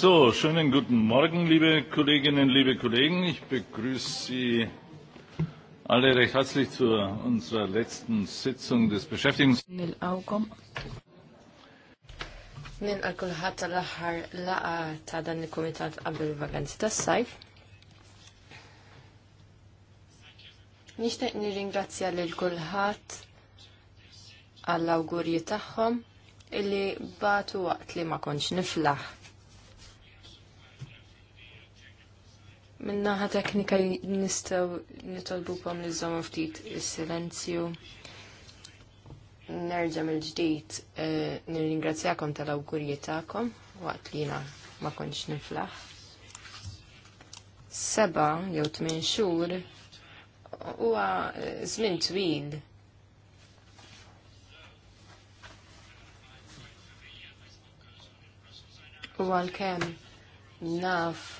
So, schönen guten Morgen, liebe Kolleginnen, liebe Kollegen. Ich begrüße Sie alle recht herzlich zu unserer letzten Sitzung des Beschäftigungs... Nil-awkom. Nil-għal-kulħat l-ħar laqa ta' dan il-Komitat qabel vaganzi tas sajf Nixtieq nirringrazzja lil kulħadd għall-awgurji tagħhom illi batu waqt li ma kontx niflaħ. Minnaħa teknika nistaw nitolbu kom li ftit il-silenzju. Nerġam il-ġdijt, eh, nir-ingrazzjakom tal-awgurjetakom, waqt li jina ma konċ niflaħ. Seba, jew tmin xur, huwa eh, żmien twil. U għal-kem naf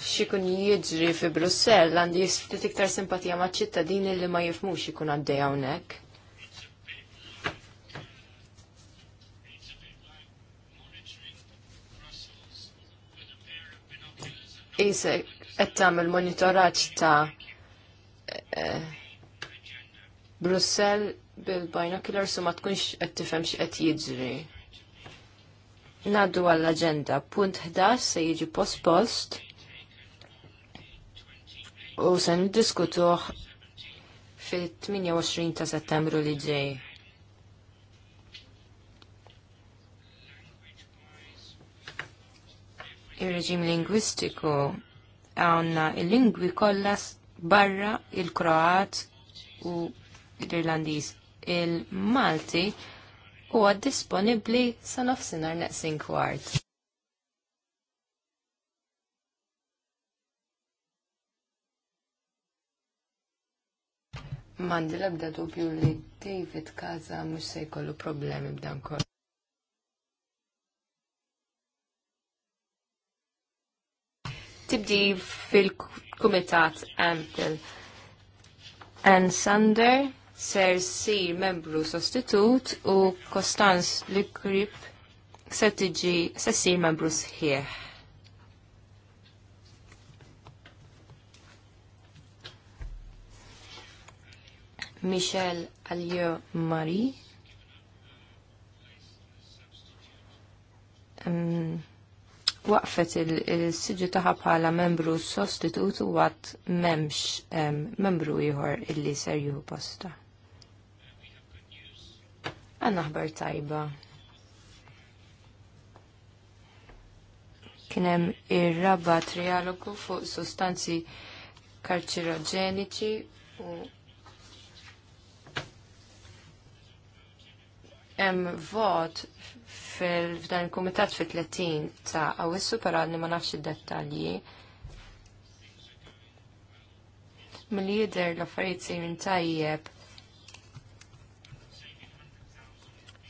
xikun jiġri fi Brussell għandi ftit iktar simpatija ma' ċittadini li ma jifmux ikun għaddeja hawnhekk. Isek qed tagħmel monitoraġġ ta' eh, Brussell bil-binoculars su ma tkunx qed tifhem x'qed jiġri. Naddu għall-aġenda. Punt 11 se jiġi post-post u se niddiskutuh fil-28 ta' settembru li ġej. Ir-reġim lingwistiku għanna il-lingwi kollha barra il-Kroat u l-Irlandiż. Il-Malti huwa disponibbli sa nofsinhar neqsin kwart. Mandi l-ebda dubju li David Kaza mux se jkollu problemi b'dan kol. Tibdi fil-kumitat Ampel. Ann Sander ser sir membru sostitut u Kostanz Likrip se tiġi se sir membru sħiħ. Michel Allieu Marie. Um, waqfet il-sidġu il taħħa bħala membru sostitut u għat memx um, membru ieħor illi ser juhu posta. Għanna ħbar tajba. Kienem ir-raba trialogu fuq sostanzi karċiroġeniċi u hemm vot fil-fdan il-Kumitat fit-30 ta' Awessu però li ma nafx id-dettalji. Milli jidher l-affarijiet sejrin tajjeb.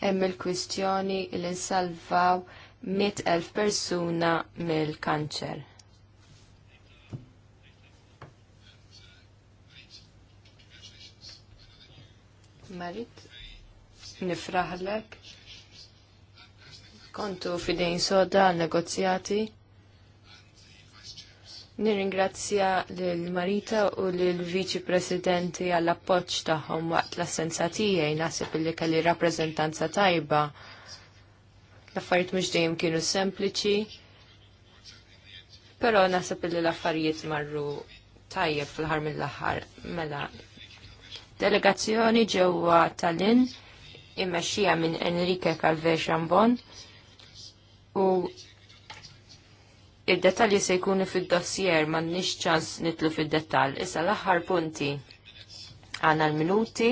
Hemm il-kwistjoni li nsalvaw 100,000 persuna mill-kanċer. Marit? nifraħlek. Kontu fidejn soda negozjati. Nirringrazzja lil Marita u lil Viċi Presidenti għall appoġġ tagħhom waqt l-assenza tiegħi naħseb illi kelli rappreżentanza tajba. L-affarijiet mhux dejjem kienu sempliċi, però naħseb illi l-affarijiet marru tajjeb fl-ħar mill-aħħar mela delegazzjoni ġewwa Tallinn immexxija minn Enrique Calvé Jambon u il-detalji se jkunu fil-dossier ma nix ċans nitlu fil detall Issa l-aħħar punti għana l-minuti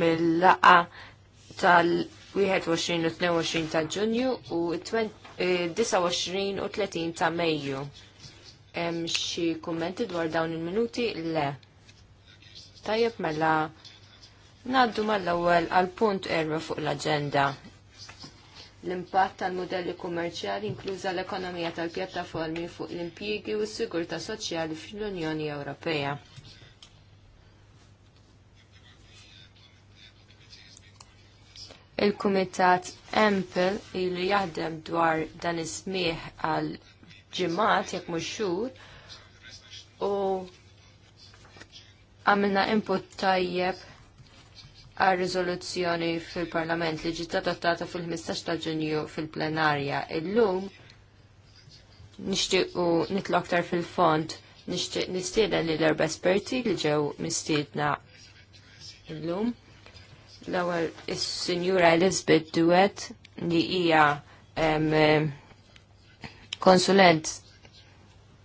mill-laqa tal-21 u 22 ta' ġunju u 29 eh, u 30 ta' Mejju. Hemm xi kummenti dwar dawn il-minuti? Le. Tajjeb mela Naddu mal-ewwel għal punt erba fuq l-aġenda. L-impatt tal-modelli kummerċjali inkluża l-ekonomija tal-pjattaformi fuq l-impjiegi u s-sigurta soċjali fl-Unjoni Ewropea. il-Kumitat Empel il jaħdem dwar dan ismieħ għal ġimat jekk mhux xhur u għamilna input tajjeb għal riżoluzzjoni fil-Parlament li ġiet adottata fil-15 ta' Ġunju fil-plenarja. Illum nixtiequ nitlu aktar fil-fond nixtieq nistieden li l-erba' esperti li ġew mistiedna illum. L-ewwel is-Sinjura Elizabeth Duet li hija konsulent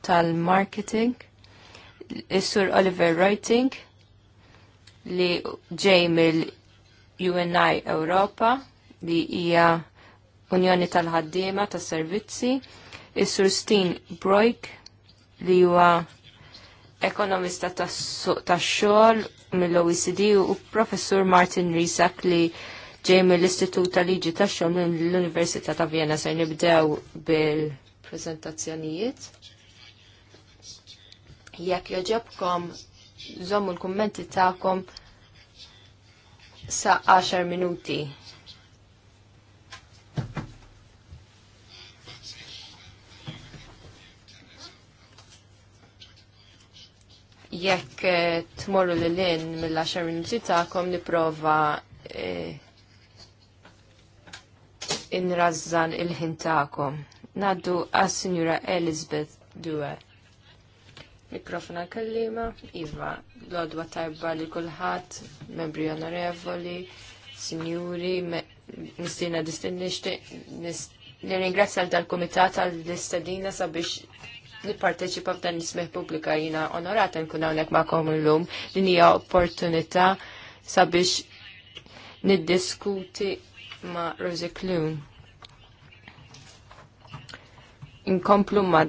tal-marketing, is-Sur Oliver Writing, li ġej mill-UNI Europa li hija Unjoni tal-ħaddiema tas servizzi is-Sur Steen Broik li huwa ekonomista tax-xogħol mill-OECD u professur Martin Risak li ġej mill-Istitut tal-Liġi tax-xogħol mill-Università ta' Vienna se nibdew bil-preżentazzjonijiet. Jekk joġobkom żommu l-kummenti tagħkom sa' 10 minuti. jekk eh, tmorru l lin mill-10 minuti ta'kom niprofa eh, il-ħin ta'kom. Naddu għas-Sinjura Elizabeth Duet. Mikrofona kellima Iva, l-odwa tajba li kullħat, membri onorevoli, sinjuri, mistina distinnixti, nirringrazzja għal-dal-komitat għal-istadina sabiex li parteċipa f'dan l publika jina onorata nkun hawnhekk magħkom illum din hija opportunità sabiex niddiskuti ma' Rosie Kloon. Inkomplu ma'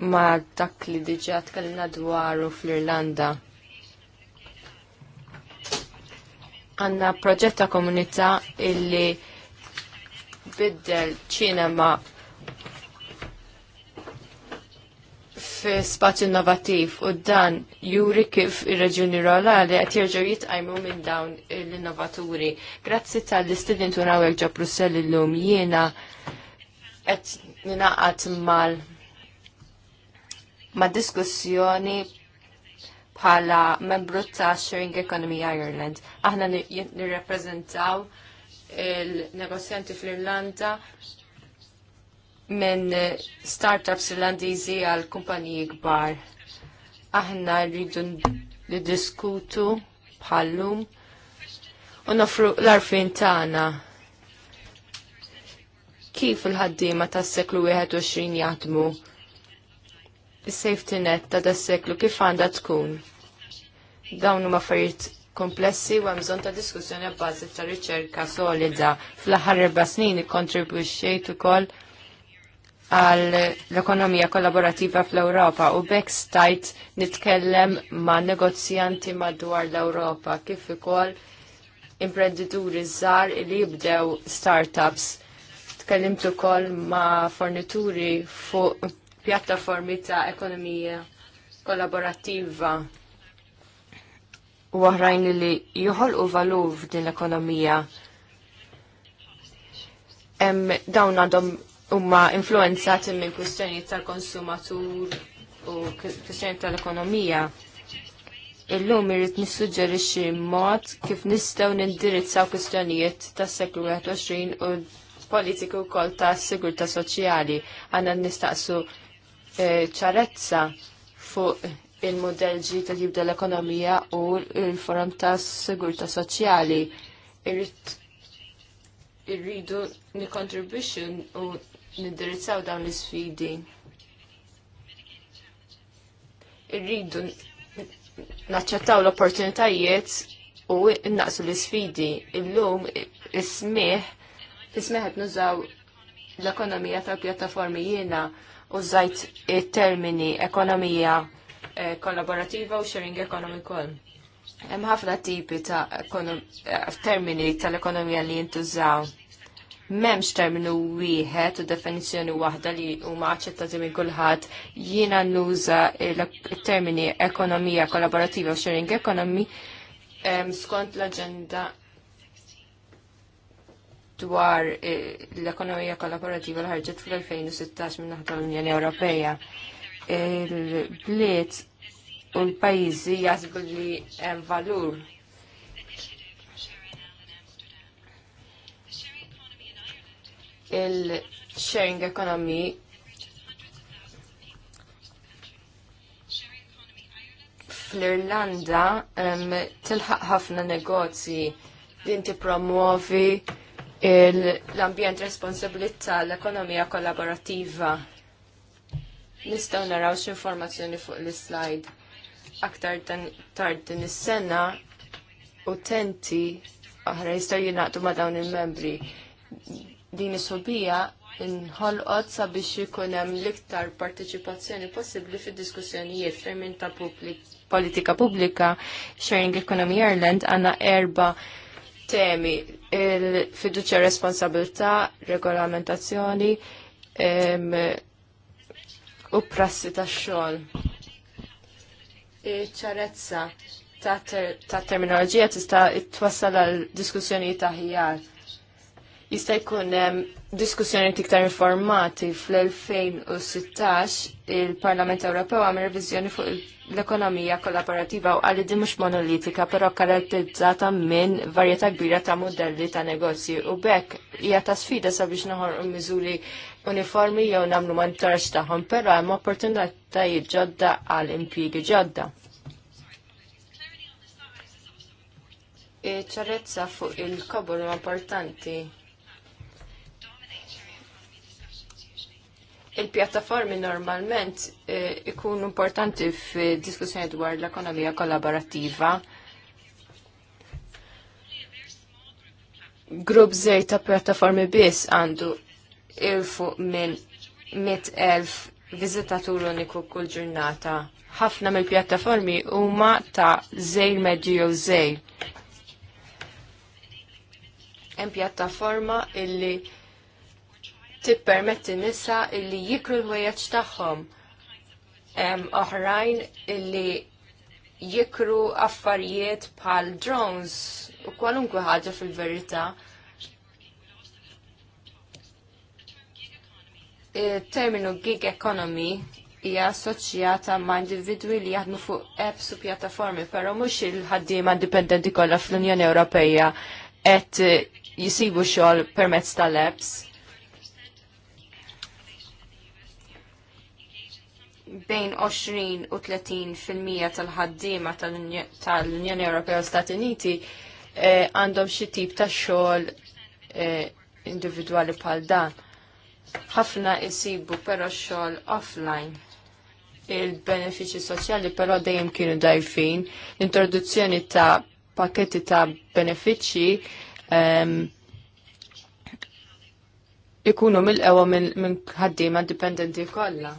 ma dak li diġa tkellimna dwaru fl-Irlanda. Għanna proġett ta' komunità illi biddel ċinema fi spazju innovativ u dan juri kif ir-reġjuni rurali qed jerġgħu jitqajmu minn dawn l-innovaturi. Grazzi tal-istudent u nawek ġa Brussell illum jiena qed ninaqat mal ma' diskussjoni bħala membru ta' Sharing Economy Ireland. Aħna nirrappreżentaw il-negozjanti fl-Irlanda minn startups irlandiżi għal kumpaniji kbar. Aħna rridu niddiskutu bħallum u nofru l-arfin tagħna kif il-ħaddiema tas-seklu 21 jaħdmu safety net ta' das-seklu kif għandha tkun. Dawn huma affarijiet komplessi u hemm bżonn ta' diskussjoni bbażi ta' riċerka solida. Fl-aħħar erba' snin ikkontribwixxejt ukoll għal l-ekonomija kollaborativa fl-Europa u bekk stajt nitkellem ma' negozjanti madwar l-Europa kif ukoll imprenditori żgħar li jibdew startups. Tkellimt ukoll ma' fornituri fuq pjattaformi ta' ekonomija kollaborattiva u oħrajn li joħolqu valur f'din l-ekonomija. Dawn għandhom huma influenzati minn kwistjonijiet tal-konsumatur u kwistjonijiet tal-ekonomija. Illum irrid nissuġġerixxi mod kif nistgħu nindirizzaw kwistjonijiet tas-seklu 21 u politiku wkoll tas sigurtà soċjali. Għandna nistaqsu E, ċarezza fuq il-modell ġdid li jibda l-ekonomija u l-forum ta' sigurta soċjali. Irridu nikontribwixxu u nindirizzaw dawn l-isfidi. Irridu naċċettaw l-opportunitajiet u naqsu l-isfidi. Illum is ismih qed nużaw l-ekonomija tal-pjattaformi jiena użajt termini ekonomija eh, kollaborativa u sharing economy kol. Hemm ħafna tipi ta' eh, termini tal-ekonomija li jintużaw. M'hemmx terminu wieħed u definizzjoni waħda li huma aċċettati minn kulħadd jiena nuża termini ekonomija kollaborativa u sharing economy ehm, skont l-aġenda dwar eh, l-ekonomija kollaborativa l ħarġet fl-2016 minn naħta l-Unjoni Ewropeja. Il-bliet u l-pajizi jasbu li valur il-sharing economy fl-Irlanda tilħaq ħafna negozji din tippromuovi promuovi l-ambjent responsabilità l-ekonomija kollaborattiva. Nistgħu naraw x'informazzjoni fuq l-slide aktar tard din is-sena utenti oħra jistgħu jingħaqdu ma' dawn il-membri. Din is-sobija inħolqot sabiex ikun hemm l-iktar parteċipazzjoni possibbli fid-diskussjonijiet fejn ta' politika pubblika, sharing economy Ireland għandna erba' temi il-fiduċja responsabilità, regolamentazzjoni u prassi ta' xogħol. Ċarezza ta', ter ta terminoloġija tista' twassal għal diskussjoni ta' ħijar. Jista' jkun diskussjoni iktar informati fl-2016 il-Parlament Ewropew għamil reviżjoni fuq il- l-ekonomija kollaborativa u għalli di mux monolitika, pero karakterizzata minn varjetà kbira ta' modelli ta' negozji u bekk hija ta' sfida sabiex naħor miżuri uniformi jew namlu monitoraġġ tagħhom, però hemm opportunitajiet ġodda għal impjiegi ġodda. ċarezza fuq il-kobor importanti il-pjattaformi normalment eh, ikun importanti f-diskussjoni dwar l-ekonomija kollaborattiva. Grupp zej ta' pjattaformi biss għandu il fu minn 100.000 vizitatur uniku kull ġurnata. Ħafna mill-pjattaformi huma ta' zej medju u zejl. Hemm pjattaforma illi tippermetti nisa illi jikru l-ħwejjeġ tagħhom. oħrajn illi jikru affarijiet bħal drones u kwalunkwe ħaġa fil-verità. terminu gig economy hija assoċjata ma' individwi li jaħdmu fuq apps u pjattaformi, però mhux il-ħaddiema indipendenti kollha fl-Unjoni Ewropea qed jisibu xogħol permezz tal-apps. bejn 20 u 30 fil-mija tal-ħaddima tal-Unjoni Ewropea u Stati Uniti eh, għandhom xi tip ta' xogħol eh, individwali bħal dan. Ħafna jsibu però xogħol offline. Il-benefiċi soċjali però dejjem kienu dajfin. L-introduzzjoni ta' pakketti ta' benefiċċji ehm, ikunu mill-ewa minn ħaddiema dipendenti kollha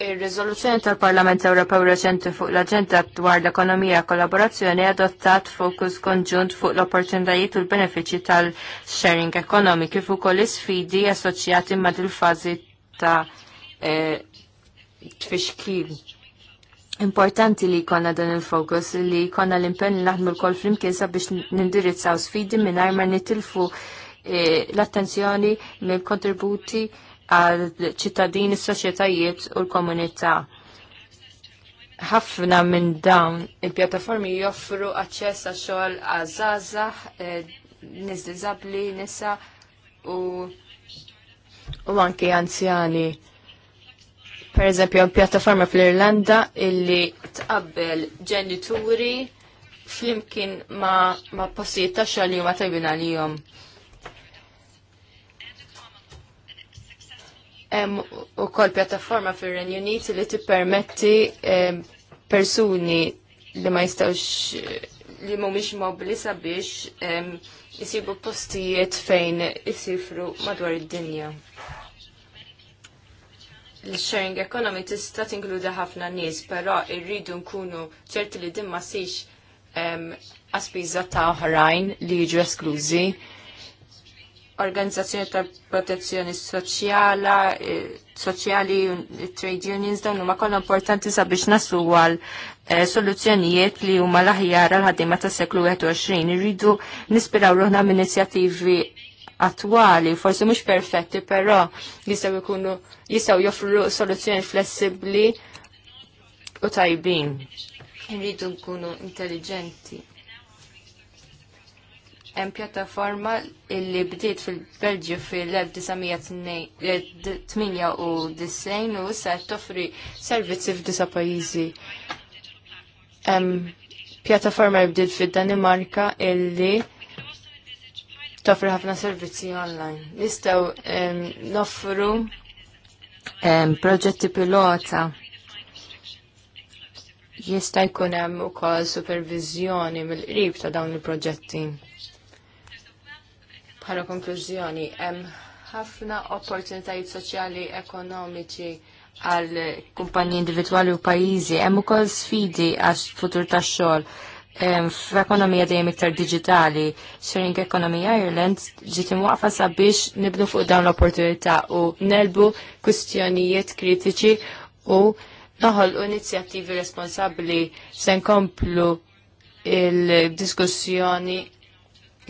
ir rizoluzzjoni tal-Parlament Ewropew reċenti fuq l-aġenda dwar l-ekonomija e kollaborazzjoni adottat fokus konġunt fuq l-opportunitajiet u l-benefiċi tal-sharing ekonomi kif ukoll is-sfidi assoċjati ma' il-fażi ta' e, tfixkil. Importanti li jkollna dan il-fokus li jkollna l-impenn li naħdmu l-kol flimkien biex nindirizzaw sfidi mingħajr ma nitilfu e, l-attenzjoni mill-kontributi għal ċittadini, s-soċjetajiet u l-komunità. Ħafna minn dawn il-pjattaformi joffru aċċess għax xogħol għażażaħ, eh, nies diżabbli, nisa u u anke anzjani. Per eżempju, pjattaforma fl-Irlanda illi tqabbel ġenituri flimkien ma, ma postijiet ta' xogħol li huma tajbin għalihom. Hemm ukoll pjattaforma fir-Renju Unit li tippermetti ehm, persuni li ma jistgħux li mhumiex mobbli sabiex jisibu ehm, postijiet fejn isifru madwar id-dinja. L-sharing economy tista' tinkludi ħafna nies, però rridu nkunu ċerti li din ma six ehm, aspiża ta' oħrajn li jiġu esklużi organizzazzjoni ta' protezzjoni soċjala, eh, soċjali, trade unions, dawn huma kollha importanti sabiex naslu għal eh, soluzzjonijiet li huma l-aħjar għal ħaddiema tas-seklu 21. Irridu nispiraw ruħna minn attwali, forsi mhux perfetti, però jistgħu jkunu jistgħu joffru soluzzjoni flessibbli u tajbin. Irridu nkunu intelligenti hemm pjattaforma illi bdiet fil-Belġju fil-1998 u issa toffri servizzi f'disa pajjiżi. Hemm pjattaforma li bdiet fid-Danimarka illi toffri ħafna servizzi online. Nistgħu ehm, noffru ehm, proġetti pilota jista' jkun hemm ukoll supervizjoni mill-qrib ta' dawn il-proġetti bħala konklużjoni hemm ħafna opportunitajiet soċjali ekonomiċi għal kumpanji individwali u pajjiżi, hemm ukoll sfidi għax futur tax-xogħol f'ekonomija dejjem iktar diġitali, sharing economy Ireland ġiet imwaqfa sabiex nibnu fuq dawn l-opportunità u nelbu kwistjonijiet kritiċi u noħol inizjattivi responsabbli se nkomplu il-diskussjoni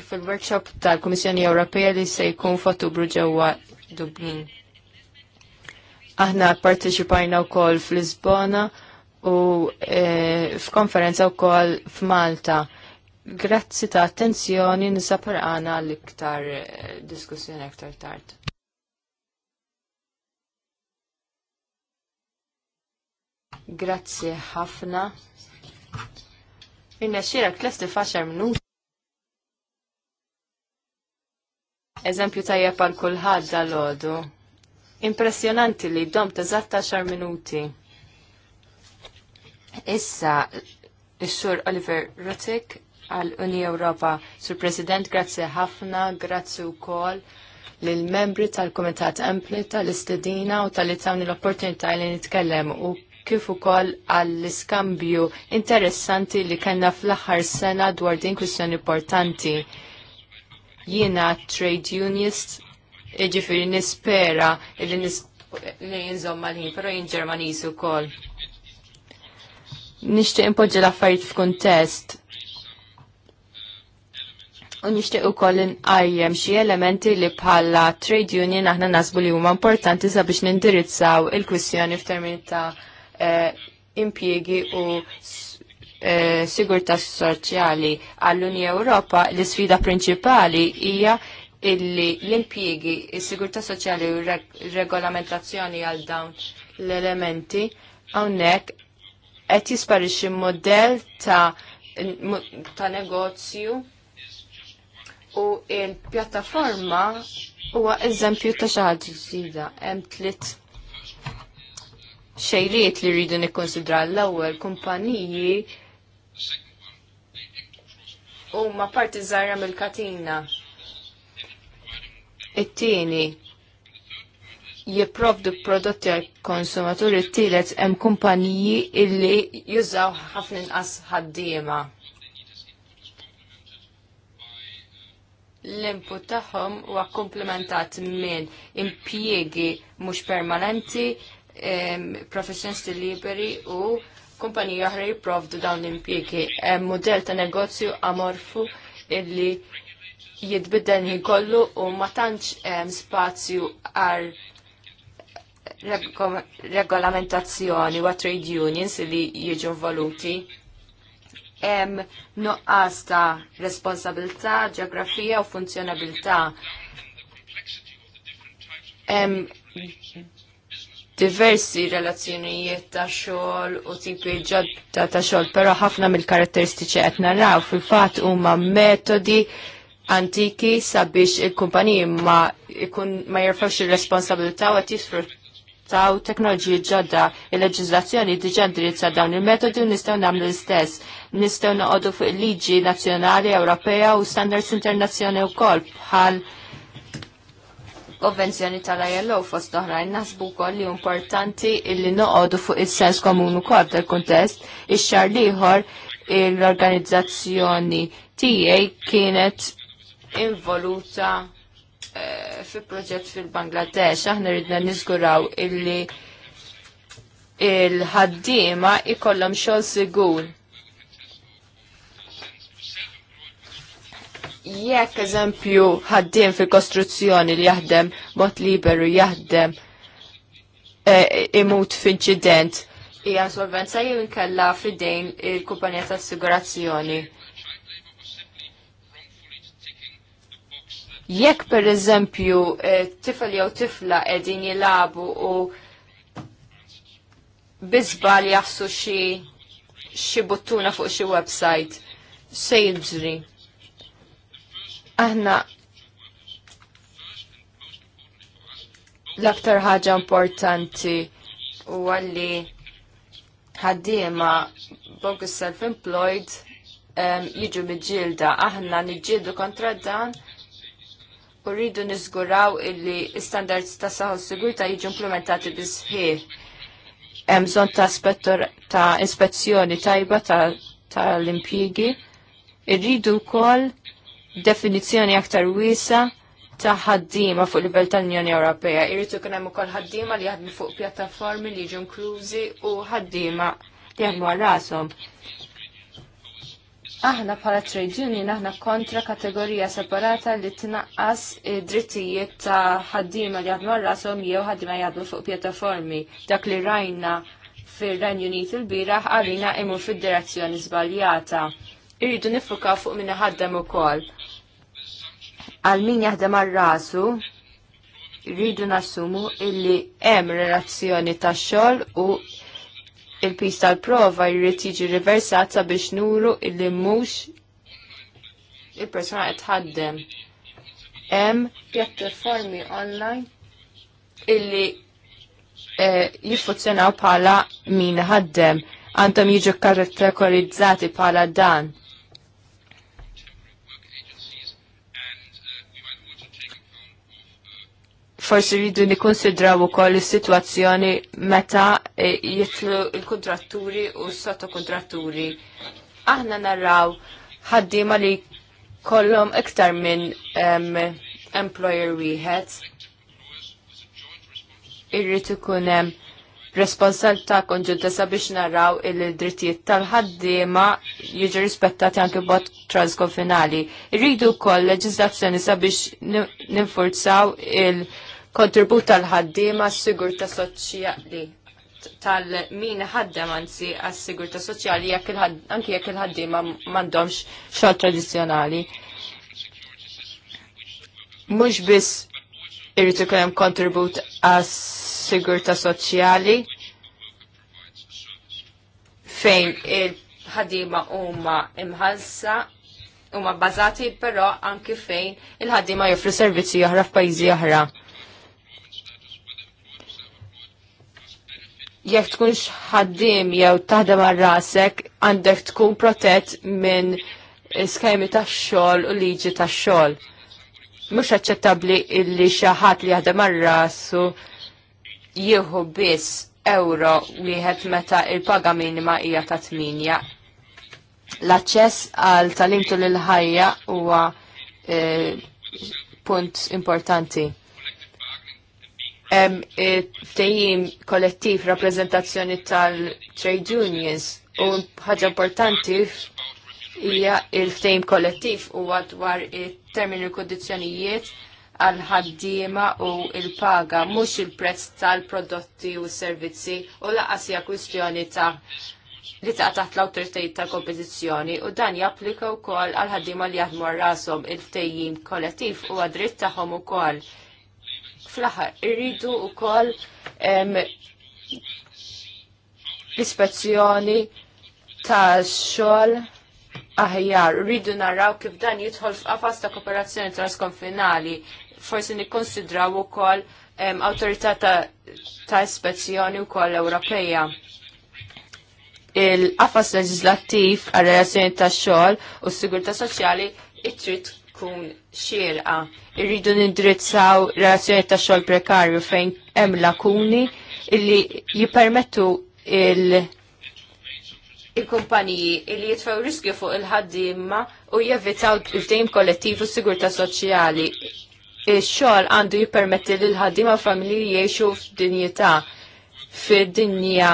fil-workshop tal-Komissjoni Ewropea li se jkun f'Ottubru ġewwa Dublin. Aħna parteċipajna wkoll fl-Lisbona u e, f'konferenza wkoll f'Malta. Grazzi ta' attenzjoni nisapar għana l-iktar e, diskussjoni aktar tard. Grazzi ħafna. Inna xira klesti faċar minuti. Eżempju tajjeb għal kulħadd dal-għodu. Impressjonanti li dom teżatta xar minuti. Issa, il-xur Oliver Rutik għal-Uni Ewropa. Sur President, grazzi ħafna, grazzi u kol l-membri tal-Komitat Empli tal-Istedina u tal-Itawni l-opportunità li nitkellem u kif ukoll għall-iskambju interessanti li kellna fl-aħħar sena dwar din kwistjoni importanti Jiena trade unionist, iġifiri nispera li nżomma l-ħin, pero jien Ġermaniż ukoll. Nixtieq impoġġi l-affarijiet f'kuntest. U nixtieq ukoll inqajjem xi elementi li bħala trade union aħna nasbu li huma importanti sabiex nindirizzaw il-kwistjoni f'termini ta' eh, impjiegi u sigurta e, sigurtà soċjali għall-Unja Ewropa l-isfida prinċipali hija illi l-impjiegi, is-sigurtà soċjali u regolamentazzjoni għal dawn l-elementi hawnhekk qed jisparixxi modell ta' ta' negozju u il-pjattaforma huwa eżempju ta' xi ħaġa ġdida. Hemm tliet xejriet li rridu nikkonsidra l-ewwel kumpaniji ma parti żgħira mill-katina. It-tieni jipprovdu prodotti għal konsumaturi t-tielet hemm kumpaniji illi jużaw ħafna inqas ħaddiema. l-input tagħhom huwa komplementat minn impjiegi mhux permanenti, professjonisti liberi u Kumpanija oħra jipprovdu dawn l-impjiegi. Hemm mudell ta' negozju amorfu illi jitbidden kollu u ma tantx hemm spazju għal regolamentazzjoni wa trade unions li jiġu voluti hemm nuqqas ta' responsabilità, ġeografija u funzjonabilità diversi relazzjonijiet ta' xogħol u tipi ġodda ta' xogħol, però ħafna mill-karatteristiċi qed naraw fil-fatt huma metodi antiki sabiex il-kumpaniji ma ikun ma jirfawx ir-responsabilità u qed jisfruttaw teknoloġiji ġodda. Il-leġiżlazzjoni diġà sa' dawn il-metodi u nistgħu nagħmlu l-istess. Nistgħu noqogħdu fuq il-liġi nazzjonali Ewropea u standards internazzjoni wkoll bħal konvenzjoni tal-ILO fost oħrajn naħsbu wkoll li importanti illi noqogħdu fuq is-sens komunu kol tal-kuntest ix-xar ieħor l-organizzazzjoni tiegħi kienet involuta eh, fi proġett fil-Bangladesh aħna ridna niżguraw illi il-ħaddiema ikollhom xogħol sigur jekk eżempju ħaddiem fil-kostruzzjoni li jaħdem mod liberu jaħdem e, imut f'inċident hija solvenza jew inkella f'idejn il-kumpanija tas-assigurazzjoni. Jekk per eżempju e, tifel jew tifla qegħdin jilabu u biżbal jaħsu xi xi buttuna fuq xi website se jiġri Aħna l-aktar ħaġa importanti u għalli ħaddiema bogus self-employed jiġu mġilda. Aħna nġildu kontra dan u rridu nizguraw illi standards ta' saħu sigurta jiġu implementati bisħiħ. Hemm bżonn ta' spettor ta' ispezzjoni tajba tal-impjigi. Irridu wkoll definizzjoni aktar wiesa ta' ħaddiema fuq livell tal-Unjoni Ewropea. Irritu kien hemm ukoll ħaddiema li jaħdmu fuq pjattaformi li jiġu inklużi u ħaddiema li jaħdmu għal rashom. Aħna bħala trade union aħna kontra kategorija separata li tnaqqas drittijiet ta' ħaddiema li jaħdmu għal rashom jew ħaddima jaħdmu fuq pjattaformi. Dak li rajna fir-Ren Unit il-biraħ għalina imur fid-direzzjoni żbaljata. Irridu nifuka fuq minna ħaddem ukoll għal min jaħdem għal rasu rridu nassumu illi hemm relazzjoni tax-xogħol u il-pis tal-prova jrid jiġi riversat sabiex nuru illi mhux il-persuna qed ħaddem. Hemm pjattaformi online illi eh, jiffunzjonaw bħala min ħaddem għandhom jiġu karatterizzati bħala dan forsi rridu nikkonsidraw ukoll is-sitwazzjoni meta e, jitlu l-kontratturi u s-sottokontratturi. Aħna narraw ħaddiema li kollhom iktar minn employer wieħed. Irrid ikun hemm responsabilità konġunta sabiex naraw il-drittijiet tal-ħaddiema jiġu rispettati anke bot transkonfinali. Irridu wkoll leġiżlazzjoni sabiex ninfurzaw il- kontribut tal-ħaddiema s-sigurta soċjali tal-min ħaddem anzi għas-sigurta soċjali anki jekk il-ħaddiema m'għandhomx xogħol tradizzjonali. Mhux biss irritu ikun hemm kontribut għas-sigurta soċjali fejn il ħaddima huma imħalsa huma bbażati però anki fejn il-ħaddiema joffri servizzi oħra f'pajjiżi oħra. jekk tkunx ħaddim jew taħdem għal rasek għandek tkun protett minn skemi tax-xogħol u liġi tax-xogħol. Mhux aċċettabbli illi xi ħadd li jaħdem għal rasu jieħu biss euro wieħed meta il-paga minima hija ta' tminja. L-aċċess għal talimtu tul ħajja huwa eh, punt importanti E, tejjim kollettiv rappresentazzjoni tal-trade unions u ħaġa importanti hija il-ftejm kollettiv u dwar it-termini u kondizzjonijiet għal ħaddiema u il-paga, mhux il-prezz tal-prodotti u s-servizzi u laqas hija kwistjoni ta' li ta' taħt l-autoritajiet tal-kompetizzjoni u dan japplika wkoll għal ħaddiema li jaħdmu rashom il-ftejjim kollettiv u għad-dritt tagħhom ukoll Fl-aħħar, irridu wkoll l-ispezzjoni ta' xogħol aħjar, rridu naraw kif dan jidħol f'qafas ta' kooperazzjoni transkonfinali, forsi nikkonsidraw ukoll awtorità ta', ta ispezzjoni wkoll Ewropeja. Il-qafas leġislattiv għal relazzjoni ta' xogħol u s-sigurtà soċjali trid tkun xierqa. Irridu nindrizzaw relazzjoniet ta' xogħol prekarju fejn hemm lakuni illi jippermettu il- il-kumpaniji illi jitfaw riskju fuq il-ħaddimma u jevitaw il dejm kollettiv u sigurta soċjali. Il-xogħol għandu jippermetti lil ħaddima familji jgħixu f'dinjità fid-dinja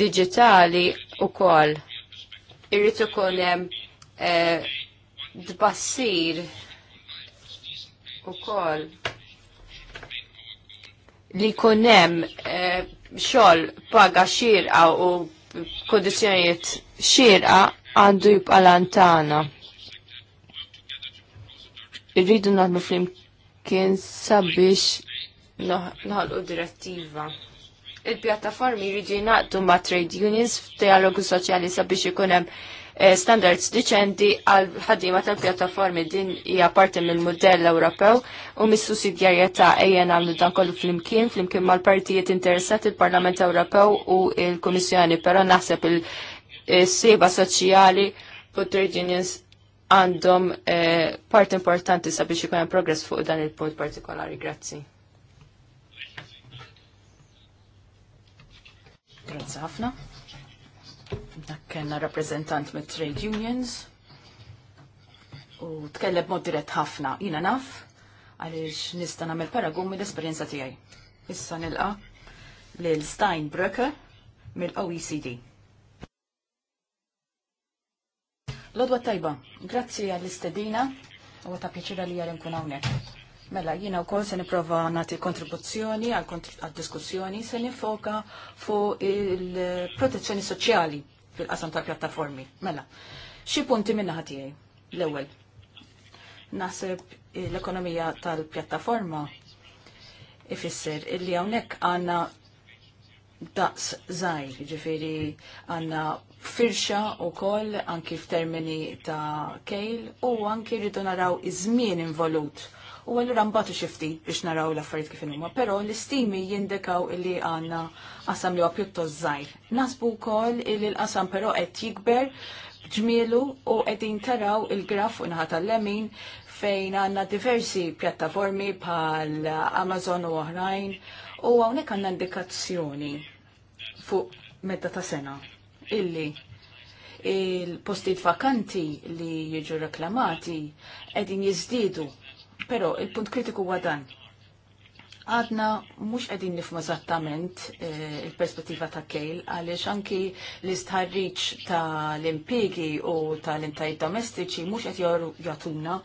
digitali u kol. Irrid ikun hemm eh, dbassir u kol li kunem eh, xol paga xirqa u kondizjoniet xirqa għandu jibqa lantana. Irridu naħdmu flimkien sabiex naħlu direttiva. Il-pjattaformi jridu jnaqdu ma' trade unions f'dialogu soċjali sabiex ikun hemm Eh, standards diċenti għal ħaddima tal-pjattaformi din hija parti mill-modell Ewropew u mis-sussidjarjetà ejjen għamlu dan kollu flimkien, flimkien mal-partijiet interessati il-Parlament Ewropew u il-Kummissjoni, però naħseb il-seba soċjali u trade unions għandhom eh, part importanti sabiex ikun hemm progress fuq dan il-punt partikolari. Grazzi. Grazzi ħafna. Dak rappresentant mit trade unions u tkellem mod dirett ħafna. Jina naf għaliex nista' nagħmel paragum mill-esperjenza tiegħi. Issa nilqa lil Steinbrücker mill-OECD. Lodwa tajba, grazzi għall-istedina u għata pjaċira li għal nkun hawnhekk. Mela, jina u kol se niprofa nati kontribuzzjoni għal diskussjoni se nifoka fuq il-protezzjoni soċjali fil-qasam tal-pjattaformi. Mela, xi punti minna ħatijaj? L-ewel, Naseb l-ekonomija tal-pjattaforma ifisser illi hawnhekk għandna daqs zaħir, ġifiri għanna firxa u kol anki f'termini ta' kejl u anki rridu naraw iż-żmien involut u għallura mbatu xifti biex naraw l-affarijiet kif huma, però l-istimi jindikaw li għandna qasam li huwa pjuttost żgħir. Nasbu wkoll li l-qasam però qed jikber ġmielu u qegħdin taraw il-graf u inħata l-lemin fejn għandna diversi pjattaformi bħal Amazon u oħrajn u hawnhekk għandna indikazzjoni fuq medda ta' sena illi il-postijiet vakanti li jiġu reklamati qegħdin jizdidu Pero il-punt kritiku huwa dan. Għadna mux għedin nifma zattament eh, il-perspettiva ta' kejl, għalix anki l-istħarriċ ta' l-impiegi u ta' l domestiċi mux għed jatuna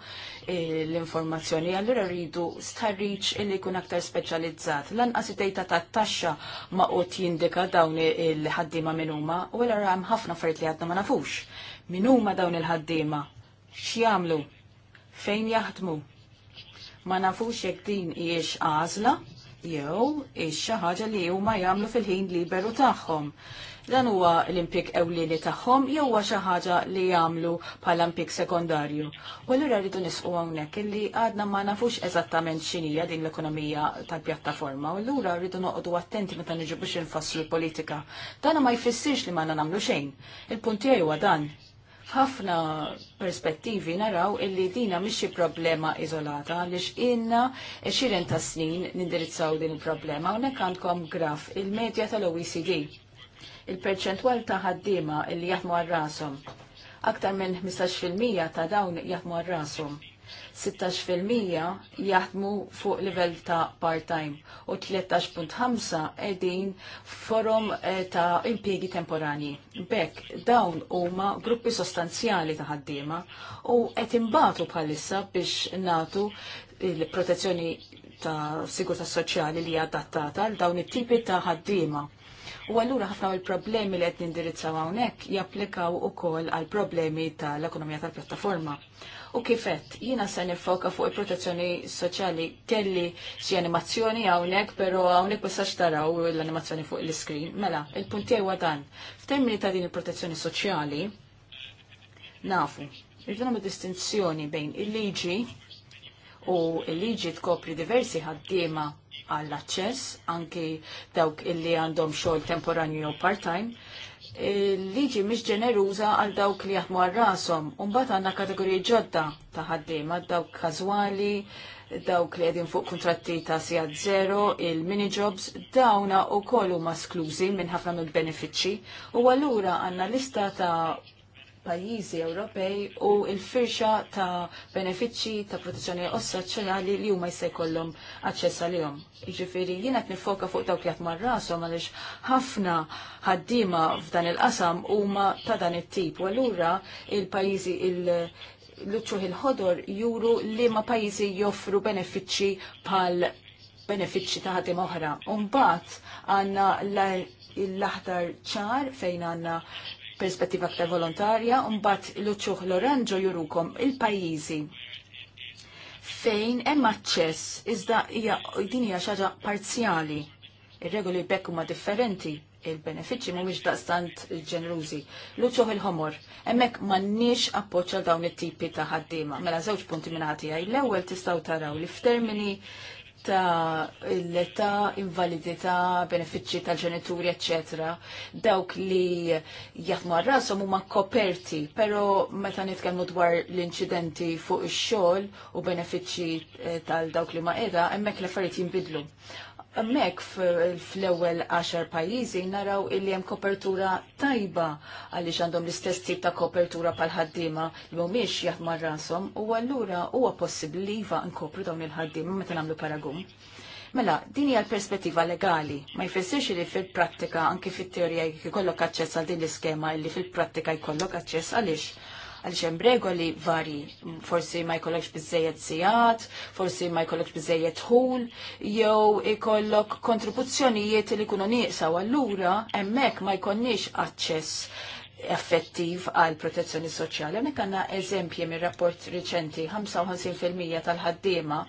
eh, l-informazzjoni. Allura rridu stħarriċ li kun aktar specializzat. Lan dejta ta' taxxa ma' qot jindika dawn il-ħaddima minuma u għallura għam ħafna farit li għadna ma' nafux. Minuma dawn il-ħaddima, x'jamlu, fejn jaħdmu Ma nafux jekk din iex għażla jew iex xaħġa ħaġa li huma jagħmlu fil-ħin liberu tagħhom. Dan huwa l-impik ewlieni tagħhom jew huwa xi ħaġa li jagħmlu bħala impik sekondarju. U allura rridu nisqu hawnhekk illi għadna ma nafux eżattament x'inhija din l-ekonomija tal-pjattaforma u allura rridu noqogħdu attenti meta niġu biex infasslu l-politika. Dan ma jfissirx li ma nagħmlu xejn. Il-punt tiegħi huwa dan ħafna perspettivi naraw illi dina mhix xi problema iżolata għaliex inna xirien ta' snin nindirizzaw din il-problema hawnhekk għandkom graf il-medja tal-OECD. Il-perċentwal ta' ħaddiema illi jaħmu għal rashom. Aktar minn 15% ta' dawn jaħmu għal rashom. 16% jaħdmu fuq livell ta' part-time u 13.5 qegħdin forum eh, ta' impjegi temporani. Bekk, dawn huma gruppi sostanzjali ta' ħaddiema u qed imbatu bħalissa biex natu il-protezzjoni ta' sigurtà soċjali li adattata għal dawn it-tipi ta' ħaddiema. U għallura ħafna il problemi li qed nindirizzaw hawnhekk japplikaw ukoll għal problemi tal-ekonomija tal-pjattaforma. U kifet, jina se nifoka fuq il-protezzjoni soċjali kelli xi animazzjoni hawnhekk, però hawnhekk ma sax taraw l-animazzjoni fuq l-iskrin. Mela, il-punti huwa dan. F'termini ta' din il-protezzjoni soċjali, nafu, irridu nagħmlu distinzjoni bejn il-liġi u il-liġi tkopri diversi ħaddiema għall-aċċess, anki dawk illi għandhom xogħol temporanju jew part-time, liġi mhix ġeneruża għal dawk li jaħmu għal rashom. mbagħad għandna kategoriji ġodda ta' ħaddiema, dawk każwali, dawk li qegħdin fuq kuntratti ta' sigħat zero, il-mini jobs, dawna u kollu masklużi minn ħafna mill-benefiċċji. U allura għandna lista ta' pajjiżi Ewropej u l-firxa ta' benefiċċji ta' protezzjoni soċjali li huma jista' jkollhom aċċess għalihom. Jiġifieri jien qed nifoka fuq dawk li qed marrashom għaliex ħafna ħaddiema f'dan il-qasam huma ta' dan it-tip u allura il-pajjiżi il l-uċċuħ il-ħodor juru li ma pajjiżi joffru benefiċċji bħal benefiċċji ta' ħaddiema oħra. mbagħad għandna l-aħdar ċar fejn għandna perspettiva aktar volontarja, mbagħad l uċuħ l-oranġo jurukom il-pajjiżi fejn hemm aċċess iżda hija din hija xaġa parzjali. Ir-regoli bekk huma differenti, il-benefiċċji mhumiex daqstant ġenerużi. l uċuħ il-ħomor, hemmhekk m'għandniex appoġġ dawn it-tipi ta' ħaddiema. Mela żewġ punti minn l-ewwel tistgħu taraw li f'termini ta' l-età, invalidità, benefiċċji tal-ġenituri, eccetera, dawk li jaħdmu rasom huma koperti, però meta nitkellmu dwar l-inċidenti fuq ix-xogħol u benefiċċji eh, tal-dawk li ma qiegħda, hemmhekk l-affarijiet jinbidlu. Mek fl-ewwel 10 pajjiżi naraw illi hemm kopertura tajba għaliex għandhom l-istess tip ta' kopertura pal ħaddiema li mhumiex jaħdmu rashom u allura huwa possibbli iva nkopru dawn il-ħaddiema meta nagħmlu paragum. Mela, din hija l-perspettiva legali, ma jfissirx li fil-prattika anke fit-teorija jkollok aċċess għal din l-iskema li fil-prattika jkollok aċċess għaliex għaliex hemm regoli varji, forsi ma jkollokx bizzejet sijat, forsi ma jkollokx bizzejet ħul, jew ikollok kontribuzzjonijiet li jkunu nieqsaw għallura, allura hemmhekk ma jkollniex aċċess effettiv għal protezzjoni soċjali. Għanek għanna eżempji minn rapport reċenti, 55% tal-ħaddima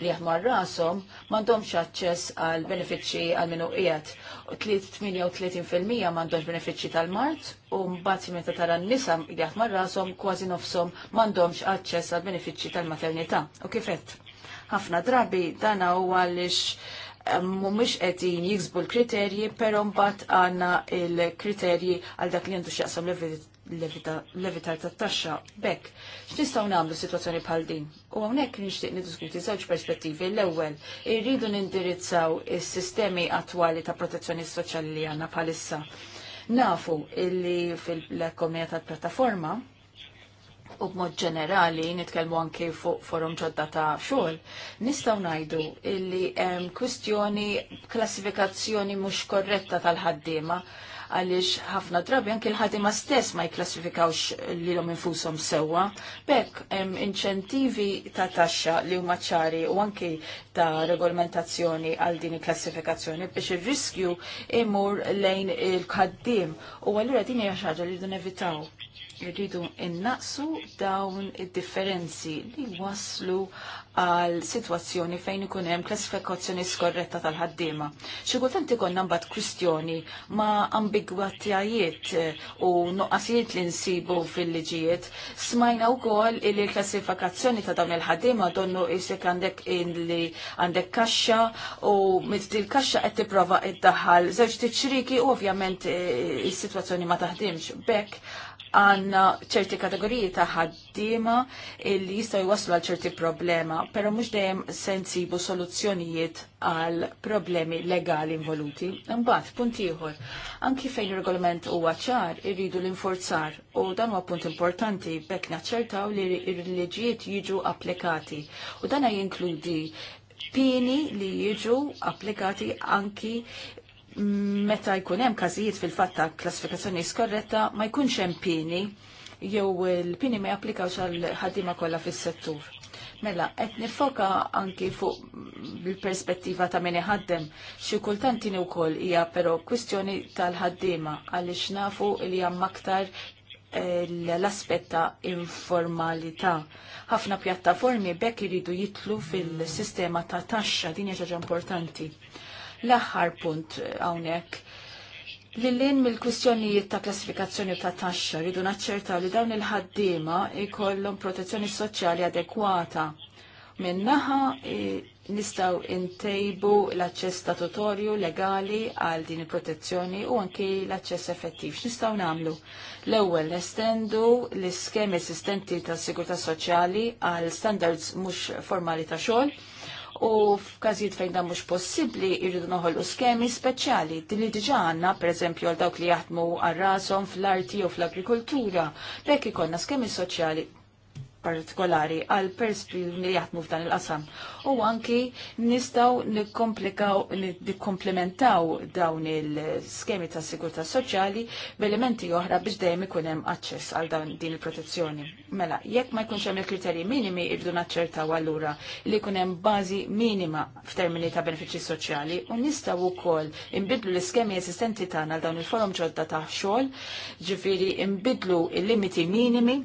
li għal rasom mandom aċċess għal benefiċċji għal minu qijat. 38% mandom benefiċċji tal-mart u mbazzi meta tara n-nisa li għal rasom kważi nofsom mandom aċċess għal benefiċċji tal-maternità. U kifet? ħafna drabi dana huwa għaliex mhumiex qegħdin jiksbu l-kriterji, però mbagħad għandna l-kriterji għal dak li għandu x'jaqsam levitar tat taxxa bekk. X'nistgħu nagħmlu sitwazzjoni bħal din? U hawnhekk nixtieq niddiskuti żewġ perspettivi. L-ewwel, irridu nindirizzaw is-sistemi attwali ta' protezzjoni soċjali li għandna bħalissa. Nafu illi fil komunità tal-pjattaforma, u b'mod ġenerali nitkellmu anke fuq forum ġodda ta' xogħol, nistgħu ngħidu illi hemm kwistjoni klassifikazzjoni mhux korretta tal-ħaddiema għaliex ħafna drabi anke l ħaddiema stess ma jklassifikawx lilhom infushom sewwa. Bekk hemm inċentivi ta' taxxa li huma ċari u anke ta' regolamentazzjoni għal din il-klassifikazzjoni biex ir-riskju imur lejn il-ħaddiem u allura din hija xi ħaġa li jdu nevitaw. Irridu innaqsu dawn id-differenzi li waslu għal situazzjoni fejn ikun hemm klassifikazzjoni skorretta tal-ħaddiema. Xi kultant ikonna mbagħad kwistjoni ma' ambigwatjajiet eh, u nuqqasijiet li nsibu fil-liġijiet. Smajna wkoll li klassifikazzjoni ta' dawn il-ħaddiema donnu isek għandek li għandek kaxxa u mit il kaxxa qed tipprova iddaħħal żewġ tiċċriki u ovvjament eh, is-sitwazzjoni ma taħdimx. Bekk għanna ċerti kategoriji ta' ħaddiema li jistgħu jwaslu għal ċerti problema, però mhux dejjem sensibu soluzzjonijiet għal problemi legali involuti. Imbagħad punt ieħor, anki fejn ir-regolament huwa ċar irridu l-infurzar u dan huwa punt importanti bekk naċċertaw li r-liġijiet jiġu applikati u dan jinkludi pini li jiġu applikati anki meta jkun hemm każijiet fil-fatt ta' klassifikazzjoni skorretta ma jkunx hemm pini jew il-pini ma japplikawx għal ħaddiema kollha fis-settur. Mela, qed nifoka anki fuq il-perspettiva ta' min iħaddem. Xi kultant tieni wkoll hija però kwistjoni tal-ħaddiema għaliex nafu li hemm aktar eh, l-aspett ta' informalità. Ħafna pjattaformi bekk iridu jitlu fil-sistema ta' taxxa din hija ħaġa importanti. L-aħħar punt hawnhekk. Lillin mill-kwistjonijiet ta' klassifikazzjoni ta' taxxa ridu naċċertaw li dawn il-ħaddiema jkollhom protezzjoni soċjali adekwata. Minnaħa e, nistaw intejbu l-aċċess statutorju legali għal din il-protezzjoni u anki l-aċċess effettiv. Nistaw nagħmlu? L-ewwel estendu l-iskemi esistenti tas-sigurtà soċjali għal standards mhux formali ta' xogħol u f'każijiet fejn dan mhux possibbli jridu noħolqu skemi speċjali din li diġà għandna pereżempju għal dawk li jaħdmu għar rashom fl-arti u fl-agrikoltura. Bekk ikollna skemi soċjali partikolari għal perspi li jaħdmu f'dan il-qasam. U anki nistaw nikkomplikaw, nikkomplementaw dawn il-skemi ta' sigurta soċjali b'elementi oħra biex dejjem ikun hemm aċċess għal dawn din il-protezzjoni. Mela, jekk ma jkunx hemm il-kriterji minimi irdu naċċertaw allura li jkun hemm bażi minima f'termini ta' benefiċċji soċjali u nistaw ukoll inbidlu l-iskemi eżistenti tagħna għal dawn il-forum ġodda ta' xogħol, ġifieri inbidlu il-limiti minimi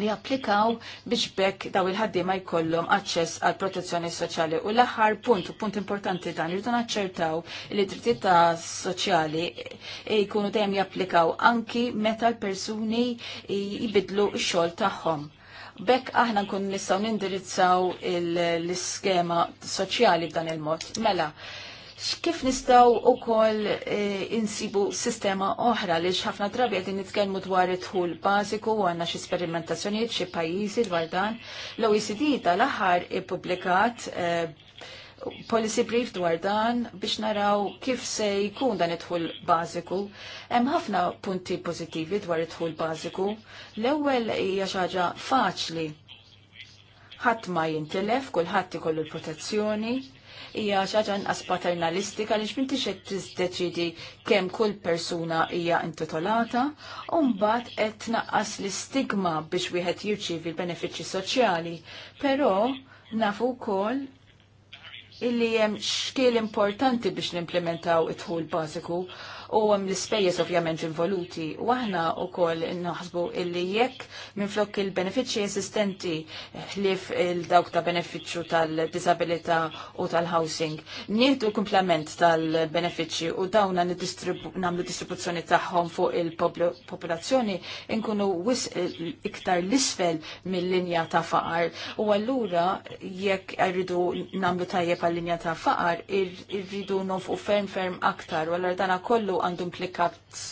li applikaw biex bekk daw il-ħaddiema jkollhom aċċess għal protezzjoni soċjali. U l-aħħar punt, punt importanti dan, irridu naċċertaw li drittijiet soċjali e jkunu dejjem japplikaw anki meta l-persuni jibidlu x-xogħol tagħhom. Bekk aħna nkun nistgħu nindirizzaw l-iskema soċjali b'dan il-mod. Mela, kif nistaw u koll e, insibu sistema oħra li xafna drabi għedin nitkelmu dwar it-tħul bażiku u għanna xie sperimentazzjoniet xie pajizi dwar dan. L-OECD tal-aħħar i-publikat e, policy brief dwar dan biex naraw kif se jkun dan it-tħul bażiku. Hemm ħafna punti pożittivi dwar it-tħul bażiku. L-ewwel hija xi ħaġa faċli. Ħadd ma jintilef, kulħadd ikollu l-protezzjoni hija xi ħaġa inqas paternalistika li x'minti qed tiddeċidi kemm kull persuna hija intitolata u mbagħad qed tnaqqas l-istigma biex wieħed jirċievi l-benefiċċji soċjali. Però nafu wkoll illi hemm xkiel importanti biex l-implementaw it-tħul bażiku u hemm l-ispejjeż ovvjament involuti. U aħna wkoll naħsbu illi jekk minflok il-benefiċċji esistenti ħlief il-dawk ta' benefiċċju tal disabilita u tal-housing. Nieħdu l-kumplament tal-benefiċċji u dawna namlu distribuzzjoni tagħhom fuq il-popolazzjoni inkunu wis iktar l-isfel mill-linja ta' faqar. U allura jekk rridu namlu tajjeb għal-linja ta' faqar, irridu nofqu ferm ferm aktar, u għallar dana kollu għandu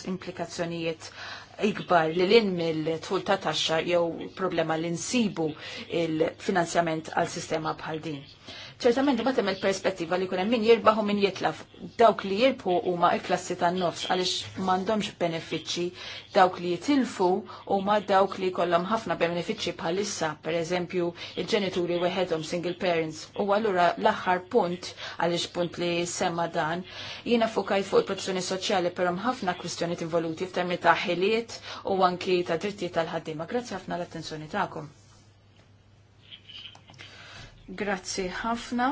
implikazzjonijiet ikbar li l-in mill-tħul ta' taxxa jew problema li nsibu il-finanzjament għal sistema bħal din ċertament ma temel perspettiva li kunem min jirbaħ u min jitlaf. Dawk li jirbħu huma il-klassi tan nofs għaliex m'għandhomx benefiċċji dawk li jitilfu huma dawk li kollhom ħafna benefiċċji bħalissa, pereżempju il-ġenituri għedhom single parents. U allura l-aħħar punt għaliex punt li semma dan, jiena fukajt fuq il-protezzjoni soċjali perom ħafna kwistjonijiet involuti f'termi ta' ħiliet u anki ta' dritti tal-ħaddiema. Grazzi ħafna l-attenzjoni tagħkom. Grazzi ħafna.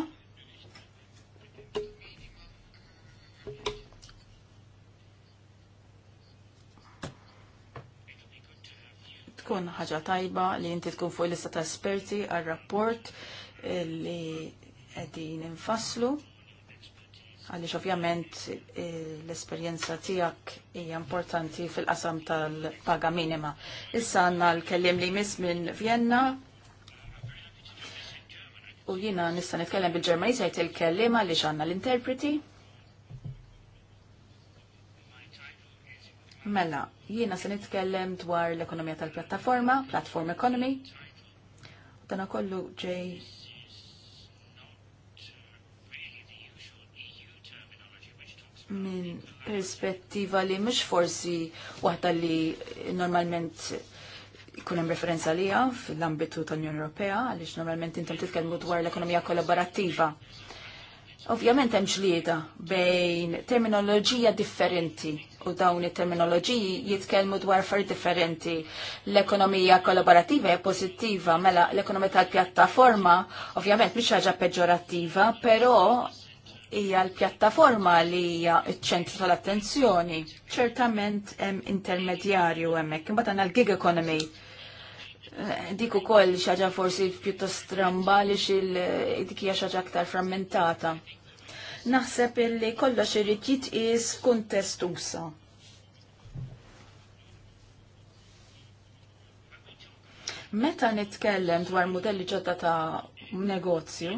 Tkun ħaġa tajba li inti tkun fuq lista ta' esperti għal rapport eh, li qegħdin infasslu għaliex ovvjament eh, l-esperjenza tiegħek hija importanti fil-qasam tal-paga minima. Issa għandna l-kellim li jmiss minn Vienna, u jina nista nitkellem bil-Ġermaniż għajt il-kellima li ġanna l-interpreti. Mela, jina se nitkellem dwar l-ekonomija tal plattaforma platform economy. Dana kollu ġej minn perspettiva li mhux forsi waħda li normalment ikun hemm referenza lija fil-ambitu tal-Unjoni Ewropea għaliex normalment intom titkellmu dwar l-ekonomija kollaborattiva. Ovvjament hemm ġlieda bejn terminoloġija differenti u dawn it-terminoloġiji jitkellmu dwar affarijiet differenti. L-ekonomija kollaborattiva hija pożittiva mela l-ekonomija tal-pjattaforma ovvjament mhix ħaġa peġorattiva, però hija l-pjattaforma li hija ċ-ċentru tal-attenzjoni. Ċertament hemm intermedjarju hemmhekk, imbagħad għandna l-gig economy Eh, dik ukoll xaġa forsi pjuttost stramba li xil eh, dik hija xaġa aktar frammentata. Naħseb illi kollox irid jitqies kuntest usa. Meta nitkellem dwar modelli ġodda ta' negozju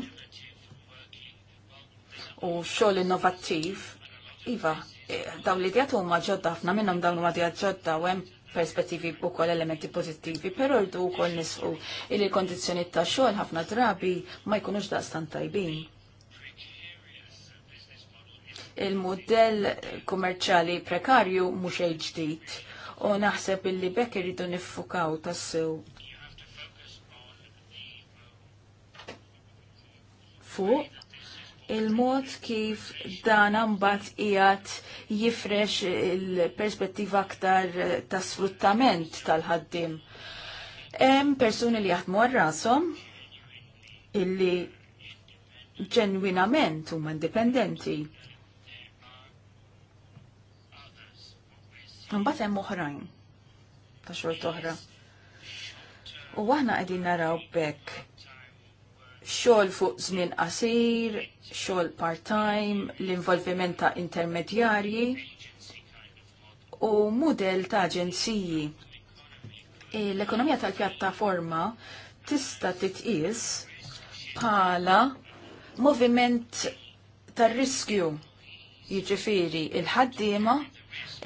u xogħol innovattiv, iva, eh, dawn li dijat huma ġodda ħafna minnhom dawn huma dijat ġodda u hemm perspettivi u kol elementi pozittivi, pero rdu u kol nisfu il kondizjoni ta' xogħol ħafna drabi ma jkunux stan tajbin. Il-modell kummerċali prekarju mhux ġdid u naħseb illi bekk irridu niffukaw tassew fuq il-mod kif dan mbagħad qiegħed jifrex il-perspettiva aktar eh, ta' sfruttament tal-ħaddim. Hemm persuni li jaħdmu rashom illi ġenwinament huma indipendenti. Mbagħad hemm oħrajn ta' xorta oħra. U aħna qegħdin naraw bekk xogħol fuq żmien qasir, xogħol part-time, l-involviment ta' intermedjarji u mudell ta' aġenziji. E, l-ekonomija tal-pjattaforma tista' titqies bħala moviment tar-riskju jiġifieri il-ħaddiema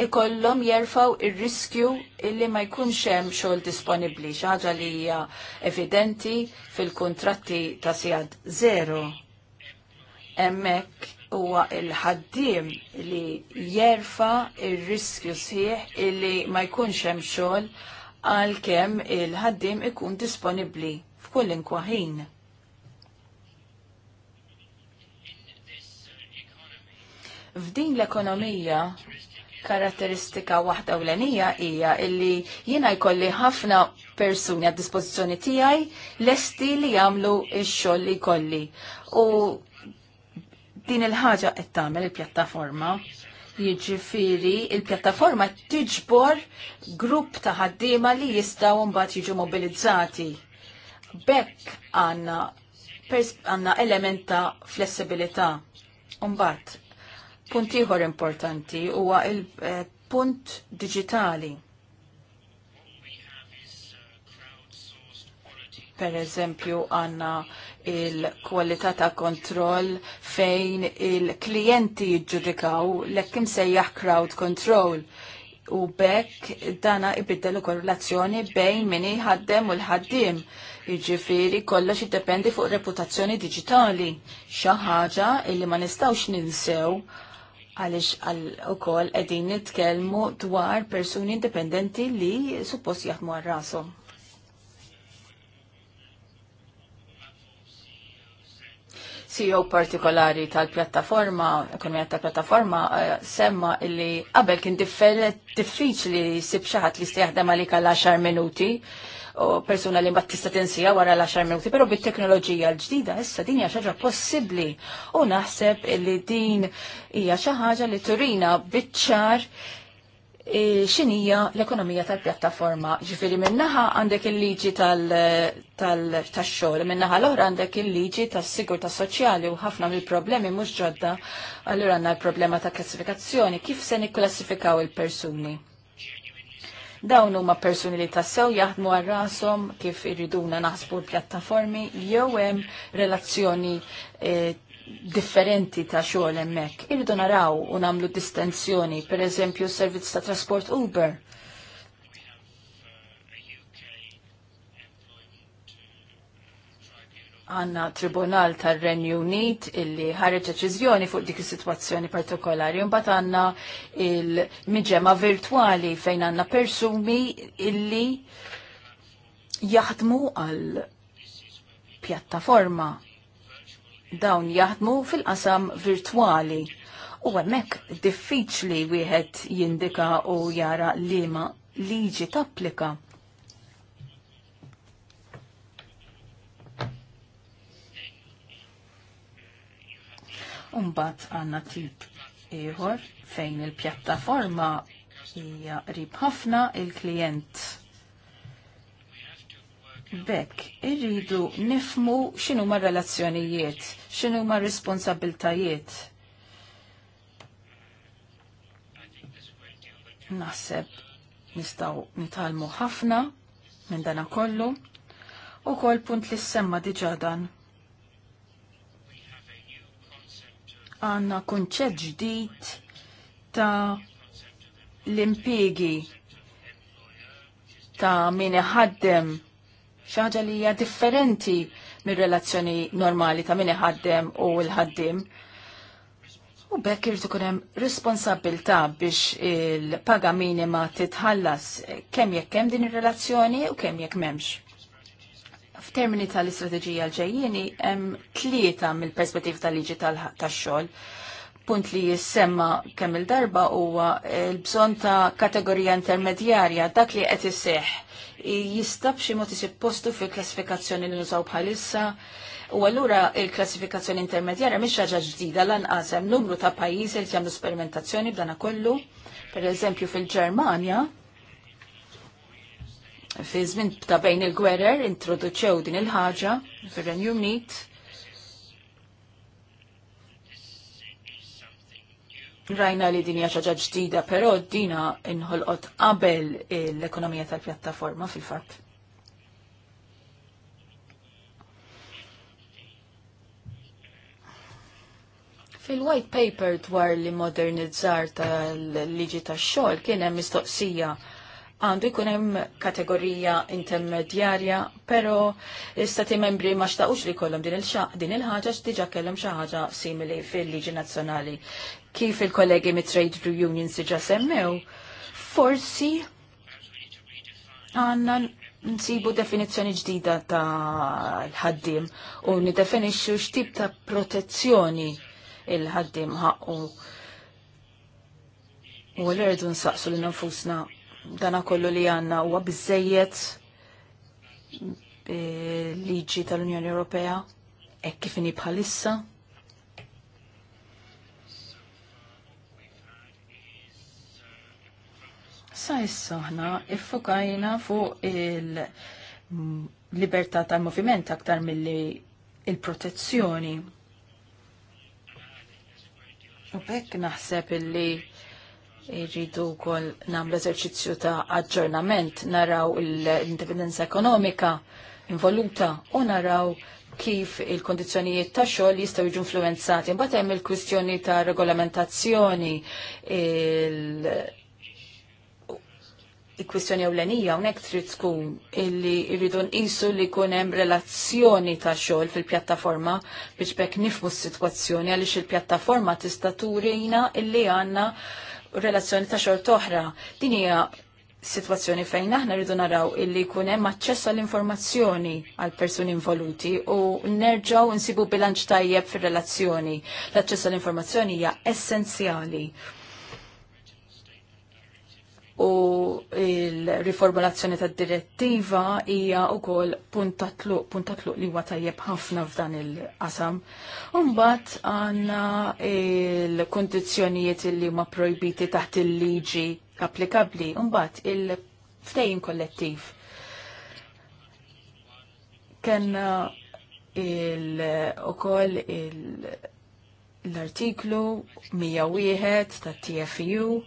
ikollhom jerfaw il riskju il illi ma jkunx hemm xogħol disponibbli, xaġa li hija evidenti fil-kuntratti ta' sigħat zero. Hemmhekk huwa il-ħaddiem li jerfa il riskju il sħiħ illi ma jkunx hemm xogħol għalkemm il-ħaddiem ikun disponibbli f'kull inkwaħin. F'din l-ekonomija Karatteristika waħda ewlenija hija illi jiena jkolli ħafna persuni għad tijaj tiegħi lesti li jagħmlu il xogħol li jkolli. U din il-ħaġa qed tagħmel il-pjattaforma. Jiġifieri il-pjattaforma tiġbor grupp ta' ħaddiema li jistgħu mbagħad jiġu mobilizzati. Bekk għandna għandna element ta' flessibilità. Umbat, Punt ieħor importanti huwa il-punt eh, digitali. Per eżempju għanna il-kwalità ta' kontroll fejn il-klijenti jiġġudikaw l-ekkim sejjaħ crowd control. U bekk dana ibiddel ukoll korrelazzjoni bejn min ħaddem u l-ħaddim. Jiġifieri kollox jiddependi fuq reputazzjoni diġitali, Xaħġa ħaġa li ma nistgħux ninsew għalix għal u kol edin nitkelmu dwar persuni indipendenti li suppost jaħdmu għal rasu. CEO partikolari tal-pjattaforma, ekonomija tal-pjattaforma, eh, semma illi qabel kien diffiċli sib xaħat li stiħdem għalik għal 10 minuti persuna li mbagħad tista' tinsija wara l-10 minuti, però bit-teknoloġija l-ġdida issa din hija xi ħaġa possibbli u naħseb li din hija xi ħaġa li turina biċ-ċar e, xinija l-ekonomija tal-pjattaforma. Ġifiri minnaħa għandek il-liġi tal-xol, minnaħa l-oħra għandek il-liġi tal-sigurta soċjali u ħafna mill-problemi mux ġodda, allura għanna l-problema ta' klassifikazzjoni, kif se nikklassifikaw il-persuni. Dawn huma persuni li tassew jaħdmu għal rashom kif irriduna naħsbu l-pjattaformi jew hemm relazzjoni eh, differenti ta' xogħol hemmhekk. Irridu naraw u nagħmlu distenzjoni, pereżempju s-servizz ta' trasport Uber għanna tribunal tar renju Unit illi ħareġ deċiżjoni fuq dik is-sitwazzjoni partikolari. Mbagħad għandna il-miġema virtwali fejn għandna persumi illi jaħdmu għal pjattaforma. Dawn jaħdmu fil-qasam virtwali. U hemmhekk diffiċli wieħed jindika u jara liema liġi tapplika Umbat għanna tip ieħor fejn il-pjattaforma hija qrib ħafna il-klient. Bekk, irridu nifmu xinu ma' relazzjonijiet, xinu ma' responsabiltajiet. Naħseb nistgħu nitalmu ħafna minn dana kollu u kol punt li semma diġadan għanna konċett ġdijt ta' l-impiegi ta' min ħaddem xaġa li hija differenti mir relazzjoni normali ta' min ħaddem u l-ħaddim. U bekk irrid kunem hemm responsabilità biex il-paga minima titħallas kemm jekk hemm din ir-relazzjoni u kemm jekk m'hemmx. F'termini tal-istrateġija l-ġejjieni hemm tlieta mill-perspettiv tal-liġi tax-xogħol. Punt li jissemma kemm il-darba huwa l-bżonn ta' kategorija intermedjarja dak li qed isseħ jistab xi mod isib postu fil-klassifikazzjoni li nużaw bħalissa. U allura il-klassifikazzjoni intermedjarja mhix ħaġa ġdida lanqas hemm numru ta' pajjiżi li jagħmlu sperimentazzjoni b'dana kollu. Per eżempju fil-Ġermanja, fi żmien ta' bejn il-gwerer introduċew din il-ħaġa fir-Renju Unit. Rajna li din hija ħaġa ġdida, però dina inħolqot qabel l-ekonomija tal-pjattaforma fil-fatt. Fil-white paper dwar li modernizzar tal-liġi tax-xogħol kien hemm mistoqsija għandu jkun hemm kategorija intermedjarja, però l-istati membri ma xtaqux li kollhom din il-ħaġa x'diġà kellhom xi ħaġa simili fil-liġi nazzjonali. Kif il-kollegi mit-trade union diġà semmew, forsi għandna nsibu definizzjoni ġdida ta' l-ħaddim u nidefinixxu x'tip ta' protezzjoni il-ħaddim ħaqqu. U l-erdu nsaqsu li nafusna dana kollu li għanna huwa bizzejiet liġi tal-Unjoni Ewropea hekk kif inhi bħalissa. Sa issa aħna iffokajna fuq il-libertà tal-moviment aktar milli il-protezzjoni. U bekk naħseb illi Irridu kol l eżerċizzju ta' aġġornament, naraw l-indipendenza ekonomika involuta u naraw kif il-kondizjonijiet ta' xogħol jistgħu jiġu influenzati. Imbagħad hemm il-kwistjoni ta' regolamentazzjoni il il-kwistjoni ewlenija hawnhekk trid tkun illi rridu nqisu li jkun hemm relazzjoni ta' xogħol fil-pjattaforma biex bekk nifmu s-sitwazzjoni għaliex il-pjattaforma tista' turina illi għandna relazzjoni ta' xort oħra. Din hija situazzjoni fejn aħna rridu naraw illi jkun hemm aċċess għall informazzjoni għal persuni involuti u nerġgħu nsibu bilanċ tajjeb fir-relazzjoni. L-aċċess għall informazzjoni hija essenzjali u il-riformulazzjoni tad direttiva hija wkoll punt puntatlu li huwa tajjeb ħafna f'dan il-qasam. mbagħad għandna il-kundizzjonijiet li huma projbiti taħt il-liġi applikabbli, imbagħad il-ftejn kollettiv. Kenna il-ukoll il-artiklu 101 tat-TFU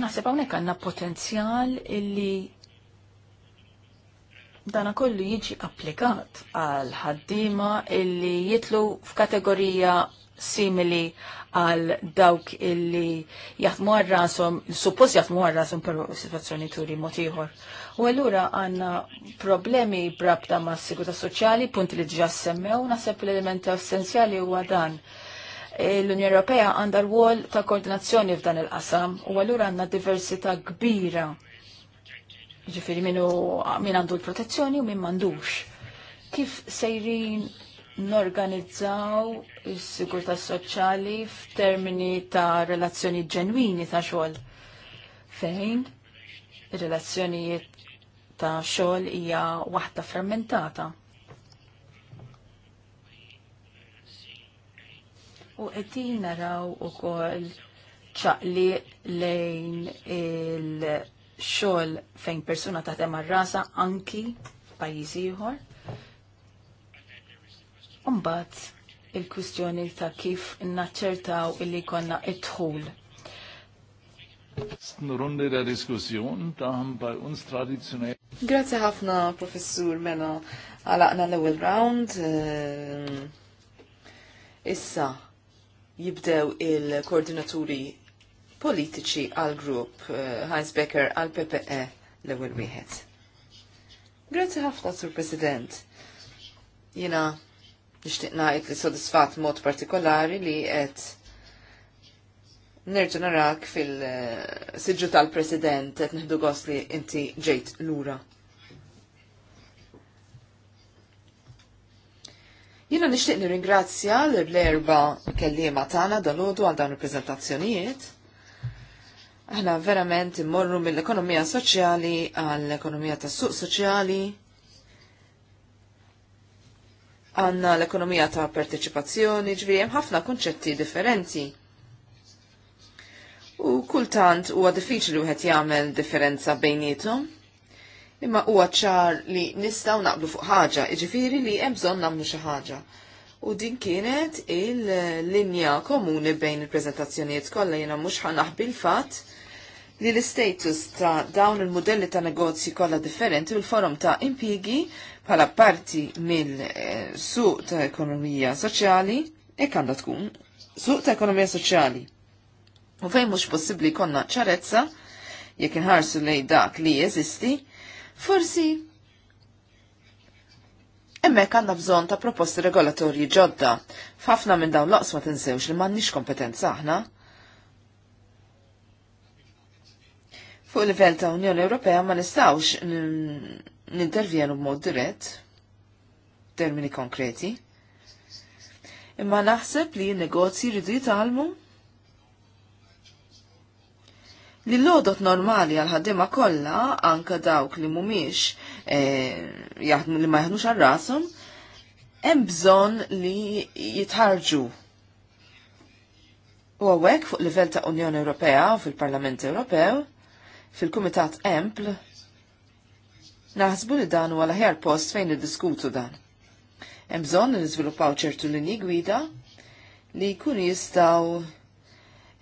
Naħseb hawnhekk għandna potenzjal illi dana kollu jiġi applikat għal ħaddima illi jitlu f'kategorija simili għal dawk illi jaħdmu għarrasom, suppost jaħdmu għarrasom per situazzjoni turi motiħor. U għallura għanna problemi brabta ma' sigurta soċjali, punti li ġa semmew, nasab l elementi essenzjali huwa dan l-Unjoni Ewropea għandha rwol ta' koordinazzjoni f'dan il-qasam u allura għandna diversità kbira. Ġifieri minu min għandu l-protezzjoni u min m'għandux. Kif sejrin norganizzaw is-sigurtà soċjali f'termini ta' relazzjoni ġenwini ta' xogħol fejn ir-relazzjonijiet ta' xogħol hija waħda fermentata. u għettin naraw ukoll ċaqli lejn il-xogħol fejn persuna ta' ar-rasa anki pajjiż ieħor. Mbagħad il-kwistjoni ta' kif naċċertaw illi konna id-dħul Runde der Diskussion, da uns traditionell. Grazie ħafna, Professur Mena, għalaqna l-ewel round. Ehm, issa, jibdew il-koordinaturi politiċi għal-grupp eh, Heinz Becker għal-PPE l-ewel wieħed. Grazzi ħafna, Sur President. Jina nishtiq ngħid li sodisfat mod partikolari li qed nerġu narak fil eh, sidġu tal-President qed nħdu gost li inti ġejt lura. Jina nishtiq nir-ingrazzja l-erba kellima tana dal-ħodu għal dawn il-prezentazzjonijiet. Aħna verament immorru mill-ekonomija soċjali għall ekonomija tas suq soċjali. Għanna l-ekonomija ta' partecipazzjoni ġviri ħafna kunċetti differenti. U kultant huwa diffiċli wieħed jagħmel differenza bejniethom imma huwa ċar li nistgħu naqblu fuq ħaġa, jiġifieri li hemm bżonn nagħmlu xi ħaġa. U din kienet il-linja komuni bejn il-prezentazzjonijiet kollha jiena mhux ħanaħbi l-fatt li l-status ta' dawn il-modelli ta' negozji kollha differenti u l-forum ta' impigi bħala parti mill-suq eh, ta' ekonomija soċjali e għandha tkun suq ta' ekonomija soċjali. U fejn mhux possibbli konna ċarezza jekk inħarsu lej dak li jeżisti, Forsi Emmek għanna bżon ta' proposti regolatorji ġodda. f'afna minn dawn ma tinsewx li m'għandniex kompetenza aħna. Fuq livell ta' Unjoni Ewropea ma nistawx nintervjenu b'mod dirett, termini konkreti. Imma naħseb li n-negozji jridu jitalmu li l-lodot normali għal ħadima kollha anka dawk li mumiex eh, jaħdmu li ma jaħdmux għal-rasom, hemm bżonn li jitħarġu. U għawek fuq livell ta' Unjoni Ewropea u fil-Parlament Ewropew, fil-Kumitat Empl, naħsbu li dan huwa l-aħjar post fejn id-diskutu dan. Hemm bżonn li niżviluppaw ċertu linji gwida li jkunu jistgħu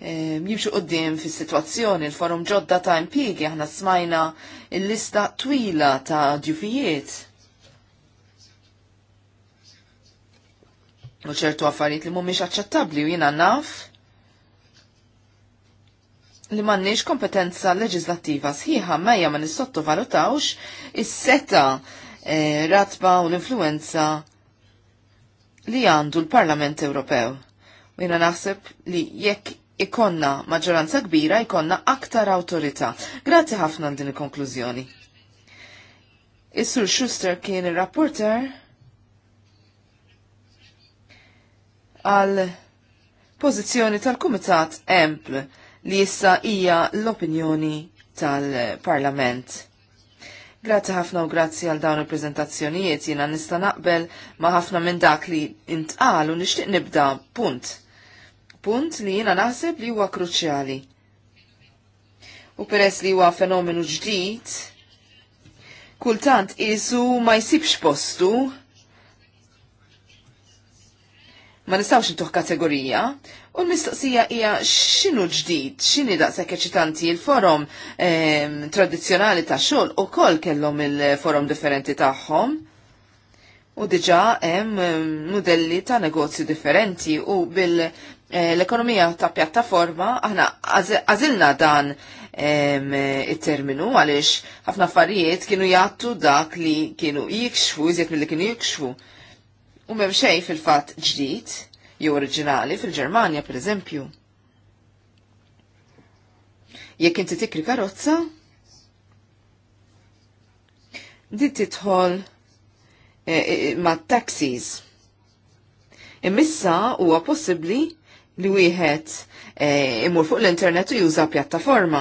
jimxu qoddim fis situazzjoni il-forum ġodda ta' impiegi aħna smajna il-lista twila ta' djufijiet. U ċertu affarijiet li mhumiex aċċettabbli u jiena naf li mannix kompetenza leġislattiva sħiħa mejja ma nissottovalutawx is-seta e, ratba u l-influenza li għandu l-Parlament Ewropew. U jiena naħseb li jekk ikonna maġġoranza kbira, ikonna aktar autorita. Grazzi ħafna din il-konklużjoni. Is-Sur Schuster kien ir-rapporter għal pożizzjoni tal-Kumitat Empl li issa hija l-opinjoni tal-Parlament. Grazie ħafna u grazzi għal dawn il-prezentazzjonijiet jiena nista' naqbel ma' ħafna minn dak li intqal u nixtieq nibda punt punt li jina naħseb li huwa kruċjali. U peress li huwa fenomenu ġdid, kultant isu ma jsibx postu ma nistawx intuħ kategorija, u l-mistoqsija hija x'inhu ġdid, x'inhi daqshekk eċitanti l-forum ehm, tradizzjonali ta' xogħol ukoll kellhom il-forum differenti tagħhom. U diġà hemm modelli ehm, ta' negozju differenti u bil Eh, l-ekonomija ta' pjattaforma, aħna għazilna dan il-terminu għalix ħafna affarijiet kienu jattu dak li kienu jikxfu, jizjek mill-li kienu jikxfu. U mem xej fil-fat ġdid, jew oriġinali fil-Ġermanja per eżempju. Jekk inti tikri karozza, Di titħol eh, eh, ma' taxis. Immissa huwa possibbli li wieħed e, imur fuq l-internet u juża pjattaforma.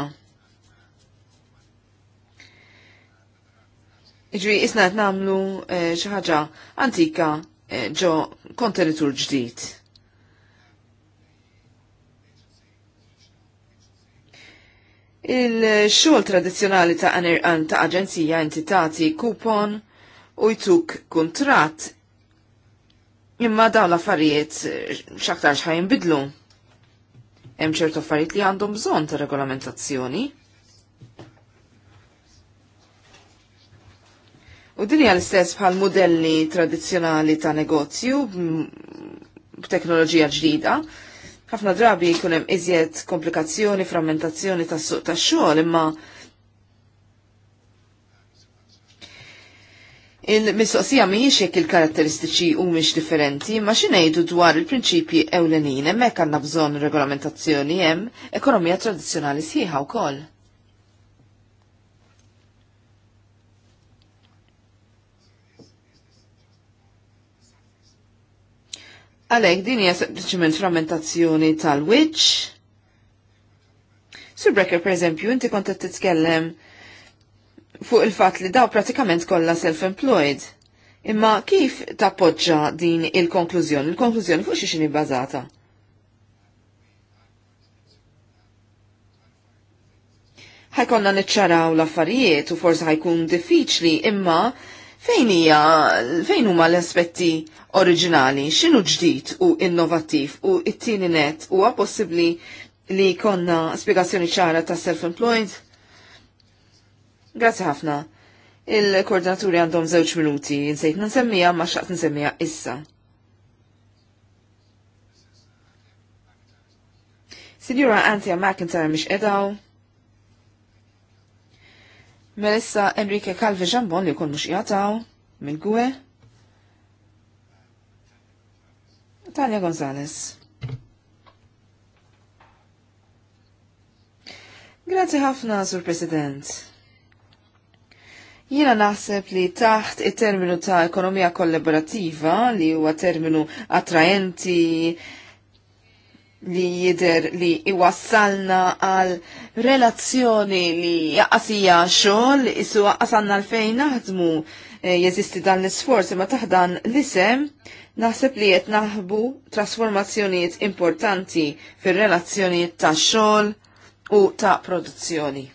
Iġri, isna qed nagħmlu e, xi ħaġa antika e, ġo kontenitur ġdid. Il-xogħol tradizzjonali ta' ta' aġenzija intitati kupon u jtuk kuntratt Imma daw l-affarijiet eh, xaktar xajn bidlu. Hemm ċertu affarijiet li għandhom bżonn ta' regolamentazzjoni. U din hija l-istess bħal modelli tradizzjonali ta' negozju b'teknoloġija ġdida. Ħafna drabi jkun hemm iżjed komplikazzjoni, frammentazzjoni tas-suq tax-xogħol, imma Il-mistoqsija mhijiex jekk il-karatteristiċi humiex differenti, ma xi ngħidu dwar il-prinċipji ewlenin hemmhekk għandna bżonn regolamentazzjoni hemm ekonomija tradizzjonali sħiħa wkoll. Għalek, din hija sempliċiment frammentazzjoni tal-witch. Sur Breaker, per eżempju, inti kont qed titkellem fuq il-fat li daw pratikament kollha self-employed. Imma kif tappoġġa din il-konklużjoni? Il-konklużjoni fuq xi bazata? bbażata? ħajkonna niċċaraw l-affarijiet u forse ħajkun diffiċli imma fejn hija fejn huma l-aspetti oriġinali, x'inhu ġdid u innovattiv u it-tieni net huwa possibbli li konna spjegazzjoni ċara ta' self-employed? Grazzi ħafna. Il-koordinaturi għandhom żewġ minuti, nsejt nsemmija ma xaqt nsemmija issa. Sinjura Antia McIntyre mish edaw. Melissa Enrique Calvi Jambon li jkun mux jataw mill-gwe. Tania Gonzalez. Grazzi ħafna, Sur President. Jiena naħseb li taħt it-terminu ta' ekonomija kollaborativa li huwa terminu attrajenti li jider li iwassalna għal relazzjoni li jaqasija xogħol isu għasanna l fejn naħdmu e, jeżisti dan l-isforz ma taħdan l-isem naħseb li qed naħbu trasformazzjonijiet importanti fir-relazzjonijiet ta' xogħol u ta' produzzjoni.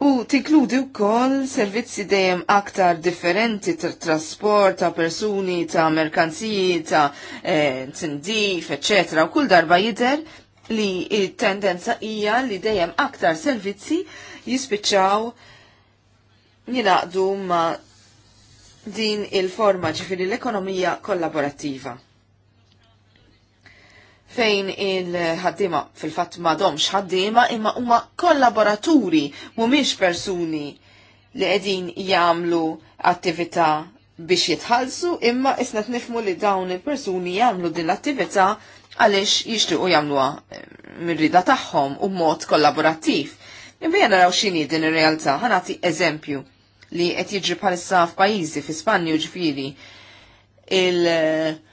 U tinkludi wkoll servizzi dejjem aktar differenti ta' trasport ta' persuni, ta' merkanziji, ta' eh, tindif, eccetera. U kull darba jidher li tendenza hija li dejjem aktar servizzi jispiċċaw jilaqdu ma' din il-forma ġifiri l-ekonomija kollaborattiva fejn il-ħaddima fil-fatt domx ħaddima imma huma kollaboraturi mhumiex persuni li qegħdin jagħmlu attività biex jitħallsu imma isna nifmu li dawn il-persuni jagħmlu din l-attività għaliex jixtiequ jagħmluha eh, mir-rida tagħhom u mod kollaborattiv. Imma naraw x'inhi din ir-realtà, ħanati eżempju li qed jiġri bħalissa f'pajjiżi fi Spanja ġifieri il-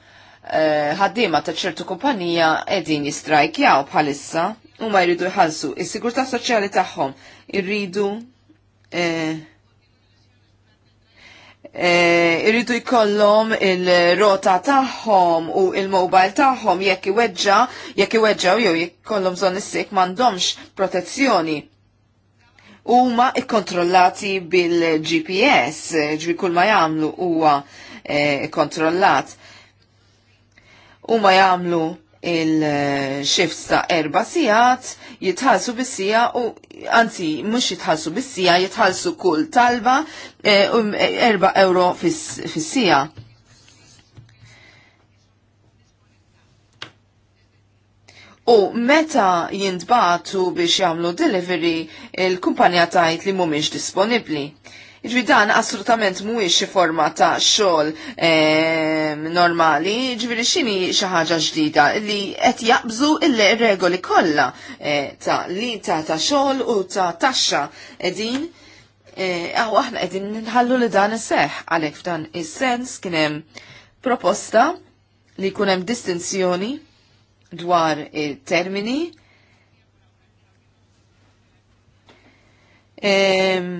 Eh, ħaddiema ta' ċertu kumpanija edin jistrajkjaw bħalissa u ma jridu jħallsu is-sigurtà soċjali tagħhom irridu eh, eh, irridu jkollhom il-rota tagħhom u il-mobile tagħhom jekk iweġġa, jekk iweġġaw jew jekk ikollhom bżonn is-sik m'għandhomx protezzjoni. Huma ikkontrollati bil-GPS, ġbi kull ma jagħmlu huwa kontrollat u ma jagħmlu il-shifts ta' erba sijat, jitħalsu bissija u anzi mhux jitħalsu bissija, jitħalsu kull talba e, u erba euro fis-sija. U meta jintbatu biex jagħmlu delivery, il-kumpanija tajt li mhumiex disponibbli. Ġvi dan assolutament mhuwiex xi forma ta' xogħol ehm, normali, ġifieri x'inhi xi ħaġa ġdida li qed jabżu il-regoli kollha eh, ta' li ta' ta' xogħol u ta' taxxa edin. għaw eh, aħna edin nħallu li dan iseħħ għalhekk f'dan is-sens kien hemm proposta li jkun hemm distinzjoni dwar termini. Um, ehm,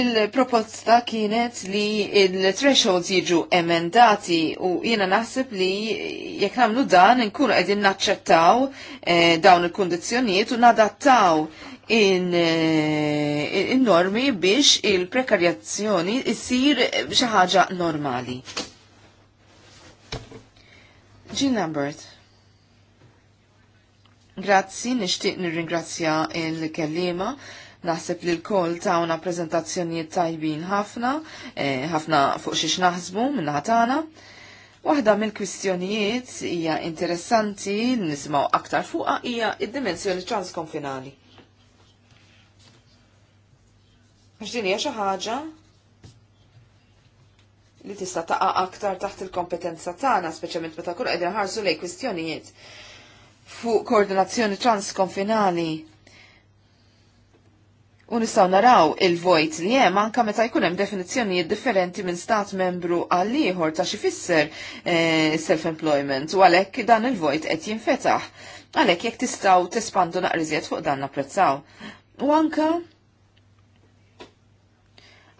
Il-proposta kienet li il-thresholds jiġu emendati u jiena naħseb li jekk nagħmlu dan nkunu qegħdin naċċettaw eh, dawn il-kundizzjonijiet u nadattaw in-normi in eh, biex il-prekarjazzjoni issir xi ħaġa normali. Jean Lambert. Grazzi, nixtieq nirringrazzja il-kellima. l-kelliema. il kellima Naħseb li l-kol tawna prezentazzjoni tajbin ħafna, eh, ħafna fuq xiex naħsbu minna ħatana. Waħda mill-kwistjonijiet hija interessanti nismaw aktar fuqa hija id-dimensjoni transkonfinali. Għax din hija xi ħaġa li tista' taqa' aktar taħt il-kompetenza tagħna, speċjalment meta kull qegħdin ħarsu lejn kwistjonijiet fuq koordinazzjoni transkonfinali U nistaw naraw il-vojt li hemm anka meta jkun hemm definizzjonijiet differenti minn stat membru għal ieħor ta' xi fisser eh, self-employment u għalhekk dan il-vojt qed jinfetaħ. Għalhekk jekk tistgħu tespandu naqriżiet fuq dan napprezzaw. U anka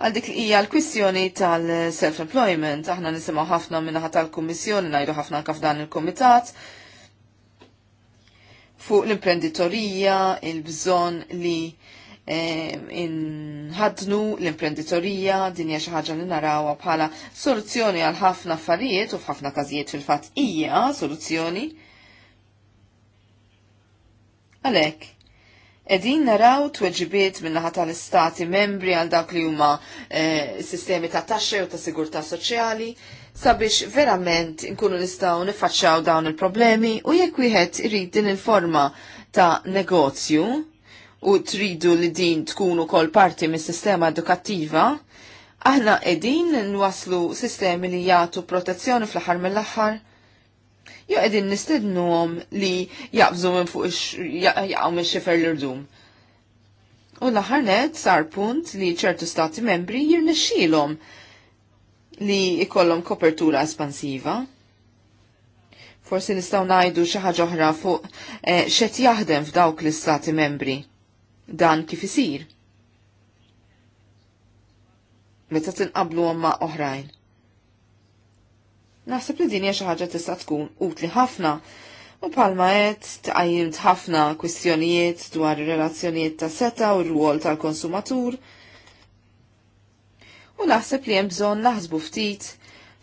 għal dik hija l-kwistjoni tal-self-employment, aħna nisimgħu ħafna minnaħa tal-Kummissjoni ngħidu ħafna anke f'dan il-Kumitat fuq l-imprenditorija, il-bżonn li Eh, inħadnu l-imprenditorija din hija xi ħaġa li narawha bħala soluzzjoni għal ħafna affarijiet u f'ħafna każijiet fil-fatt hija soluzzjoni. Għalhekk, Edin naraw tweġibiet minnaħa tal-istati membri għal dak li huma eh, sistemi ta' taxxa u ta' sigurtà soċjali sabiex verament nkunu nistgħu nifaċċaw dawn il-problemi u jekk wieħed irid din il-forma ta' negozju u tridu li din tkun ukoll parti mis-sistema edukattiva, aħna qegħdin nwaslu sistemi li jagħtu protezzjoni fl-aħħar mill-aħħar jo edin għom li jaqbżu minn fuq jaqgħu minn xifer l-irdum. U l-ħarnet sar punt li ċertu stati membri jirnexxilhom li ikollhom kopertura espansiva. Forsi nistgħu ngħidu xi ħaġa oħra fuq eh, xed jaħdem f'dawk l-istati membri dan kif isir. Meta tinqablu ma' oħrajn. Naħseb li din hija xi ħaġa tista' tkun utli ħafna u palma qed tqajjimt ħafna kwistjonijiet dwar ir-relazzjonijiet ta' seta u r-rwol tal-konsumatur. U naħseb li hemm bżonn naħsbu ftit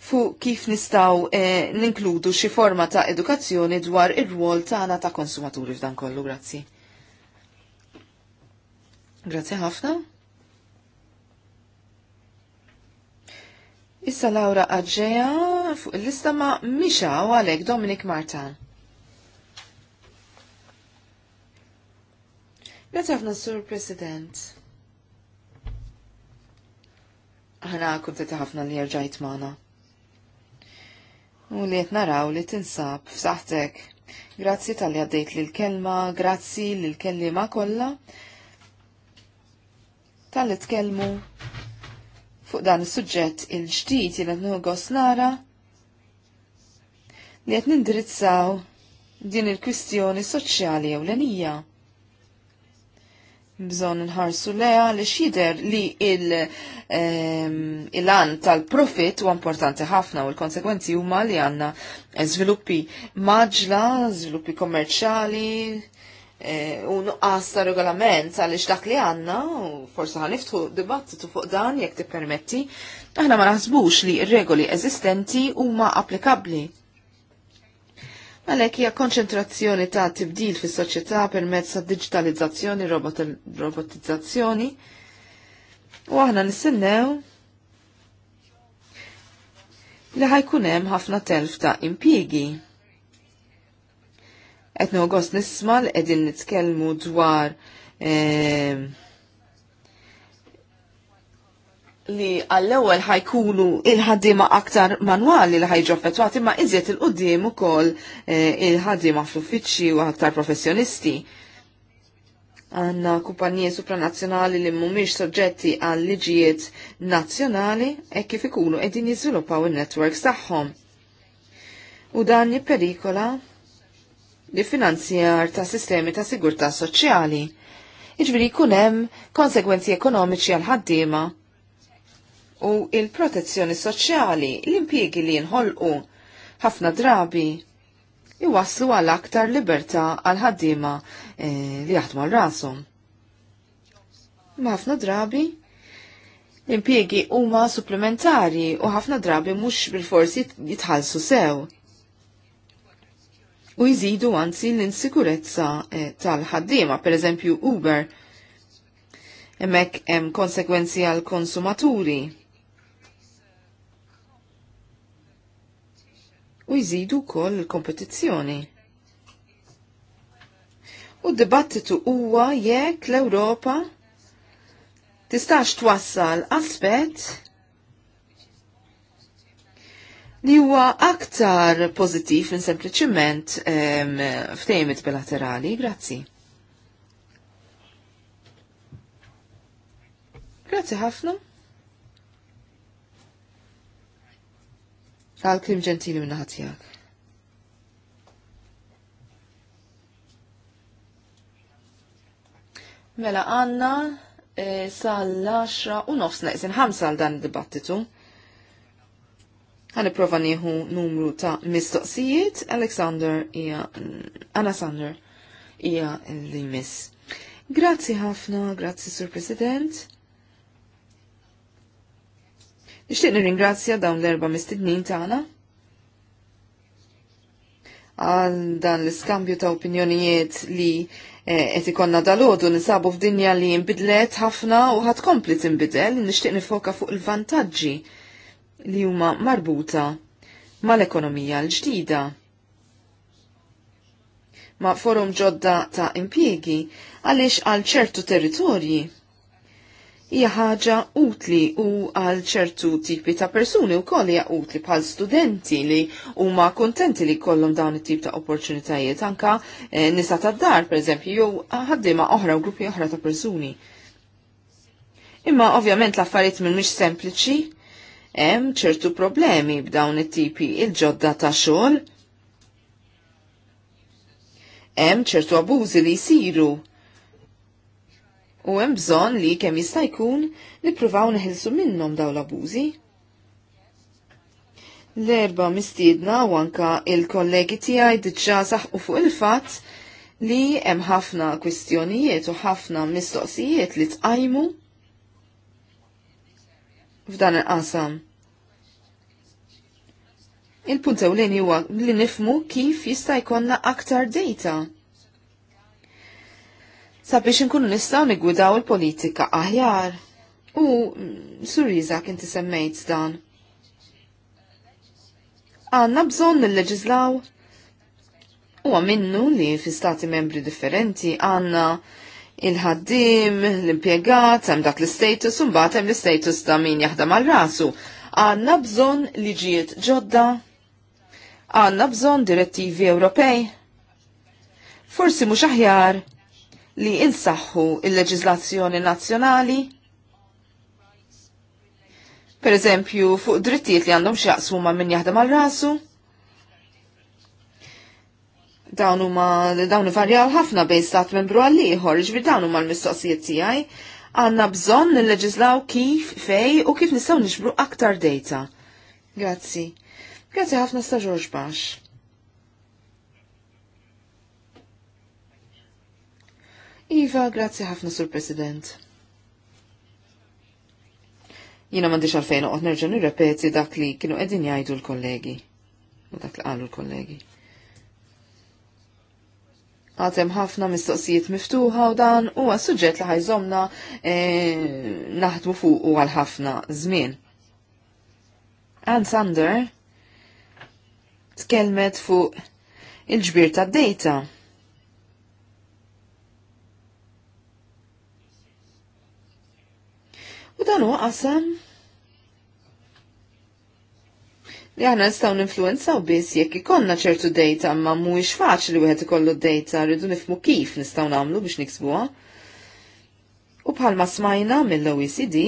fuq kif nistgħu eh, ninkludu xi forma ta' edukazzjoni dwar ir-rwol tagħna ta' konsumaturi f'dan kollu, grazzi. Grazie ħafna. Issa Laura Aġeja fuq il-lista ma Misha u għalek Dominik Martan. Grazie ħafna Sur President. Ħana kuntet ħafna li rġajt mana. U li qed naraw li tinsab f'saħtek. Grazzi tal-li għaddejt lil kelma grazzi l-kelma kollha tal tkellmu fuq dan is-suġġett il-ġdid qed nħogos nara li qed nindirizzaw din il-kwistjoni soċjali ewlenija. Bżon nħarsu leha li xider li ehm, il-an tal-profit u importanti ħafna u l-konsekwenzi huma li għanna żviluppi maġla, żviluppi kommerċjali. Eh, u nuqqas ta' regolament għaliex dak li għandna, u forsi ħaniftħu dibattitu fuq dan jekk tippermetti, aħna ma naħsbux li regoli eżistenti huma applikabbli. Għalhekk hija konċentrazzjoni ta' tibdil fis-soċjetà permezz ta' digitalizzazzjoni, robotizzazzjoni, u aħna nistennew li ħajkun hemm ħafna telf ta' impjiegi etnu għost nismal edin nitkelmu dwar ehm, li għall-ewel ħajkunu il-ħaddima aktar manwali li ħajġu affettwati ma iżjed il-qoddim ukoll eh, il-ħaddima fl-uffiċċji u aktar professjonisti. Għanna kumpanije supranazzjonali li mhumiex soġġetti għal liġijiet nazzjonali e kif ikunu qegħdin jiżviluppaw in-networks tagħhom. U dan jipperikola li finanzjar ta' sistemi ta' sigurtà soċjali. Iġviri hemm konsegwenzi ekonomiċi għal ħaddiema u il-protezzjoni soċjali l-impjiegi li jinħolqu ħafna drabi iwaslu għal aktar libertà għal ħaddiema e, li jaħdmu għal rasum. Ma ħafna drabi l-impjiegi huma supplementari u ħafna drabi mhux bil-forsi jitħallsu sew u jżidu anzi l-insikurezza eh, tal-ħaddiema, per eżempju Uber. Emmek hemm konsekwenzi għal konsumaturi. U jżidu kol l-kompetizzjoni. U d-dibattitu huwa jekk l-Ewropa tistax twassal aspett li huwa aktar pozittiv minn sempliċiment ftejmit bilaterali. Grazzi. Grazzi ħafna. tal klim ġentili minn ħatijak. Mela għanna eh, sal-10 u nofs naqsin ħamsa għal dan id-dibattitu prova nieħu numru ta' mistoqsijiet, Alexander hija Anna Sander hija li miss. Grazzi ħafna, grazzi Sur President. Nixtieq nirringrazzja dawn l-erba mistednin tagħna għal dan l-iskambju ta' opinjonijiet li eh, qed ikonna dalodu nisabu f'dinja li nbidlet ħafna u ħad kompli timbidel, nixtieq nifoka fuq il-vantaġġi li huma marbuta mal-ekonomija l-ġdida. Ma forum ġodda ta' impjiegi għaliex għal ċertu territorji hija ħaġa utli u għal ċertu tipi ta' persuni u koll hija utli bħal studenti li huma kontenti li kollhom dawn it-tip ta' opportunitajiet anka eh, nisa ta' dar pereżempju jew ħaddiema oħra u gruppi oħra ta' persuni. Imma ovvjament l-affarijiet mhumiex sempliċi hemm ċertu problemi b'dawn it-tipi il-ġodda ta' xogħol. Hemm ċertu abużi li jsiru u hemm bżonn li kemm jista' jkun nippruvaw neħilsu minnhom dawn l-abużi. L-erba mistiedna u anka il-kollegi tiegħi diġà saħqu fuq il-fatt li hemm ħafna kwistjonijiet u ħafna mistoqsijiet li tqajmu f'dan il-qasam. Il-punt ewleni huwa li nifmu kif jista' jkollna aktar data sabiex inkunu nistgħu niggwidaw il-politika aħjar. U suriza kien semmejt dan. Għanna bżon nil-leġizlaw u għaminnu li fi stati membri differenti għanna il-ħaddim, l-impiegat, hemm dak l-status, un hemm l-status ta' min jaħdem għal rasu. Għandna bżonn liġijiet ġodda, għandna bżonn direttivi Ewropej. Forsi mhux aħjar li insaħħu il-leġiżlazzjoni nazzjonali. Per eżempju, fuq drittijiet li għandhom x'jaqsmu ma' min jaħdem għal rasu dawn huma dawn varjaw ħafna bejn stat membru għal ieħor, ġbir dawn huma l-mistoqsijiet tiegħi. Għandna bżonn nilleġislaw kif, fej u kif nistgħu nixbru aktar data. Grazzi. Grazzi ħafna sta Ġorġ Bax. Iva, grazzi ħafna sur President. Jina mandiċ għalfejn uqt nerġa nirrepeti dak li kienu edin jajdu l-kollegi. U dak li għallu l-kollegi. Għatem ħafna mistoqsijiet miftuħa u dan huwa suġġett li ħajżomna e, naħdmu fuq u għal ħafna żmien. Ann Sander tkellmet fuq il-ġbir ta' data. U dan huwa għasem li aħna nistgħu ninfluenzaw biss jekk ikollna ċertu data ma mhuwiex faċli wieħed ikollu data rridu nifmu kif nistgħu nagħmlu biex niksbuha. U bħalma smajna mill-OECD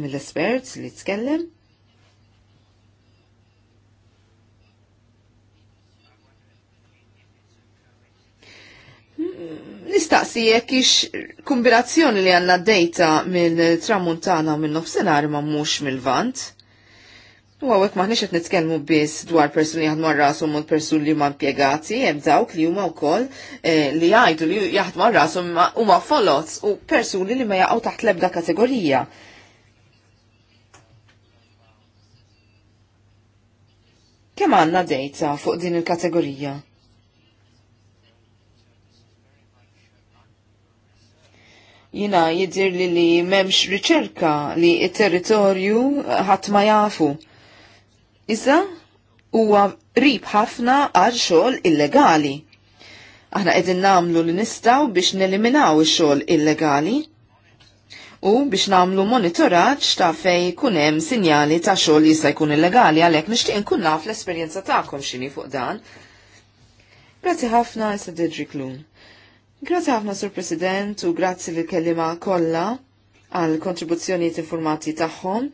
mill-esperts li tkellem Nistaqsi jekk ix kombinazzjoni li għanna data mill-tramuntana u mill-nofsenar ma mhux mill-vant. U għawek maħniex għet nitkelmu biss dwar persuni li jaħdmu rasum u persun li ma' impiegati, jem dawk li huma wkoll eh, li jgħidu li jaħdmu rasom u ma' folots u persuni li ma jaqgħu taħt lebda kategorija. Kemm għandna dejta fuq din il-kategorija? Jina jidir li li memx riċerka li il-territorju ħat ma jafu. Iżda huwa rib ħafna għal xogħol illegali. Aħna qegħdin nagħmlu li nistgħu biex neliminaw ix-xogħol illegali u biex namlu monitoraġġ ta' fej hemm sinjali ta' xogħol jista' jkun illegali għalhekk nixtieq nkun naf l-esperjenza tagħkom x'inhi fuq dan. Grazzi ħafna Issa Dedrick Lun. Grazzi ħafna Sur President u grazzi li kellima kollha għal kontribuzzjonijiet informati tagħhom.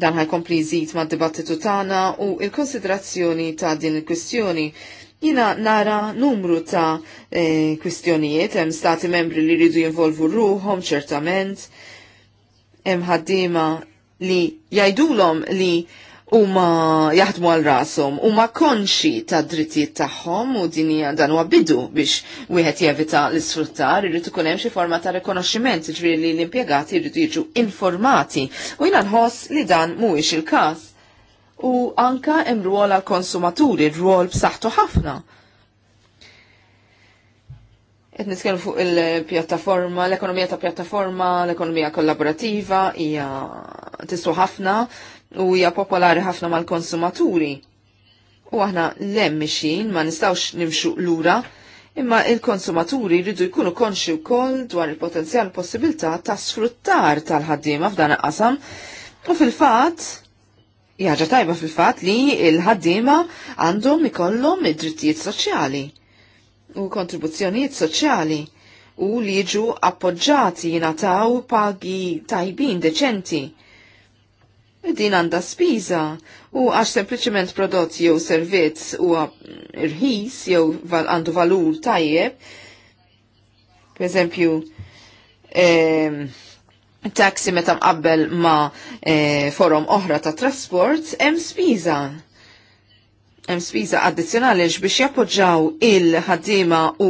Dan ħajkompli jżid ma' dibattitu tagħna u il-konsiderazzjoni ta' din il-kwistjoni. Jina nara numru ta' eh, kwistjonijiet, hemm stati membri li jridu jinvolvu ruhom ċertament, hemm ħaddiema li jajdulom li huma jaħdmu għal rashom, huma konxi ta' drittijiet tagħhom u din hija dan huwa bidu biex wieħed jevita l-isfruttar, irid ikun hemm xi forma ta' rikonoxximent, ġifieri li l-impjegati jridu jiġu informati u jiena nħoss li dan mhuwiex il-każ. U anka hemm rwol għal konsumaturi, rwol b'saħħtu ħafna. Et nitkellmu fuq il-pjattaforma, l-ekonomija ta' pjattaforma, l-ekonomija kollaborativa hija tiswa ħafna u hija popolari ħafna mal-konsumaturi. U aħna lem mixin ma nistawx nimxu lura imma il-konsumaturi rridu jkunu konxi wkoll dwar il-potenzjal possibilità ta' sfruttar tal-ħaddiema f'dan qasam u fil-fatt jaġa tajba fil-fatt li il-ħaddiema għandhom ikollhom id-drittijiet soċjali u kontribuzzjonijiet soċjali u li jiġu appoġġati jingħataw pagi tajbin deċenti din għanda spiża u għax sempliciment prodott jew servizz u irħis jew għandu valur tajjeb, per eżempju, ehm, taxi meta mqabbel ma eh, forum oħra ta' trasport, hemm spiża hemm spiża addizzjonali biex jappoġġaw il-ħaddiema u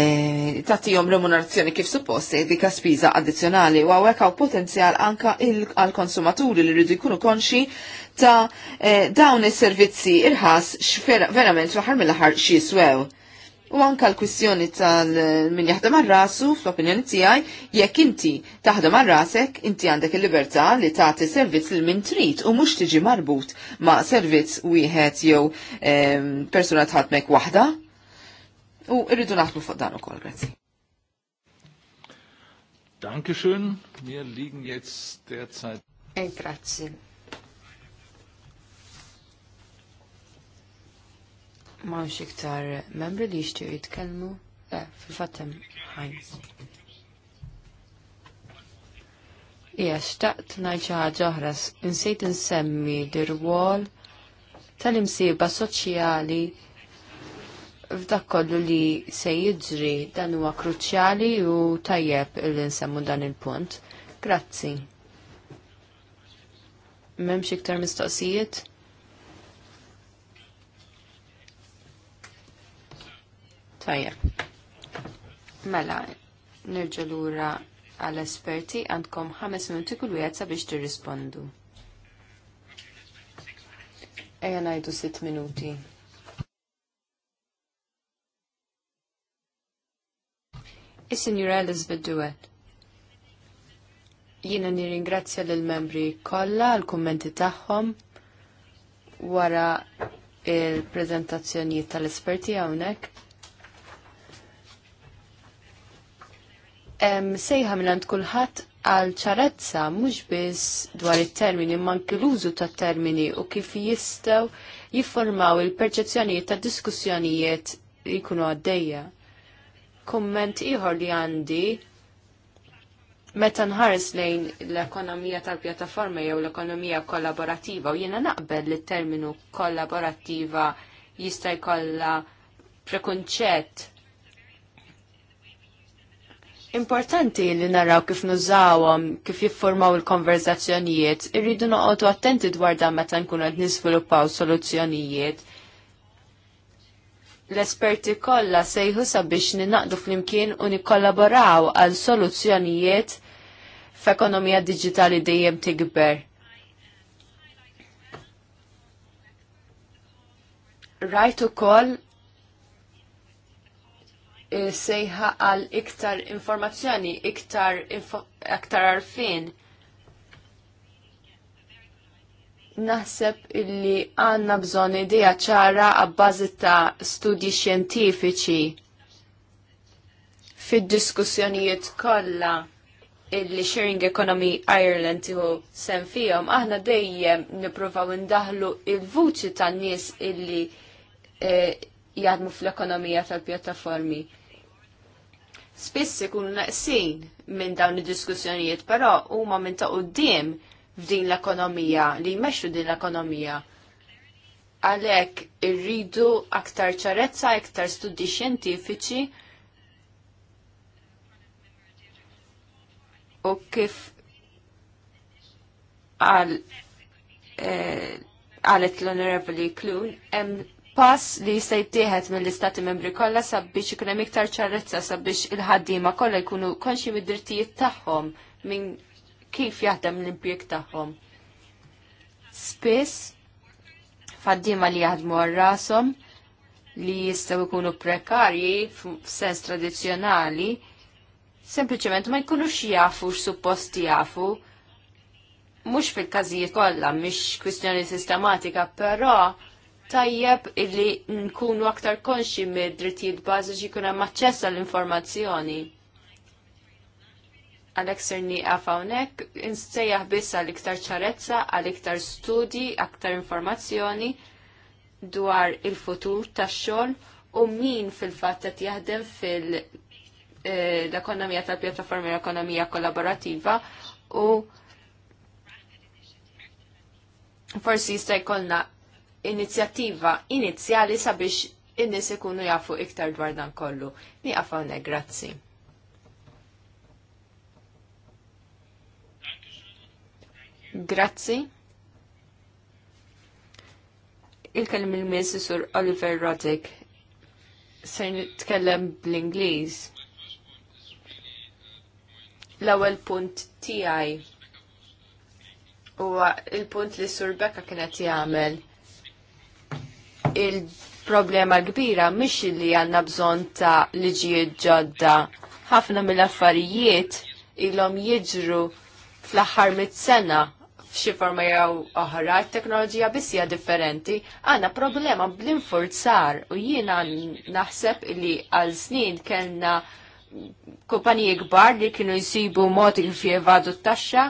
e, tagħtihom remunerazzjoni kif suppost e, dika spiża addizzjonali u hawnhekk hawn potenzjal anka għall-konsumaturi li rridu jkunu konxi ta' e, dawn is-servizzi irħas x'verament fl-aħħar mill-aħħar xi jiswew. U anka l-kwistjoni tal-min jaħdem għal rasu, fl-opinjoni tijaj, jekk inti taħdem għal rasek, inti għandek il-libertà li taħti servizz li min trid u mux tiġi marbut ma' servizz wieħed jew ehm, persuna tħatmek waħda. U irridu naħdmu fuq dan ukoll, grazzi. Dankeschön, mir liegen jetzt derzeit. Grazie. Mawx iktar membri li jixtiju jitkelmu? Le, fil-fattem ħajns. Ija, xtaqt najċaħa ġoħras, insejt insemmi dirwol tal-imsiba soċjali f'dak kollu li se jiġri dan huwa kruċjali u tajjeb il nsemmu dan il-punt. Grazzi. M'hemmx iktar mistoqsijiet? Tajjeb. Mela, nerġa' lura għall-esperti għandkom ħames minuti kull wieħed sabiex tirrispondu. Ejja ngħidu sitt minuti. Is-Sinjura Elizabeth Duet. Jiena nirringrazzja lill membri kollha għal kummenti tagħhom wara il-preżentazzjonijiet tal-esperti hawnhekk. sejħa minn għand kulħadd għal ċarezza mhux biss dwar it-termini man anke l-użu termini u kif jistgħu jiformaw il-perċezzjonijiet ta' diskussjonijiet li jkunu għaddejja. Kumment ieħor li għandi meta nħares lejn l-ekonomija tal-pjattaforma jew l-ekonomija kollaborattiva u jiena naqbel li t-terminu kollaborattiva jista' jkollha prekunċett importanti li naraw kif nużawhom, kif jiffurmaw il-konverzazzjonijiet, irridu noqogħdu attenti dwar dan meta nkunu qed niżviluppaw soluzzjonijiet. L-esperti kollha sejħu sabiex ninaqdu flimkien u nikkollaboraw għal soluzzjonijiet f'ekonomija diġitali dejjem tikber. Rajt ukoll E, sejħa għal iktar informazzjoni, iktar, aktar iktar arfin. Naħseb illi għanna bżon idea ċara għabbażi ta' studji xjentifiċi fid-diskussjonijiet kollha illi Sharing Economy Ireland tiħu sem fihom, aħna dejjem nippruvaw indaħlu il-vuċi tan-nies illi eh, jadmu fl-ekonomija tal-pjattaformi. Spiss ikunu naqsin minn dawn id-diskussjonijiet, però huma minn ta' qudiem f'din l-ekonomija li jmexxu din l-ekonomija. Għalhekk irridu aktar ċarezza, aktar studi xjentifiċi u kif għal eh, għalet l-Honorable Clun, hemm pass li jista' jittieħed mill-istati membri kollha sabiex ikun hemm iktar ċarrezza sabiex il-ħaddiema kollha jkunu konxi mid-drittijiet tagħhom minn kif jaħdem l impjieg tagħhom. Spiss faddiema li jaħdmu għal rashom li jistgħu jkunu prekarji f'sens tradizzjonali sempliċement ma jkunux jafu x'suppost jafu. Mhux fil-każijiet kollha mhix kwistjoni sistematika, però tajjeb illi nkunu aktar konxi mid-drittijiet bażiċi kuna hemm aċċess għall-informazzjoni. Għalhekk ser nieqaf hawnhekk insejjaħ biss għal iktar ċarezza, għal iktar studji, aktar informazzjoni dwar il-futur tax-xogħol u min fil-fatt qed jaħdem fil- ekonomija eh, ekonomija tal-pjattaformi l-ekonomija kollaborativa u forsi jista' jkollna inizjattiva inizjali sabiex in-nies ikunu jafu iktar dwar dan kollu. Nieqaf hawnhekk, grazzi. Grazzi. Il-kellim il-miss sur Oliver Roddick. Se nitkellem bl-Ingliż. L-ewwel punt tiegħi huwa il-punt li sur Bekka kienet jagħmel il-problema kbira mhix li għandna bżonn ta' liġijiet ġodda. Ħafna mill-affarijiet ilhom jiġru fl-aħħar mit-sena f'xi forma jew oħra, t-teknoloġija biss hija differenti, għandna problema bl-infurzar u jiena naħseb li għal snin kellna kumpaniji kbar li kienu jsibu modi kif jevadu t-taxxa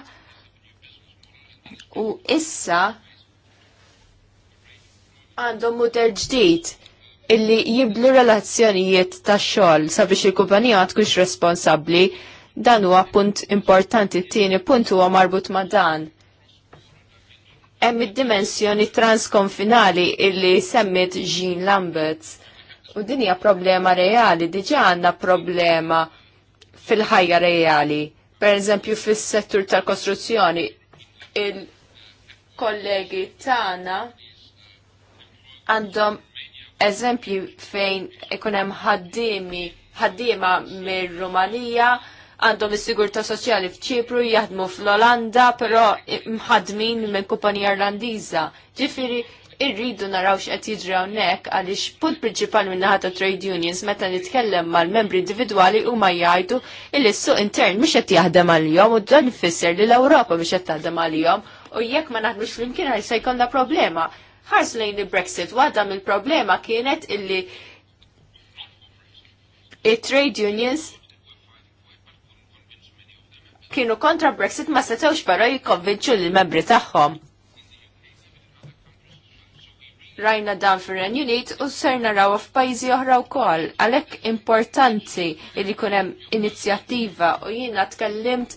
u issa għandhom mudell ġdid illi jiblu relazzjonijiet ta' xogħol sabiex il-kumpanija tkunx responsabbli dan huwa punt importanti t-tieni punt huwa marbut ma' dan. Hemm id-dimensjoni transkonfinali illi semmit Jean Lamberts. U din hija problema reali, diġà għandna problema fil-ħajja reali. Per eżempju fis-settur tal-kostruzzjoni il-kollegi tagħna għandhom eżempji fejn ikunem ħaddimi, ħaddima mir-Rumanija, għandhom is-sigurta soċjali f'Ċipru, jaħdmu fl-Olanda, però mħadmin minn kumpanija Irlandiża. Ġifieri irridu naraw x'qed jiġri hawnhekk għaliex punt prinċipali minn naħa trade unions meta nitkellem mal-membri individwali huma jgħidu illi s-suq intern mhux qed jaħdem għalihom u dan ifisser li l-Ewropa mhux qed taħdem għalihom u jekk ma naħdmux flimkien se jkollna problema ħars lejn il-Brexit. Waħda mill-problema kienet illi il-trade unions kienu kontra Brexit ma setewx barra jikkonvinċu l-membri tagħhom. Rajna dan fir ren Unit u ser naraw f'pajjiżi oħra wkoll. Għalhekk importanti li jkun hemm inizjattiva u jiena tkellimt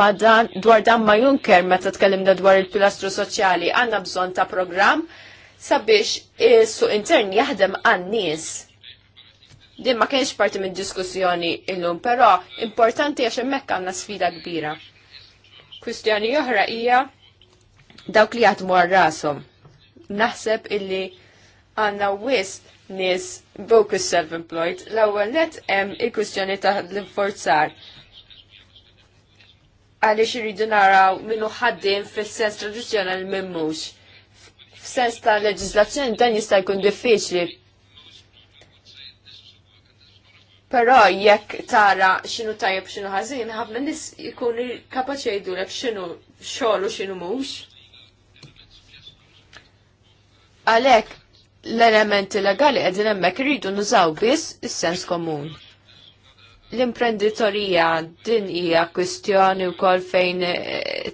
ma dan dwar dan ma Junker meta tkellimna dwar il-pilastru soċjali għandna bżonn ta' programm sabiex is-suq intern jaħdem għan-nies. Din ma kienx parti minn diskussjoni illum, però importanti għax hemmhekk għandna sfida kbira. Kwistjoni oħra hija dawk li jaħdmu għal rashom. Naħseb illi għandna wisq nis bokus self-employed, l-ewwel net hemm il-kwistjoni ta' l-forzar. Għaliex irridu naraw minnu ħaddin fis-sens tradizzjonali minn mhux f'sens ta' leġislazzjoni dan jista' jkun diffiċli. Però jekk tara x'inhu tajjeb x'inhu ħażin, ħafna nis jkun kapaċi lek x'inhu xogħol u x'inhu mhux. Għalhekk l-elementi legali qegħdin hemmhekk iridu nużaw biss is-sens komun. L-imprenditorija din hija kwistjoni wkoll fejn eh,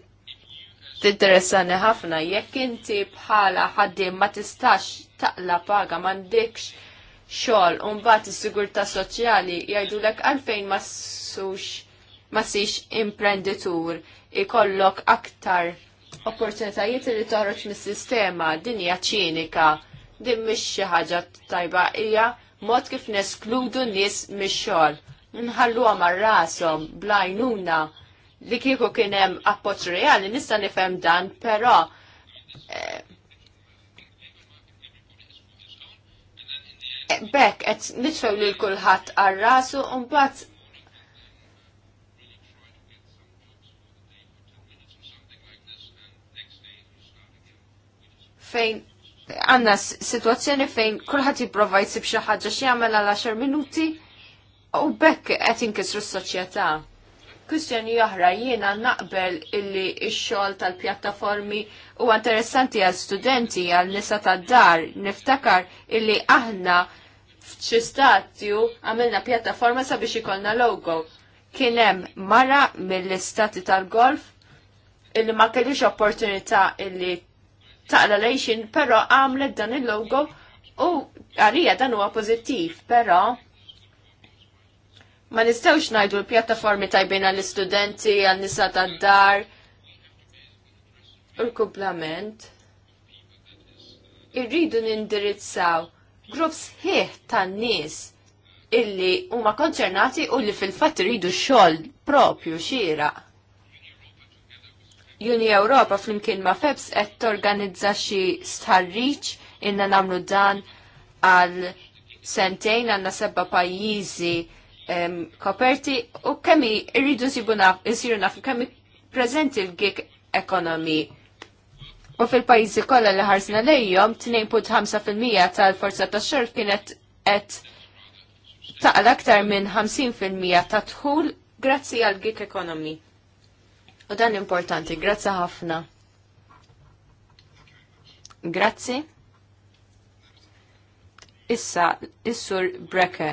Tinteressani ħafna jekk inti bħala ħaddiem ma tistax taqla paga m'għandekx xogħol u mbagħad is-sigurtà soċjali jgħidulek għalfejn ma sux ma six imprenditur ikollok aktar opportunitajiet li toħroġ mis-sistema din hija ċinika din mhix xi ħaġa tajba hija mod kif neskludu nies mix-xogħol. Nħalluha mar-rashom blajnuna li kieku kien hemm appoġġ reali nista' nifhem dan, però eh, eh, bekk qed nitfew lil kulħadd kulħat rasu un bat fejn għanna situazzjoni fejn kulħadd jipprova jsib xi ħaġa x'jagħmel għal minuti u bekk qed inkisru s-soċjetà. Kwistjoni oħra jiena naqbel illi x-xogħol tal-pjattaformi huwa interessanti għal studenti għal nisa tad-dar niftakar illi aħna f'ċi statju għamilna pjattaforma sabiex ikollna logo. Kien hemm mara mill-istati tal-golf illi ma kellix opportunità illi taqla lejxin, però għamlet dan il-logo u għalija dan huwa pożittiv, però ma nistewx najdu l-pjattaformi tajbin għall-istudenti, għall-nisa tad-dar, u l-kumplament. Irridu nindirizzaw grups ħieħ tan-nies illi huma konċernati u li fil-fatt iridu xogħol propju xira. Juni Ewropa flimkien ma' Febs qed torganizza xi starriċ inna namlu dan għal sentejn għandna seba' pajjiżi koperti u kemmi irridu nsibu naf, nsiru naf, kemmi prezenti l-gig ekonomi U fil-pajizi kolla li ħarsna lejjom, 2.5% tal-forza ta' xor kienet et l aktar minn 50% ta' tħul grazzi għal gig ekonomi. U dan importanti, grazzi ħafna. Grazzi. Issa, issur Breke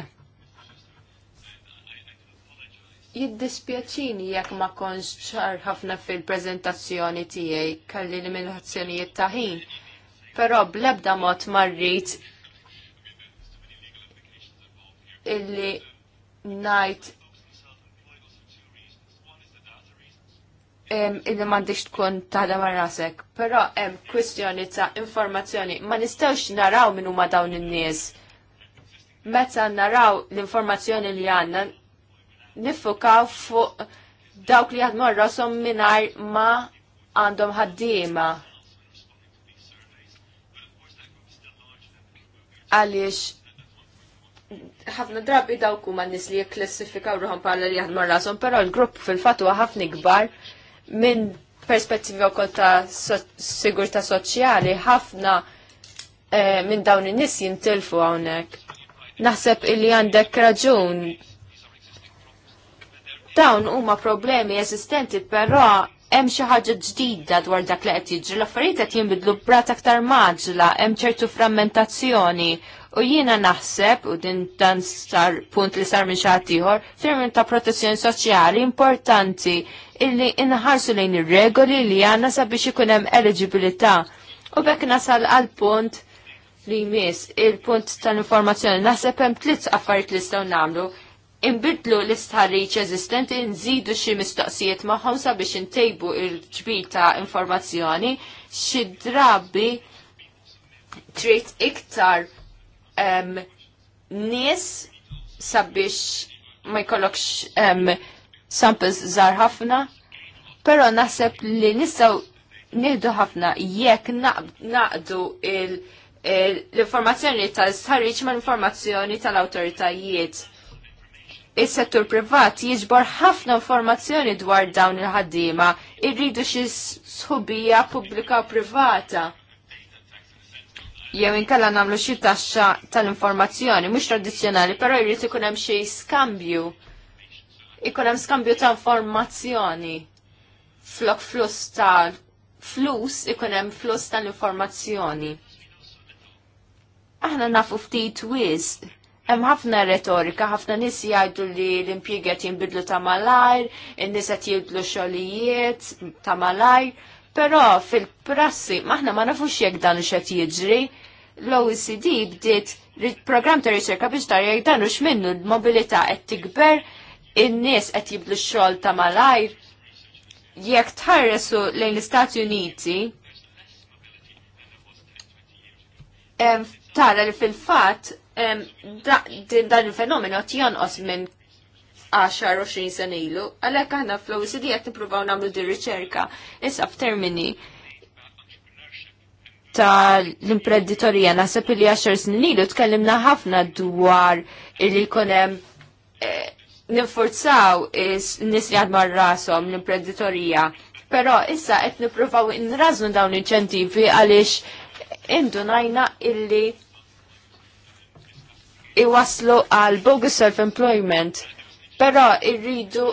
jiddispjaċini jekk ma konx ċar ħafna fil-prezentazzjoni tiegħi kalli limitazzjonijiet ta' ħin. Però bl-ebda mod marrit illi najt um, illi mandiċ tkun tada marrasek. Pero hemm kwistjoni ta' informazzjoni. Ma nistawx naraw minn huma dawn in-nies. Meta naraw l-informazzjoni li għandna, nifukaw fuq dawk li għadmu rasom minar ma għandhom ħaddiema. Għaliex, ħafna drabi dawk u nis li jeklassifikaw ruħom bħala li jaħdmu rasom, però l-grupp fil fatu huwa ħafna kbar minn perspettiva wkoll ta' so sigurtà soċjali ħafna eh, minn dawn in-nies jintilfu hawnhekk. Naħseb illi għandek raġun Dawn huma problemi eżistenti però hemm xi ħaġa ġdida dwar dak li qed jiġri, l-affarijiet qed jinbidlu brat aktar maġla, hemm ċertu frammentazzjoni. U jiena naħseb, u din dan sar punt li sar minn xaħat ieħor, firmin ta' protezzjoni soċjali importanti illi inħarsu lejn ir-regoli li għandna sabiex ikun hemm eligibilità. U bekk nasal għal punt li jmiss il-punt tal-informazzjoni naħseb hemm tliet affarijiet li jistgħu nagħmlu imbidlu l-istħarriċ eżistenti nżidu xi mistoqsijiet magħhom sabiex intejbu il-ġbir ta' informazzjoni xi drabi trid iktar um, nies sabiex ma jkollokx um, samples żgħar ħafna, però naħseb li nistgħu nieħdu ħafna jekk naqdu il- l-informazzjoni tal-sħarriċ ma l-informazzjoni tal-autoritajiet is-settur privat jiġbor ħafna informazzjoni dwar dawn il-ħaddiema, irridu xi sħubija pubblika u privata. Jew inkella nagħmlu xi taxxa tal-informazzjoni mhux tradizzjonali, però jrid ikun hemm xi skambju. Ikun hemm skambju ta' informazzjoni. Flok flus ta' flus ikun hemm flus tal-informazzjoni. Aħna nafu ftit wisq Hemm ħafna retorika, ħafna nies jgħidu li l-impjiegi qed jinbidlu ta' malajr, in-nies qed jibdlu xogħlijiet ta' malajr, però fil-prassi maħna ma nafux jekk dan qed jiġri. L-OECD bdiet programm ta' riċerka biex jekk dan hux minnu l-mobilità qed tikber, in-nies qed jibdlu x-xogħol ta' malajr. Jekk tħarresu lejn l-Istati Uniti, tara li fil-fatt dan il-fenomenu għat jonqos minn 10-20 sena ilu, għalek għanna fl-OECD għat nipruvaw namlu di riċerka, issa f'termini ta' l-imprenditorija, nasab li 10 snin ilu tkellimna ħafna dwar e, li konem ninforzaw nis li għadmar rasom l-imprenditorija, pero issa għet in nraznu dawn inċentivi għalix indunajna illi iwaslu għal bogus self-employment. Però irridu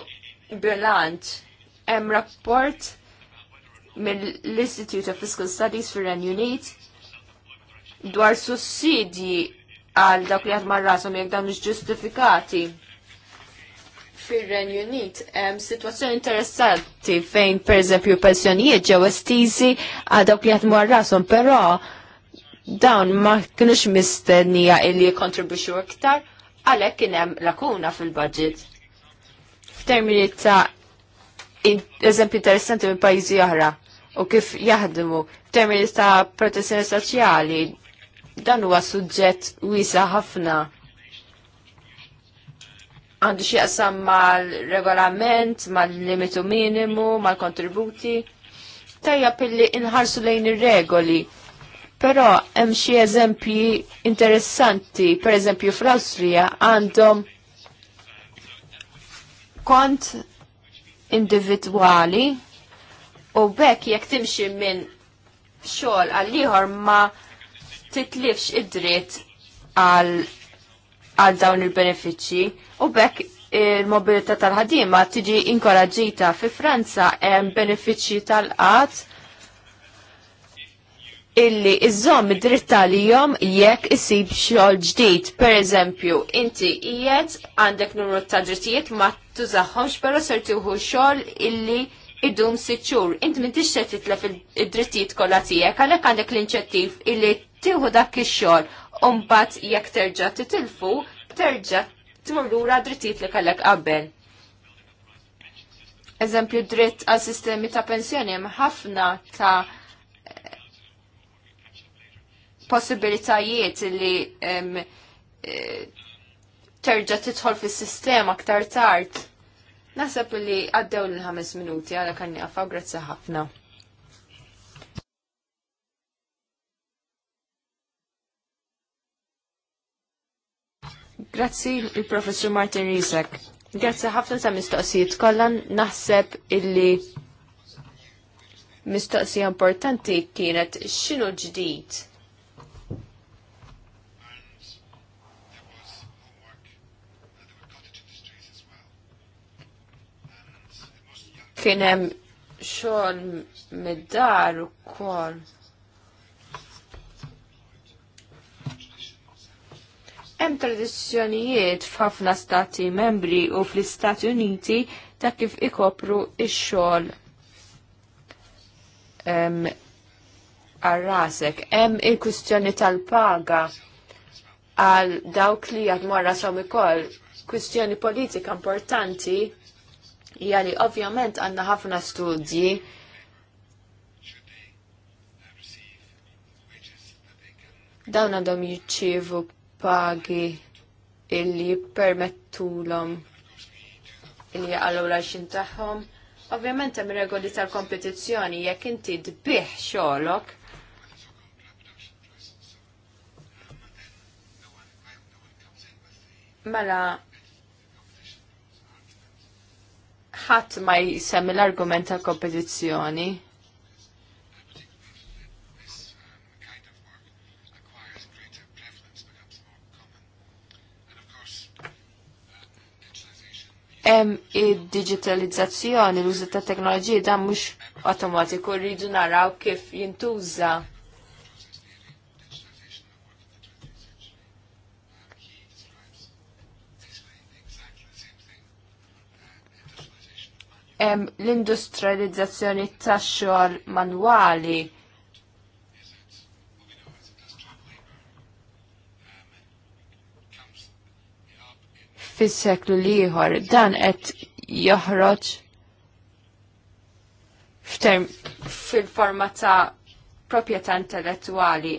bilanċ. Hemm rapport mill-Institute of Fiscal Studies fir Unit dwar sussidji għal dak li għad marrasom jek dan ġustifikati fir-Ren Unit hemm sitwazzjoni interessanti fejn eżempju, pensjonijiet ġew estiżi għal dak li qed rasom, però dawn ma kienux mistennija illi kontribuxu iktar għalhekk kien hemm lakuna fil-budget. F'termini ta' eżempju interessanti minn pajjiżi oħra u kif jaħdmu f'termini ta' protezzjoni soċjali dan huwa suġġett wiesa ħafna għandu xie qasam mal-regolament, mal-limitu minimu, mal-kontributi. Tajja pilli inħarsu lejn ir-regoli Però hemm xi eżempji interessanti, per eżempju fl-Awstrija għandhom kont individwali u bekk jekk timxi minn xogħol għal ieħor ma titlifx id-dritt għal għal dawn il-benefiċċji u bekk il-mobilità tal-ħadima tiġi inkoraġġita fi Franza hemm benefiċċji tal-qatt illi iżomm id-dritt tal-jom jekk isib xogħol ġdid. Per eżempju, inti ijed għandek numru ta' drittijiet ma tużaħħomx però ser tieħu xogħol illi idum siċur. Inti m'intix se titlef id-drittijiet kollha tiegħek għalhekk għandek l-inċettiv illi tieħu dak ix-xogħol u mbagħad jekk terġa' titilfu, terġa' tmur lura drittijiet li kellek qabel. Eżempju dritt għal sistemi ta' pensjoni hemm ħafna ta' possibilitajiet li um, terġa titħol fis-sistema aktar tard. Nasab li għaddew l-ħames minuti għala kanni għafaw grazzi ħafna. Grazzi il-professor Martin Rizek. Grazzi ħafna ta' mistoqsijiet kollan naħseb illi mistoqsija importanti kienet xinu ġdijt kien hemm xogħol mid-dar ukoll. Hemm tradizzjonijiet f'ħafna stati membri u fl-Istati Uniti ta' kif ikopru x xogħol għarrasek. Hemm il-kwistjoni tal-paga għal dawk li jgħat marra som ikoll kwistjoni politika importanti hija li ovvjament għandna ħafna studji dawn għandhom jiċċievu pagi illi permettulhom illi għallu l-għaxin tagħhom. Ovvjament hemm regoli tal-kompetizzjoni jekk inti dbih xogħolok. Mela ħadd ma jsemmi l-argument tal kompetizzjoni. Hemm id-digitalizzazzjoni, l-użu ta' teknoloġiji dan mhux automatiku rridu naraw kif jintuża l-industrializzazzjoni tax-xogħol manwali. fis-seklu liħor dan qed joħroġ f'term fil-forma ta' proprjetà intellettwali.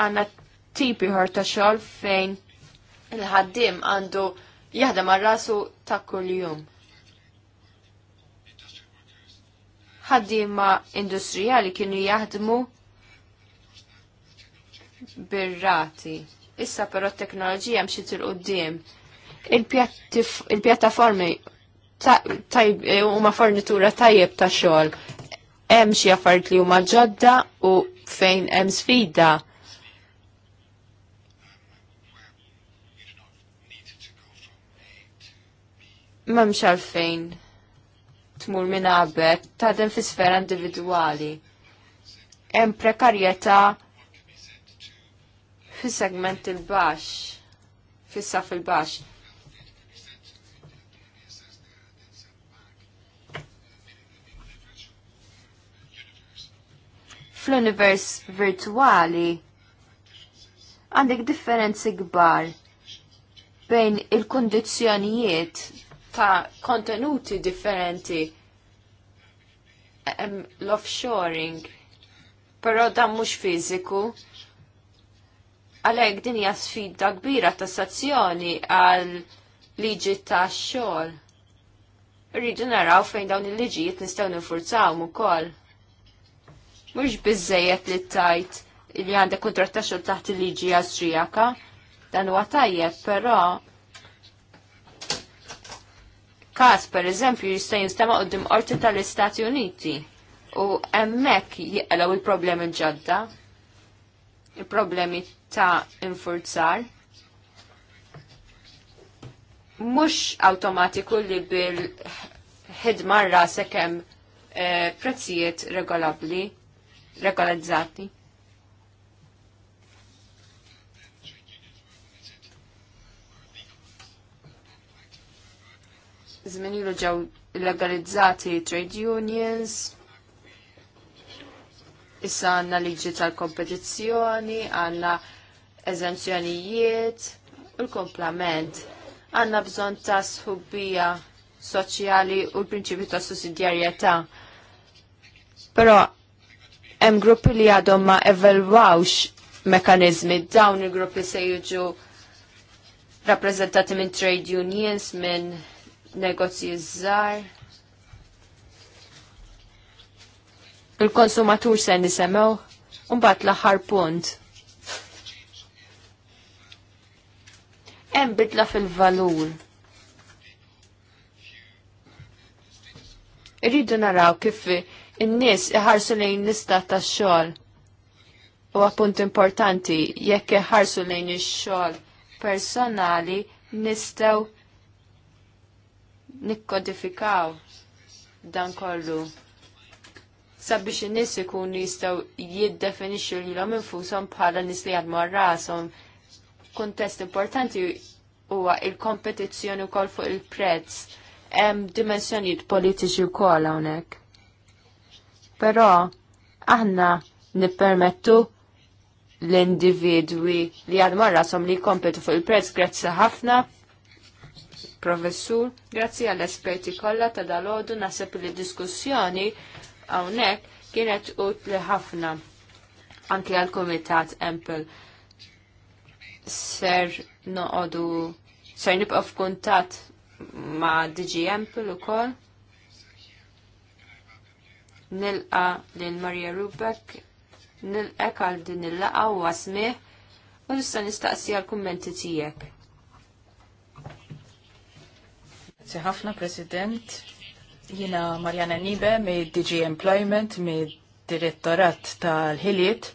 Għanna tipi ħor ta' xogħol fejn il-ħaddim għandu jaħdem għal rasu ta' kuljum. Ħaddiema industrijali kienu jaħdmu birrati. Issa però t-teknoloġija mxiet il-qoddim. Il-pjattaformi huma fornitura tajjeb ta' xogħol. Hemm xi affarijiet li huma ġodda u fejn hemm sfida memx għalfejn tmur minn qabel taħdem fi sfera individwali. Hemm prekarjetà fi segment il-baxx, fis-saf il-baxx. Fl-univers virtuali għandek differenzi kbar bejn il kondizjonijiet ta' kontenuti differenti l-offshoring, però dan mhux fiżiku. Għalhekk din hija sfida kbira ta' stazzjoni għal liġi ta' xogħol. Rridu naraw fejn dawn il-liġijiet nistgħu nifurzaw ukoll. Mhux biżejjed li tajt li għandek kuntratt ta' xogħol taħt il-liġi Awstrijaka, dan huwa tajjeb, però każ pereżempju jista' jinstema' qudiem qorti tal-Istati Uniti u hemmhekk jeqgħu il-problemi ġodda, il-problemi ta' infurzar mux automatiku li bil ħidmarra rasek eh, prezzijiet regolabli, regolizzati. żmien ilu ġew legalizzati trade unions, issa għandna liġi tal-kompetizzjoni, għandna eżenzjonijiet u l-komplament. Għanna bżonn ta' sħubbija soċjali u l-prinċipju ta' sussidjarjetà. Però hemm gruppi li għadhom ma evalwawx mekanizmi dawn il-gruppi se jiġu rappreżentati minn trade unions, minn negozji żgħar. Il-konsumatur se nisemgħu mbagħad l-aħħar punt. Hemm bidla fil-valur. Irridu naraw kif in-nies iħarsu lejn l-istat tax-xogħol. U appunt importanti, jekk iħarsu lejn ix-xogħol personali nistgħu nikkodifikaw dan kollu sabiex in-nies ikunu jistgħu jiddefinixxu lilhom infushom bħala nies li għadmu għarrasom. Kuntest importanti huwa il-kompetizzjoni wkoll fuq il-prezz. Hemm dimensjonijiet politiċi wkoll hawnhekk. Però aħna nippermettu l-individwi li għadmu rashom li jkompetu fuq il-prezz grazzi ħafna professur, grazzi għall-esperti kollha ta' dalodu naħseb li diskussjoni hawnhekk kienet utli ħafna anke għal komitat Empel ser noqodu ser nibqa' f'kuntatt ma' DG Empel ukoll. Nilqa lil Maria Rubek, nilqa għal din il-laqa u għasmih u nista' nistaqsi għal kummenti tiegħek. Grazie ħafna, President. Jina Marjana Nibe, me DG Employment, me Direttorat tal-Ħiliet.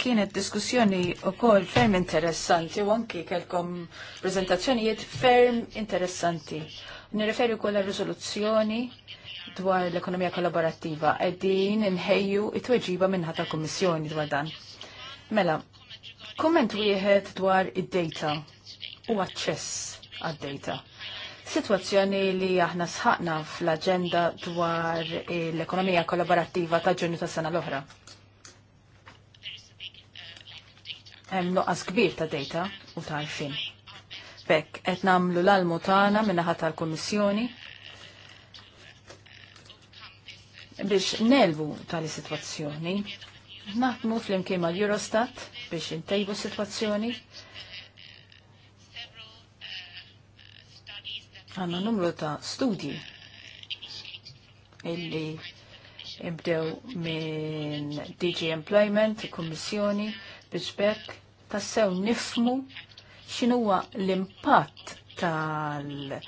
kienet diskussjoni u kol ferm interessanti u anki kelkom prezentazzjonijiet ferm interessanti. Nirreferi kol la risoluzzjoni dwar l-ekonomija kollaborattiva. Eddin inħeju, it-tweġiba minnħata tal-Kommissjoni dwar dan. Mela, Komment wieħed dwar id-data u aċċess għad-data. Situazzjoni li aħna sħaqna fl-agenda dwar l-ekonomija kollaborattiva ta' ġunju ta' sena l-oħra. Hemm noqas kbir ta' data u ta' għarfin. Bekk qed nagħmlu l-almu tagħna min-naħa tal-Kummissjoni biex nelvu tali situazzjoni. Naħdmu fl-imkien mal-Eurostat biex intejbu situazzjoni. Għanna numru ta' studji illi ibdew minn DG Employment, Kommissjoni, biex bekk tassew nifmu xinuwa l-impatt tal-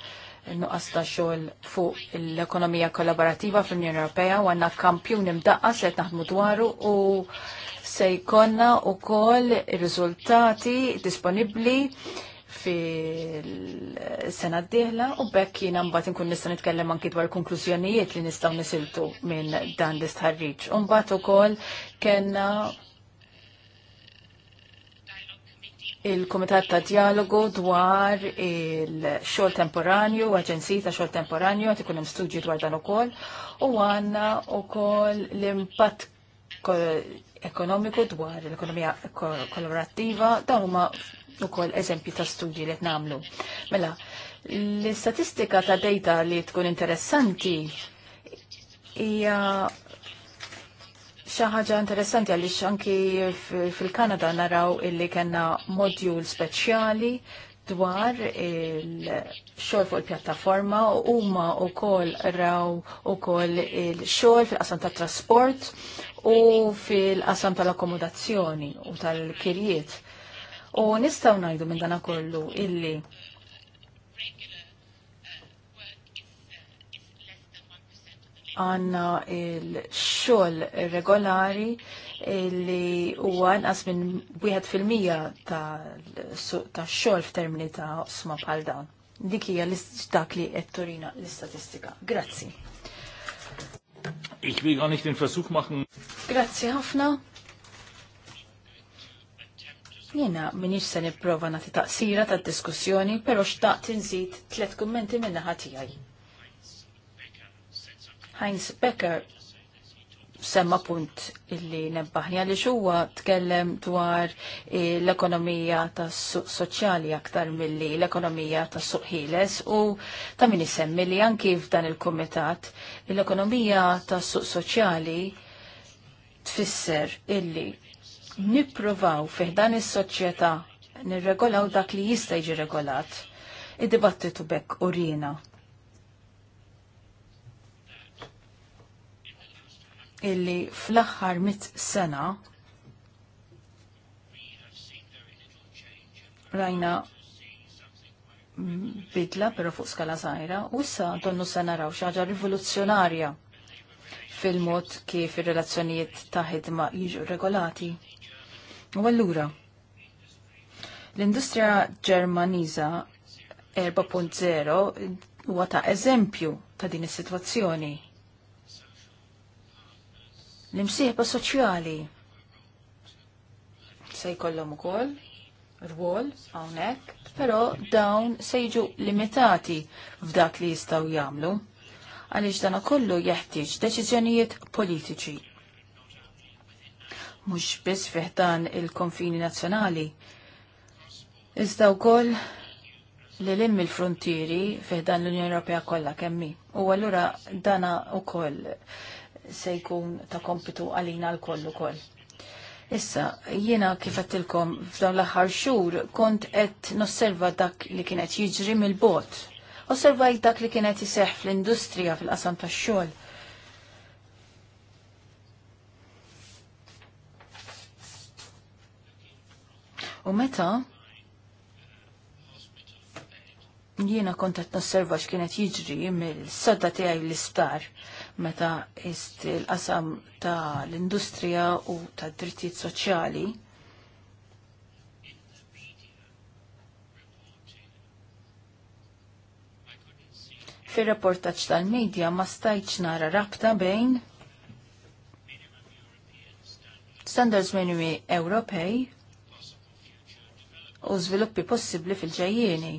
nuqqas ta' xogħol fuq l-ekonomija kollaborativa fl-Unjoni Ewropea u għandna kampjun imdaqqas qed naħdmu dwaru u se jkollna wkoll ir-riżultati disponibbli fil-sena d-dieħla u bekk jiena mbagħad inkun nista' nitkellem anki dwar konklużjonijiet li nistgħu nisiltu minn dan l-istħarriġ. U mbagħad ukoll kellna il-Komitat ta' Dialogu dwar il-xol temporanju, aġenzija ta' xol temporanju, għati ikun studju dwar dan ukoll, u għanna koll l-impatt ekonomiku dwar l-ekonomija kollaborattiva, dawn huma koll eżempi ta' studji li t nagħmlu. Mela, l-istatistika ta' data li tkun interessanti hija ħaġa interessanti għaliex anki fil-Kanada naraw illi kena modjul speċjali dwar il-xol fuq il-pjattaforma u huma kol raw ukoll il-xol fil-qasam tat trasport u fil-qasam tal-akkomodazzjoni u tal-kirjiet. U nistgħu ngħidu minn dana kollu illi għanna il-xol regolari li huwa nqas minn wieħed fil-mija ta' xol f'termini ta' sma bħal dawn. Dik hija dak li qed turina l-istatistika. Grazzi. Ich will gar nicht den Versuch machen. Grazzi ħafna. Jena, minix se nipprova nagħti taqsira tad diskussjoni, però xtaqt inżid tliet kummenti minna ħatijaj. Heinz Becker semma punt illi nebbaħni għalli xuwa tkellem dwar eh, l-ekonomija tas suq soċjali aktar milli l-ekonomija tas suq ħiles u ta' min semmi li anki f'dan il-komitat l-ekonomija tas suq soċjali tfisser illi nipprovaw fiħdan is-soċjetà nirregolaw dak li jista' jiġi regolat. Id-dibattitu bekk urina illi fl-aħħar mit sena rajna bidla pero fuq skala sajra u issa donnu se naraw xaġa rivoluzzjonarja fil-mod kif ir-relazzjonijiet ta' ħidma jiġu regolati. U allura l-industrija Ġermaniża 4.0 huwa ta' eżempju ta' din is-sitwazzjoni L-imsieħba soċjali se jkollhom ukoll rwol hawnhekk, però dawn se jiġu limitati f'dak li jistgħu jagħmlu għaliex dan kollu jeħtieġ deċiżjonijiet politiċi. Mhux biss fih dan il-konfini nazzjonali, iżda wkoll li lim il-frontieri fih dan l-Unjoni Ewropea kollha kemmi. U allura dana wkoll se jkun ta' kompitu għalina l-kollu koll. Issa, jiena kif għattilkom f'dawn l-aħħar xhur kont qed nosserva dak li kienet jiġri mill-bot. Osservajt dak li kienet jiseħ fl-industrija fil-qasam tax-xogħol. U meta jiena kont qed nosserva x'kienet jiġri mill-sodda tiegħi l-isptar meta ist il-qasam ta' l-industrija u ta' drittijiet soċjali. Fir-rapportaġġ tal-medja ma stajtx nara rabta bejn standards minimi Ewropej u żviluppi possibbli fil-ġejjieni.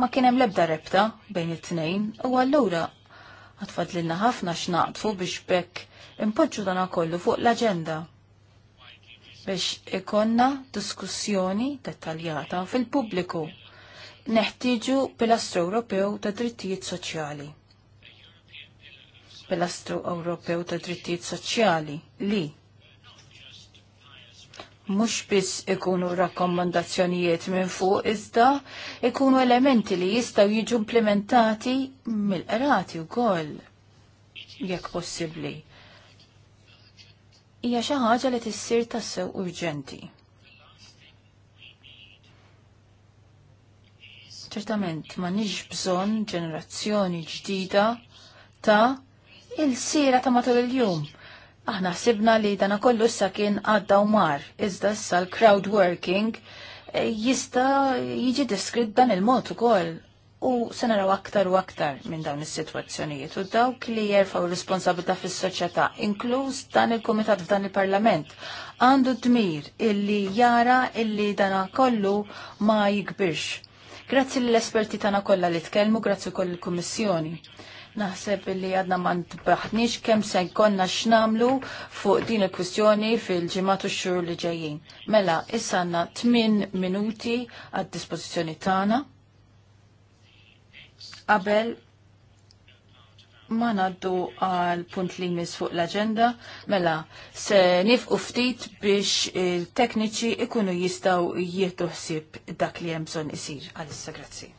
Ma kien hemm l-ebda rebta bejn it-tnejn u allura Għatfadlilna ħafna x'naqtfu biex bekk impoġġu dan kollu fuq l-aġenda biex ikonna diskussjoni dettaljata fil-pubbliku. Neħtieġu pilastru Ewropew ta' drittijiet soċjali. Pilastru Ewropew ta' drittijiet soċjali li mhux biss ikunu rakkomandazzjonijiet minn fuq iżda ikunu elementi li jistgħu jiġu implementati mill-qrati wkoll jekk possibbli. Hija xi ħaġa li tissir tassew urġenti. ċertament ma nix bżon ġenerazzjoni ġdida ta' il-sira ta' matul il-jum. Aħna ħsibna li dana kollu issa kien għadda u mar, iżda issa l-crowd working eh, jista jiġi diskrit dan il-mod ukoll u se naraw aktar u aktar minn dawn is-sitwazzjonijiet u dawk li jerfgħu responsabilità fis-soċjetà, inkluż dan il-Kumitat f'dan il-Parlament, għandu dmir illi jara illi dana kollu ma jikbirx. Grazzi l-esperti tana kolla li tkellmu, grazzi wkoll il-Kummissjoni. Naħseb li għadna ma ntbaħniex kemm se jkollna x'namlu fuq din il-kwistjoni fil-ġimgħat u x-xhur li ġejjin. Mela, issa għandna tmien minuti għad dispożizzjoni tagħna. Qabel ma naddu għal punt li jmiss fuq l-agenda, mela se nifqu ftit biex il-tekniċi ikunu jistaw jieħdu ħsieb dak li hemm bżonn isir għal-issa grazzi.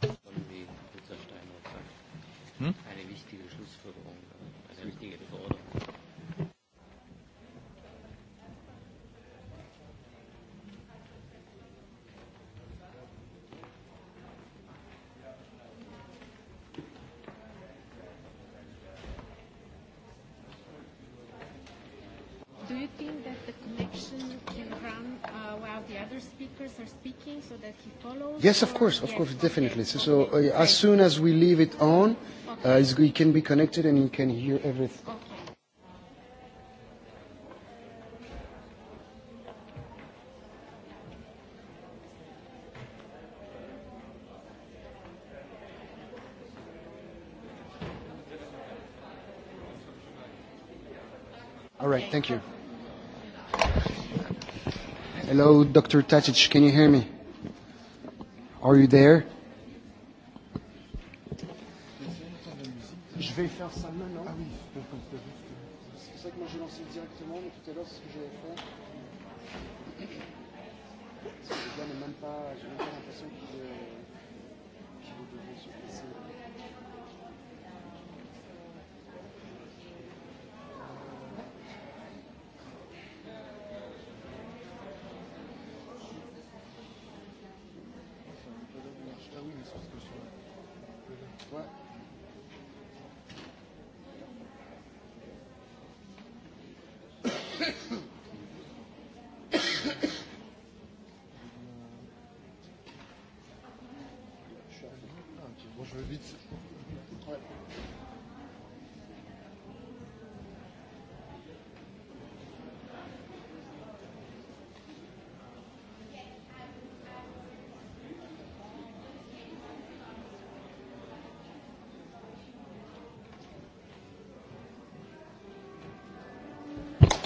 you think that the connection can run uh, while the other speakers are speaking so that he follows? Yes, of course, of yes, course, definitely. Okay. So, so uh, as soon as we leave it on, okay. uh, it can be connected and you can hear everything. Okay. All right, thank you. Hello, Dr. Tacic, can you hear me? Are you there? Je vais faire ça maintenant. Ah oui. C'est pour ça que moi j'ai lancé directement, mais tout à l'heure c'est ce que j'avais fait. C'est que gars n'est même pas, j'ai même pas l'impression qu'il est, euh, qu'il est devant sur vite.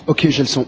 Ok, j'ai le son.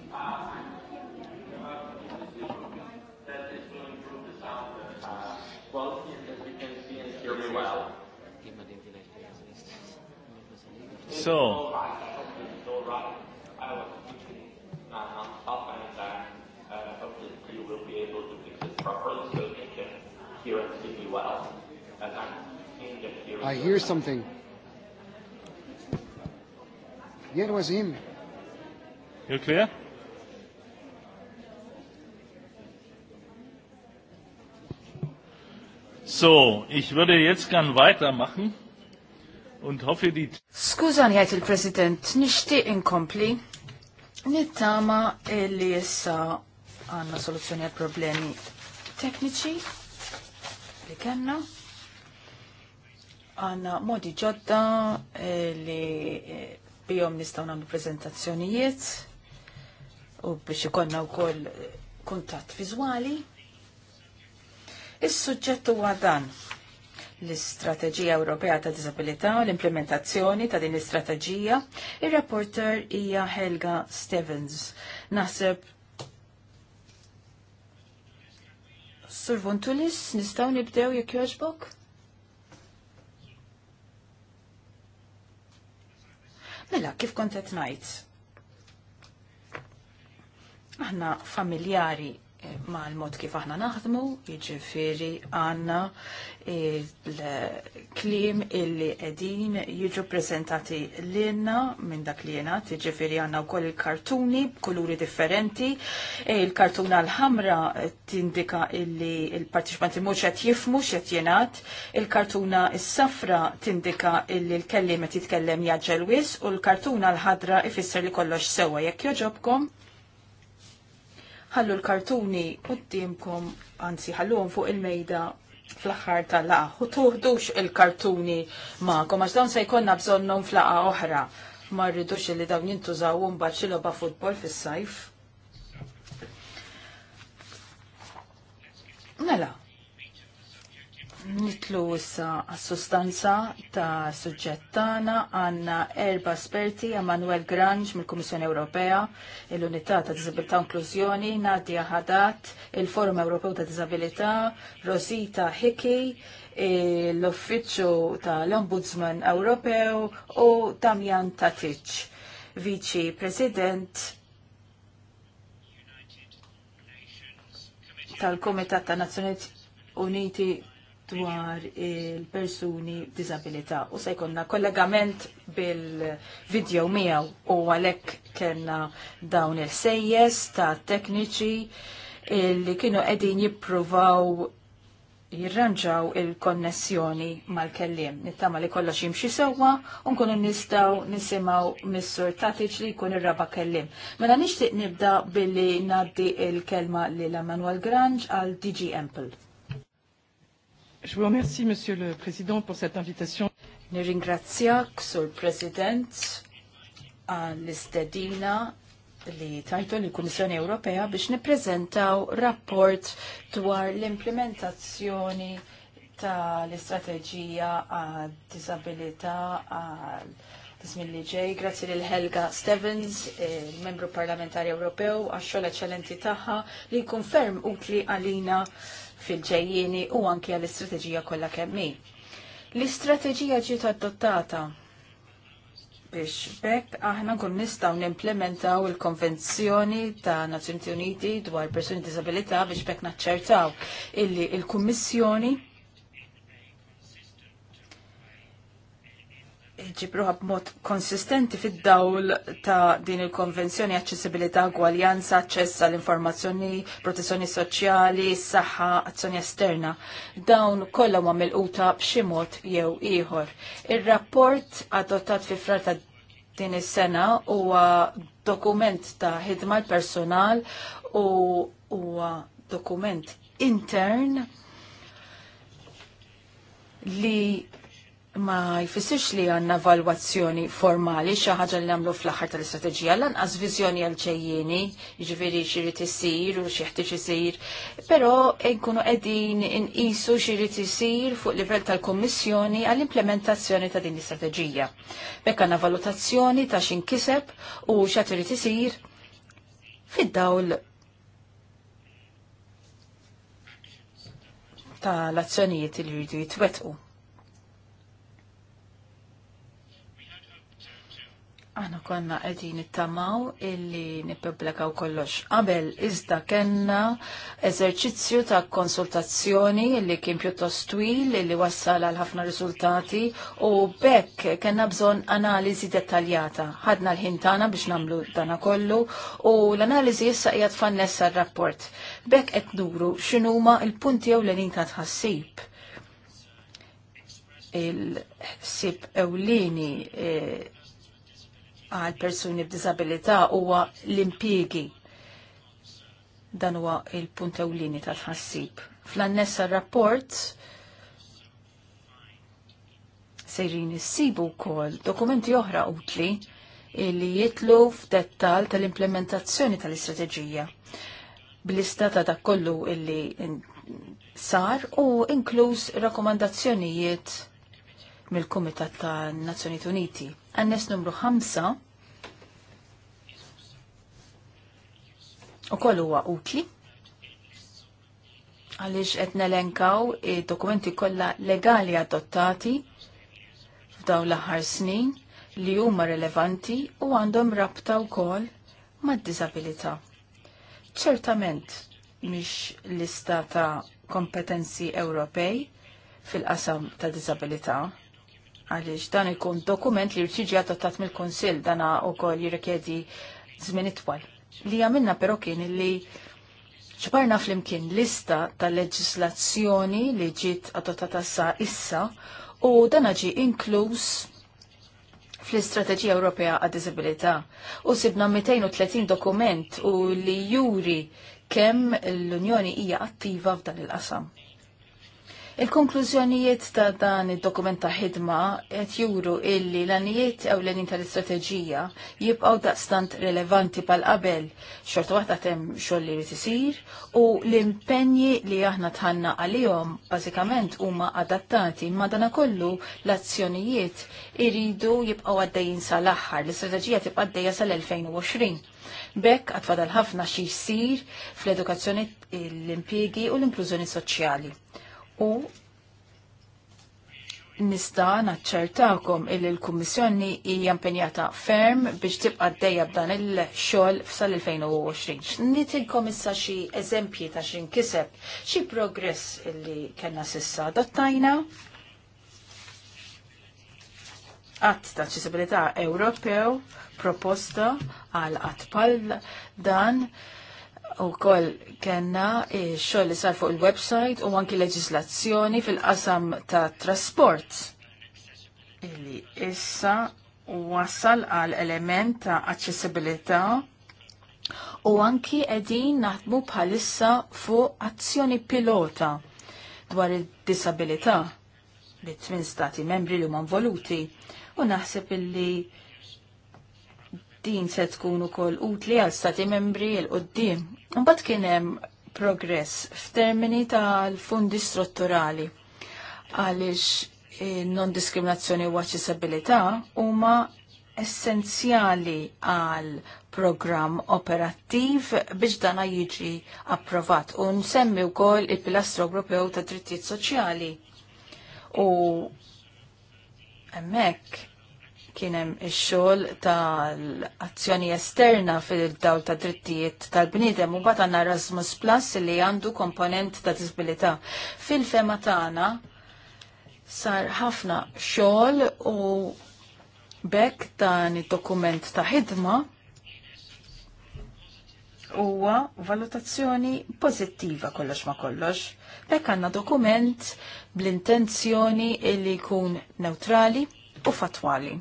You clear? So, ich würde jetzt gern weitermachen und hoffe die... Skużani għajt il-President, nishtiq inkompli. Nittama li jessa għanna soluzzjoni għal problemi tekniċi li kena. Għanna modi ġodda eh, li eh, bijom nistaw namlu prezentazzjonijiet u biex ikonna wkoll kuntatt viżwali. Is-suġġett huwa dan l-Istrateġija Ewropea ta' Disabilità u l-implementazzjoni ta' din l-istrateġija. Ir-rapporter hija Helga Stevens. Naħseb Sur nistaw nibdew jekk jogħġbok? Mela, kif kont qed ngħid? Aħna familjari eh, ma' l-mod kif aħna naħdmu, jiġifieri għandna l klim illi qegħdin jiġu prezentati lilna minn dak li jingħad, jiġifieri għandna wkoll il-kartuni b'kuluri differenti. E, il-kartuna l-ħamra tindika illi il-partiċipanti mhux qed jifmu qed jingħad, il-kartuna s-safra tindika illi l-kellim qed jitkellem jaġġel wis u l-kartuna l-ħadra ifisser li kollox sewwa jekk joġobkom ħallu l-kartuni qudiemkom, anzi ħalluhom fuq il-mejda fl-axħar tal-laqa. U tuħdux il-kartuni ma'kom, għax dawn se jkollna bżonnhom fl-laqa oħra. Ma rridux li dawn jintużaw mbagħad xi futbol fis-sajf. Mela, nitlu issa sostanza sustanza ta' suġġett tagħna għandna erba' esperti Emanuel Grange mill-Kummissjoni Ewropea, l-Unità ta' Disabilità Inklużjoni, Nadia Hadat, il-Forum Ewropew ta' Disabilità, Rosita Hickey, l-Uffiċċju tal-Ombudsman Ewropew u Damjan Tatic, Viċi President tal-Komitat ta' Nazzjonijiet Uniti dwar il-persuni b'diżabilità u se jkollna kollegament bil-video miegħu u għalhekk kellna dawn il-sejjes ta' tekniċi li kienu qegħdin jippruvaw jirranġaw il-konnessjoni mal-kellim. Nittama li kollox jimxi sewwa nkunu nistgħu nistaw nisimaw missur tatiċ li jkun ir-raba kellim. Mela nixtieq nibda billi naddi il-kelma li la Manuel Grange għal DG Ample. Je vous remercie, Monsieur le Président, pour cette invitation. Nirringrazzjak, Sur President, għall-istedina li tajtu li kummissjoni Ewropea biex niprezentaw rapport dwar l-implementazzjoni tal-istrateġija għad disabilita għal Tismin li ġej, grazzi lil Helga Stevens, membru parlamentari Ewropew, għax-xogħol eċċellenti tagħha li konferm utli għalina fil-ġejjieni u anke għall-istrateġija kollha kemm L-istrateġija ġiet adottata biex bekk aħna nkun nistgħu nimplementaw il-Konvenzjoni ta' Nazzjonijiet Uniti dwar persuni disabilità biex bekk naċċertaw illi il-Kummissjoni il kummissjoni ġibruħa b'mod konsistenti fid-dawl ta' din il-konvenzjoni aċċessibilità gwaljanza, aċċess għall informazzjoni protezzjoni soċjali, saħħa, azzjoni esterna. Dawn kollha huma milquta b'xi mod jew ieħor. Ir-rapport adottat fi frar ta' din is-sena huwa dokument ta' ħidma personal u huwa dokument intern li ma jfissirx li għanna valwazzjoni formali xi ħaġa li nagħmlu fl-aħħar tal-istrateġija lanqas viżjoni għal ċejjeni, jiġifieri x'irid isir u xi ħtieġ isir, però nkunu qegħdin inqisu x'irid isir fuq livell tal-Kummissjoni għall-implementazzjoni ta' din l-istrateġija. Bekk għandna valutazzjoni ta' kiseb u xaħġa irid isir fid-dawl ta' l-azzjonijiet li jridu jitwetqu. Aħna konna qegħdin nittamaw illi nippubblikaw kollox. Qabel iżda kellna eżerċizzju ta' konsultazzjoni illi kien pjuttost twil illi wassal għal ħafna riżultati u bekk kellna bżonn analiżi dettaljata. Ħadna l-ħin tagħna biex nagħmlu dana kollu u l-analiżi issa qiegħed tfannessa r-rapport. Bekk qed nuru x'inhuma l-punti ewlenin ta' tħassib il-sib ewlini eh, għal persuni b'disabilità huwa l-impjiegi. Dan huwa il-punt ewlieni tal-ħassib. Fl-annessa rapport sejrin issibu wkoll dokumenti oħra utli li jitlu f'dettal tal-implementazzjoni tal-istrateġija bl-istata ta' kollu illi sar u inkluż rakomandazzjonijiet mill-Kumitat ta' Nazzjonijiet Uniti. Annes numru 5 u koll huwa utli għaliex qed nelenkaw id-dokumenti kollha legali adottati f'dawn l-aħħar snin li huma rilevanti u għandhom rabta wkoll mad-diżabilità. Ċertament mhix lista ta' kompetenzi Ewropej fil-qasam ta' diżabilità għaliex dan ikun dokument li rċiġi adottat mill-Konsil dana u kol jirrikjedi żmien itwal. Li għamilna però kien li ċbarna fl-imkien lista tal-leġislazzjoni li ġiet adottata sa issa u dan ġi inkluż fl-Istrateġija Ewropea għad Disabilità u sibna 230 dokument u li juri kemm l-Unjoni hija attiva f'dan il-qasam. Il-konklużjonijiet ta' dan id-dokument ta' ħidma qed juru illi l-anijiet ew l tal-istrateġija jibqgħu daqstant rilevanti pal qabel xorta waħda hemm xogħol li jrid isir u l-impenji li aħna tħanna għalihom bażikament huma adattati ma dana kollu l-azzjonijiet iridu jibqgħu għaddejjin sal-aħħar, l-istrateġija tibqa' għaddejja sal-2020. Bekk għatfadal ħafna xi jsir fl-edukazzjoni l-impjiegi u l-inklużjoni soċjali u nista naċċertakom illi l-Kummissjoni hija impenjata ferm biex tibqa' dejja b'dan il-xogħol sal-2020. Nitilkom issa xi eżempji ta' xi nkiseb xi progress illi kellna sissa adottajna. Att ta' ċisibilità Ewropew proposta għal qatt pal dan u koll kena xoll li sar fuq il-website u anki leġislazzjoni fil-qasam ta' trasport. Illi issa wasal għal element ta' accessibilità u anki edin naħdmu bħalissa fuq azzjoni pilota dwar il-disabilità li tmin stati membri li huma involuti u naħseb illi din se tkun ukoll utli għal stati membri l qoddim Mbagħad kien hemm progress f'termini tal-fundi strutturali għaliex eh, non-diskriminazzjoni u aċċessibilità huma essenzjali għal programm operattiv biex dana jiġi approvat u nsemmi wkoll il-pilastro Ewropew ta' drittijiet soċjali u emmek kienem il-xol tal-azzjoni esterna fil-dawl ta' drittijiet tal-bnidem u bat Erasmus Plus li għandu komponent ta' disabilità. Fil-fema tagħna sar ħafna xol u bekk dan id-dokument ta' ħidma huwa valutazzjoni pozittiva kollox ma kollox. Bekk għandna dokument bl-intenzjoni li jkun neutrali u fatwali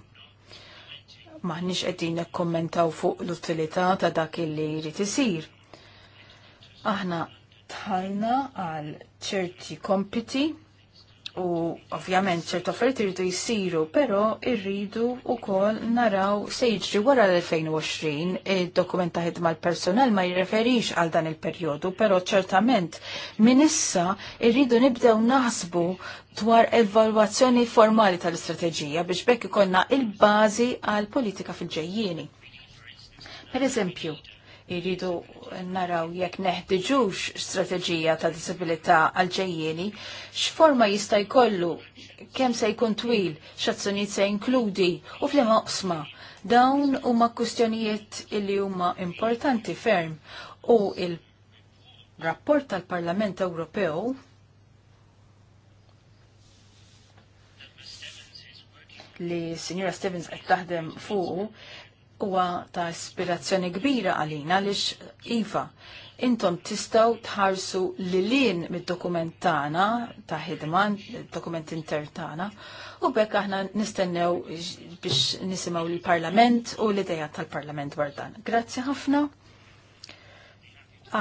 maħniex qegħdin nekkommentaw fuq l-utilità ta' dak li jrid isir. Aħna tħajna għal ċerti kompiti U ovvjament ċert offerti irridu jisiru, pero irridu u kol naraw jiġri wara l-2020 id-dokument ta' ħidma l-personal ma jirreferix għal dan il-perjodu, pero ċertament minn issa irridu nibdew naħsbu dwar evalwazzjoni formali tal-istrateġija biex bekk ikonna il-bazi għal politika fil-ġejjieni. Per eżempju, irridu naraw jekk neħdiġux strateġija ta' disabilità għal-ġejjeni, x'forma jista' jkollu, kemm se jkun twil, x'azzjonijiet se jinkludi u f'liema qsma. Dawn huma kwistjonijiet li huma importanti ferm u il-rapport tal-Parlament Ewropew li Signora Stevens qed taħdem fuq huwa ta' ispirazzjoni kbira għalina għaliex iva. Intom tistaw tħarsu li lin mid-dokument tagħna ta' ħidma, dokument inter tagħna, u bekk aħna nistennew biex nisimgħu l-Parlament u l-idea tal-Parlament dwar dan. Grazzi ħafna.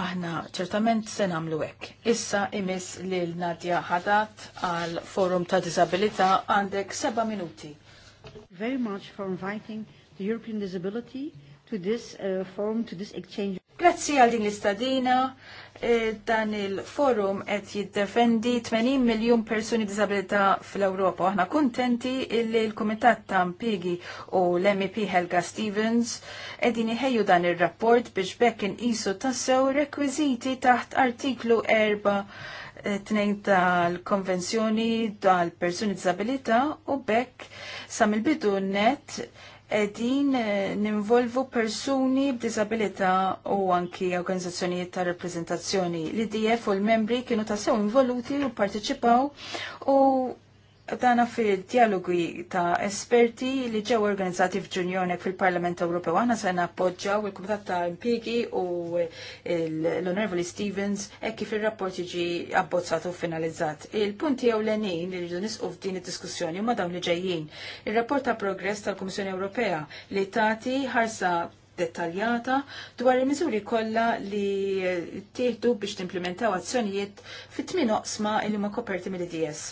Aħna ċertament se nagħmlu hekk. Issa imiss lil Nadja Ħadat għal Forum ta' Disabilità għandek seba' minuti. Very much for inviting the European Disability to this uh, forum, to this exchange. Grazzi għal din l-istadina, eh, dan il-forum qed jiddefendi 80 miljun persuni disabilità fl-Ewropa. Aħna kuntenti illi l-Kumitat ta' Impigi u l-MEP Helga Stevens qegħdin iħejju dan ir-rapport biex bekk inqisu tassew rekwiżiti taħt artiklu 4 eh, tnejn tal-konvenzjoni tal-persuni disabilità u bekk sam il-bidu net edin eh, ninvolvu persuni b'disabilita u anki organizzazzjonijiet ta' rappreżentazzjoni L-IDF u l-membri kienu ta' sew involuti u parteċipaw u dana fil-dialogi ta' esperti li ġew organizzati f'Ġunjonek fil-Parlament Ewropew. Aħna se nappoġġaw il-Kumitat ta' Impigi u l-Onorevoli Stevens hekk kif ir-rapport jiġi abbozzat u finalizzat. Il-punti ewlenin li rridu nisqu f'din id-diskussjoni huma dawn li ġejjin. Ir-rapport ta' progress tal-Kummissjoni Ewropea li tagħti ħarsa dettaljata dwar il-miżuri kollha li tieħdu biex timplementaw azzjonijiet fit-tmien oqsma li huma koperti mill-IDS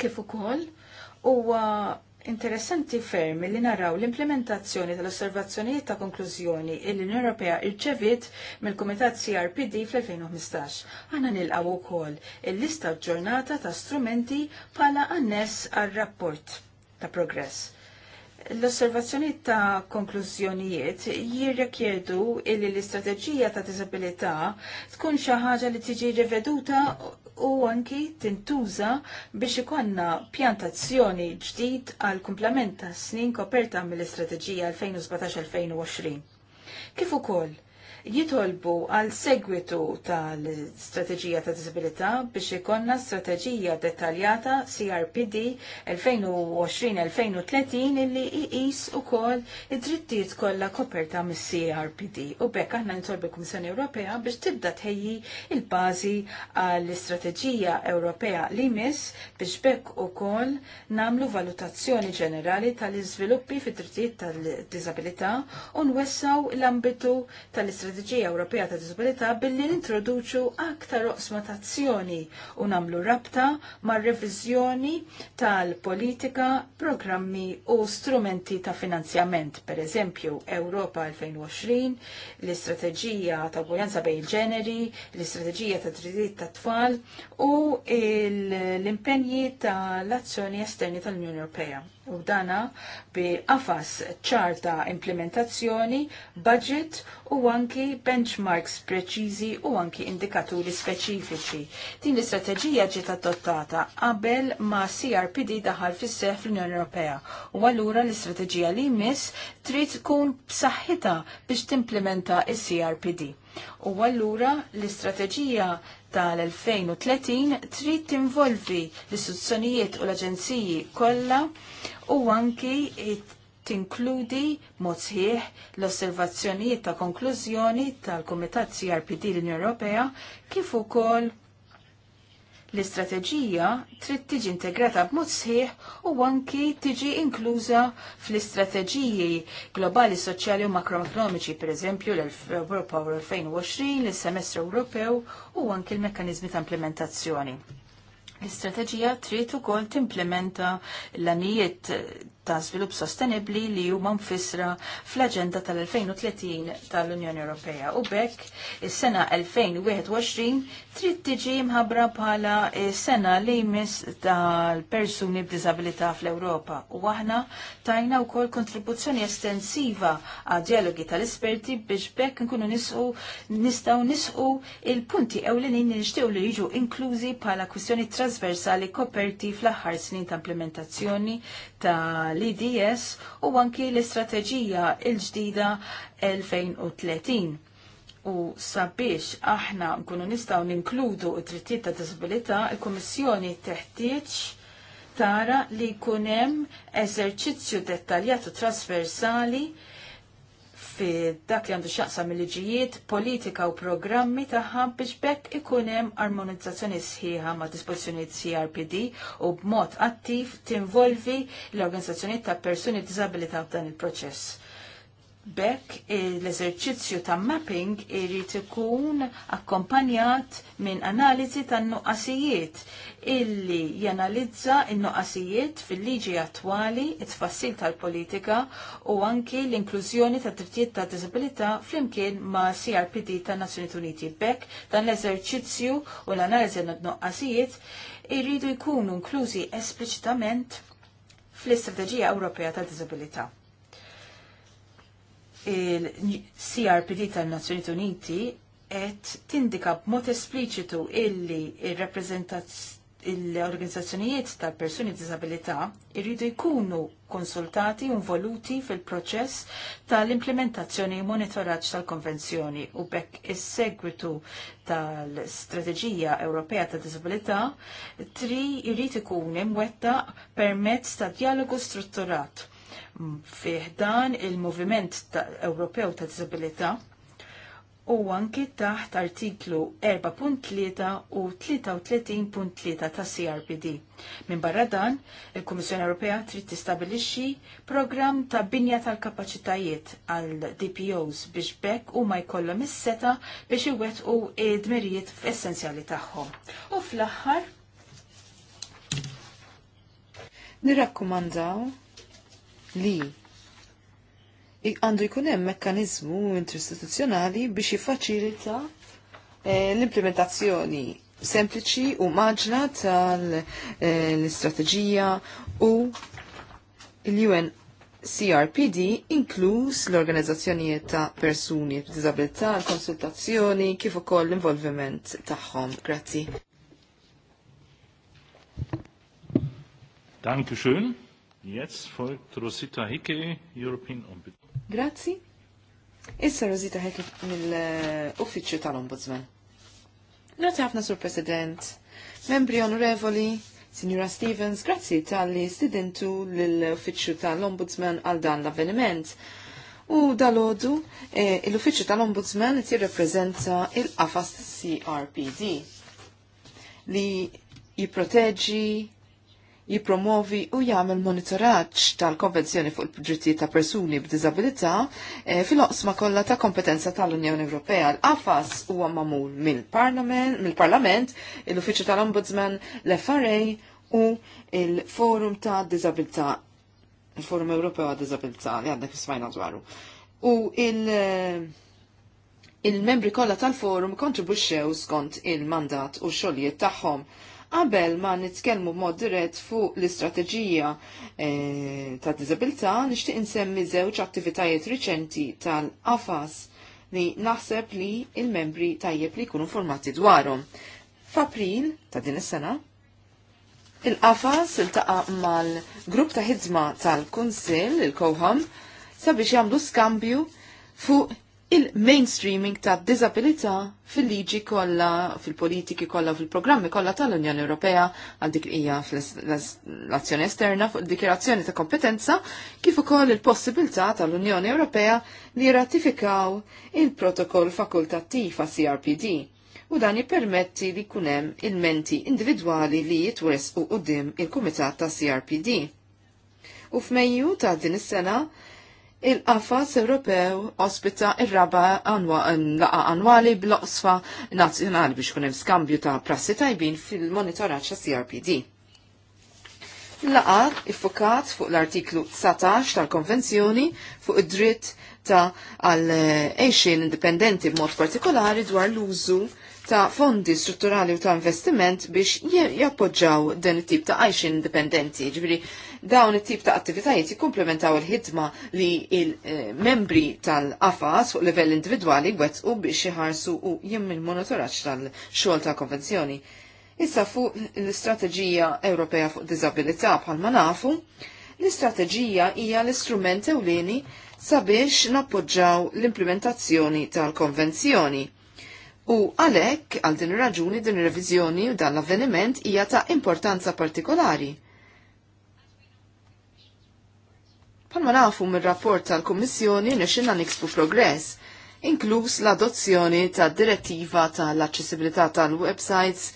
kif ukoll huwa interessanti ferm li naraw l-implementazzjoni tal-osservazzjonijiet ta' konklużjoni l unjoni Ewropea rċevit mill-Kumitat CRPD fl-2015. Aħna nilqaw ukoll il-lista ġurnata ta' strumenti pala anness għar rapport ta' progress. L-osservazzjonijiet ta' konklużjonijiet jirrekjedu li l-istrateġija ta' disabilità tkun xi ħaġa li tiġi riveduta u anki tintuża biex ikonna pjantazzjoni ġdid għal kumplament ta' snin koperta mill-istrateġija 2017-2020. Kif ukoll jitolbu għal segwitu tal-strategija ta' disabilità biex ikonna strategija dettaljata CRPD 2020-2030 illi iqis u kol id-drittijiet kollha koperta mis crpd U bekk aħna nitolbu l-Kummissjoni Ewropea biex tibda tħejji il-bażi għall istrateġija Ewropea li mis biex bekk ukoll namlu valutazzjoni ġenerali tal-iżviluppi fit-drittijiet tal-disabilità u nwessaw l-ambitu tal l-Istrateġija Ewropea ta' Disabilità billi nintroduċu aktar oqsma ta' azzjoni u namlu rabta mar reviżjoni tal-politika, programmi u strumenti ta' finanzjament, per eżempju Ewropa 2020, l-Istrateġija ta' Gwajanza bejn il-ġeneri, l-Istrateġija ta' Drittijiet ta' Tfal u l-impenji tal-azzjoni esterni tal-Unjoni Ewropea u dana bi qafas ċarta implementazzjoni, budget u anki benchmarks preċiżi u anki indikaturi speċifiċi. Din l-istrateġija ġiet adottata qabel ma CRPD daħal fis seħħ fl-Unjoni Ewropea u allura l-istrateġija li jmiss trid tkun b'saħħitha biex timplementa is-CRPD. U allura l-istrateġija tal-2030 trid tinvolvi l-istituzzjonijiet u l-aġenziji kollha u anki tinkludi mod sħiħ l-osservazzjonijiet ta' konklużjoni tal-Kumitat CRPD l-Unjoni Ewropea kif ukoll l-istrateġija trid tiġi integrata b'mod sħiħ u anki tiġi inkluża fl-istrateġiji globali soċjali u makroekonomiċi, pereżempju l-Europa 2020, l-Semestru Ewropew u anki l-mekkaniżmi ta' implementazzjoni. L-istrateġija trid ukoll timplementa l-anijiet ta' żvilupp sostenibbli li huma mfissra fl-Aġenda tal-2030 tal-Unjoni Ewropea u bekk is-sena 2021 trid tiġi mħabbra bħala eh, sena li jmiss tal-persuni b'disabilità fl-Ewropa u aħna tajna wkoll kontribuzzjoni estensiva għad dialogi tal-esperti biex bekk nkunu nisqu nistgħu nisqu il-punti ewlenin li nixtiew li jiġu inklużi bħala kwistjoni trasversali koperti fl-aħħar snin ta' implementazzjoni tal-IDS u anki l-istrateġija l-ġdida 2030 U sabiex aħna nkunu nistaw ninkludu t trittijiet ta' disabilità, il-Kummissjoni teħtieġ tara li kunem eżerċizzju dettaljat u trasversali fi dak li għandu xaqsa mill-liġijiet, politika u programmi taħħa biex bekk ikunem armonizzazzjoni sħiħa ma' disposizjoni CRPD u b'mod attiv tinvolvi l-organizzazzjoni ta' persuni disabilità f'dan il-proċess Bekk l-eżerċizzju ta' mapping irrit ikun akkompanjat minn analiżi tan nuqqasijiet illi janalizza n-nuqqasijiet fil-liġi attwali, it-tfassil tal-politika u anki l-inklużjoni ta' drittijiet ta' disabilità flimkien ma' CRPD ta' Nazzjonijiet Uniti. Bekk dan l-eżerċizzju u l-analiżi n-nuqqasijiet irridu jkunu inklużi espliċitament fl-Istrateġija Ewropea ta' Disabilità il-CRPD tan-Nazzjonijiet Uniti qed tindika b'mod espliċitu illi l-organizzazzjonijiet tal persuni disabilità irridu jkunu konsultati un involuti fil-proċess tal-implementazzjoni monitoraġġ tal-konvenzjoni u bekk is-segwitu tal-Strateġija Ewropea ta' Disabilità tri jrid ikun imwettaq permezz ta' dialogu strutturat fih dan il-Moviment ta Ewropew ta' Disabilità u anki taħt artiklu 4.3 u 33.3 ta' CRPD. Min barra dan, il-Kummissjoni Ewropea trid tistabilixxi program ta' binja tal-kapaċitajiet għal DPOs biex bekk u ma jkollhom is-seta biex iwettqu id-dmirijiet essenzjali tagħhom. U fl-aħħar Nirakkomandaw li għandu jkun hemm mekkaniżmu interistituzzjonali biex jiffaċilita eh, l-implementazzjoni sempliċi u maġna tal-istrateġija u l-UN CRPD inkluż l-organizzazzjonijiet ta' persuni b'diżabilità, l-konsultazzjoni kif ukoll l-involviment tagħhom. Grazzi. Dankeschön. Yes, for Rosita Hickey, European Ombudsman. Grazzi. Issa Rosita Hicke mill-Uffiċċju tal-Ombudsman. Grazzi ħafna, Sur President. Membri onorevoli, Signora Stevens, grazzi tal-li stidentu l-Uffiċċju tal-Ombudsman għal dan l-avveniment. U dal-ħodu, eh, l-Uffiċċju tal-Ombudsman jirrepreżenta il-qafas CRPD li jipproteġi jipromovi u jagħmel monitoraġġ tal-Konvenzjoni fuq il-Drittijiet ta' Persuni b'Diżabilità eh, fil-oqsma kollha ta' kompetenza tal-Unjoni Ewropea. l afas huwa mamul mill-Parlament, mill-Parlament, l-Uffiċċju tal-Ombudsman, l-FRA u il-Forum ta' Diżabilità, il-Forum Ewropew għad Diżabilità li għandek ismajna dwaru. U il- eh, il-membri kollha tal-forum kontribuxxew skont il-mandat u xogħlijiet tagħhom Qabel ma nitkellmu mod dirett fuq l-istrateġija e, ta' diżabilità, nixtieq insemmi żewġ attivitajiet riċenti tal-AFAS li naħseb li il-membri tajjeb li jkunu formati dwarhom. F'April ta' din is-sena, il-AFAS iltaqa' mal-grupp ta' ħidma tal-Kunsill, il-Kowham, sabiex jagħmlu skambju fuq il-mainstreaming ta' disabilità fil-liġi kollha, fil-politiki kollha, fil-programmi kollha tal-Unjoni Ewropea għal dik hija l-azzjoni esterna fuq dikjerazzjoni ta' kompetenza kif ukoll il-possibilità tal-Unjoni Ewropea li ratifikaw il-protokoll fakultattiv għas CRPD u dan jippermetti li jkun hemm il-menti individwali li jitwesqu quddiem il-Kumitat ta' CRPD. U f'Mejju ta' din is-sena Il-qafas Ewropew ospita il raba laqa annwali bl-oqsfa nazzjonali biex kunem skambju ta' prassi tajbin fil-monitoraċ ta' CRPD. Laqa iffokat fuq l-artiklu 19 tal-konvenzjoni fuq id-dritt ta' għal eixin indipendenti b'mod partikolari dwar l-użu ta' fondi strutturali u ta' investiment biex jappoġġaw dan it-tip ta' għajx indipendenti. Ġviri, dawn it-tip ta' attivitajiet jikkumplementaw il-ħidma li il-membri tal-AFAS fuq livell individwali wet u biex jħarsu u jimm il-monitoraċ tal-xol ta' konvenzjoni. Issa fuq l-Istrateġija Ewropea fuq Disabilità bħalma nafu, l-istrateġija hija l-istrument ewlieni sabiex nappoġġaw l-implementazzjoni tal-konvenzjoni U għalhekk għal din ir-raġuni din ir u dan l-avveniment hija ta' importanza partikolari. Palma nafu mir-rapport tal-Kummissjoni nexxinna nikspu progress, inkluż l-adozzjoni tad direttiva tal accessibilità tal-websites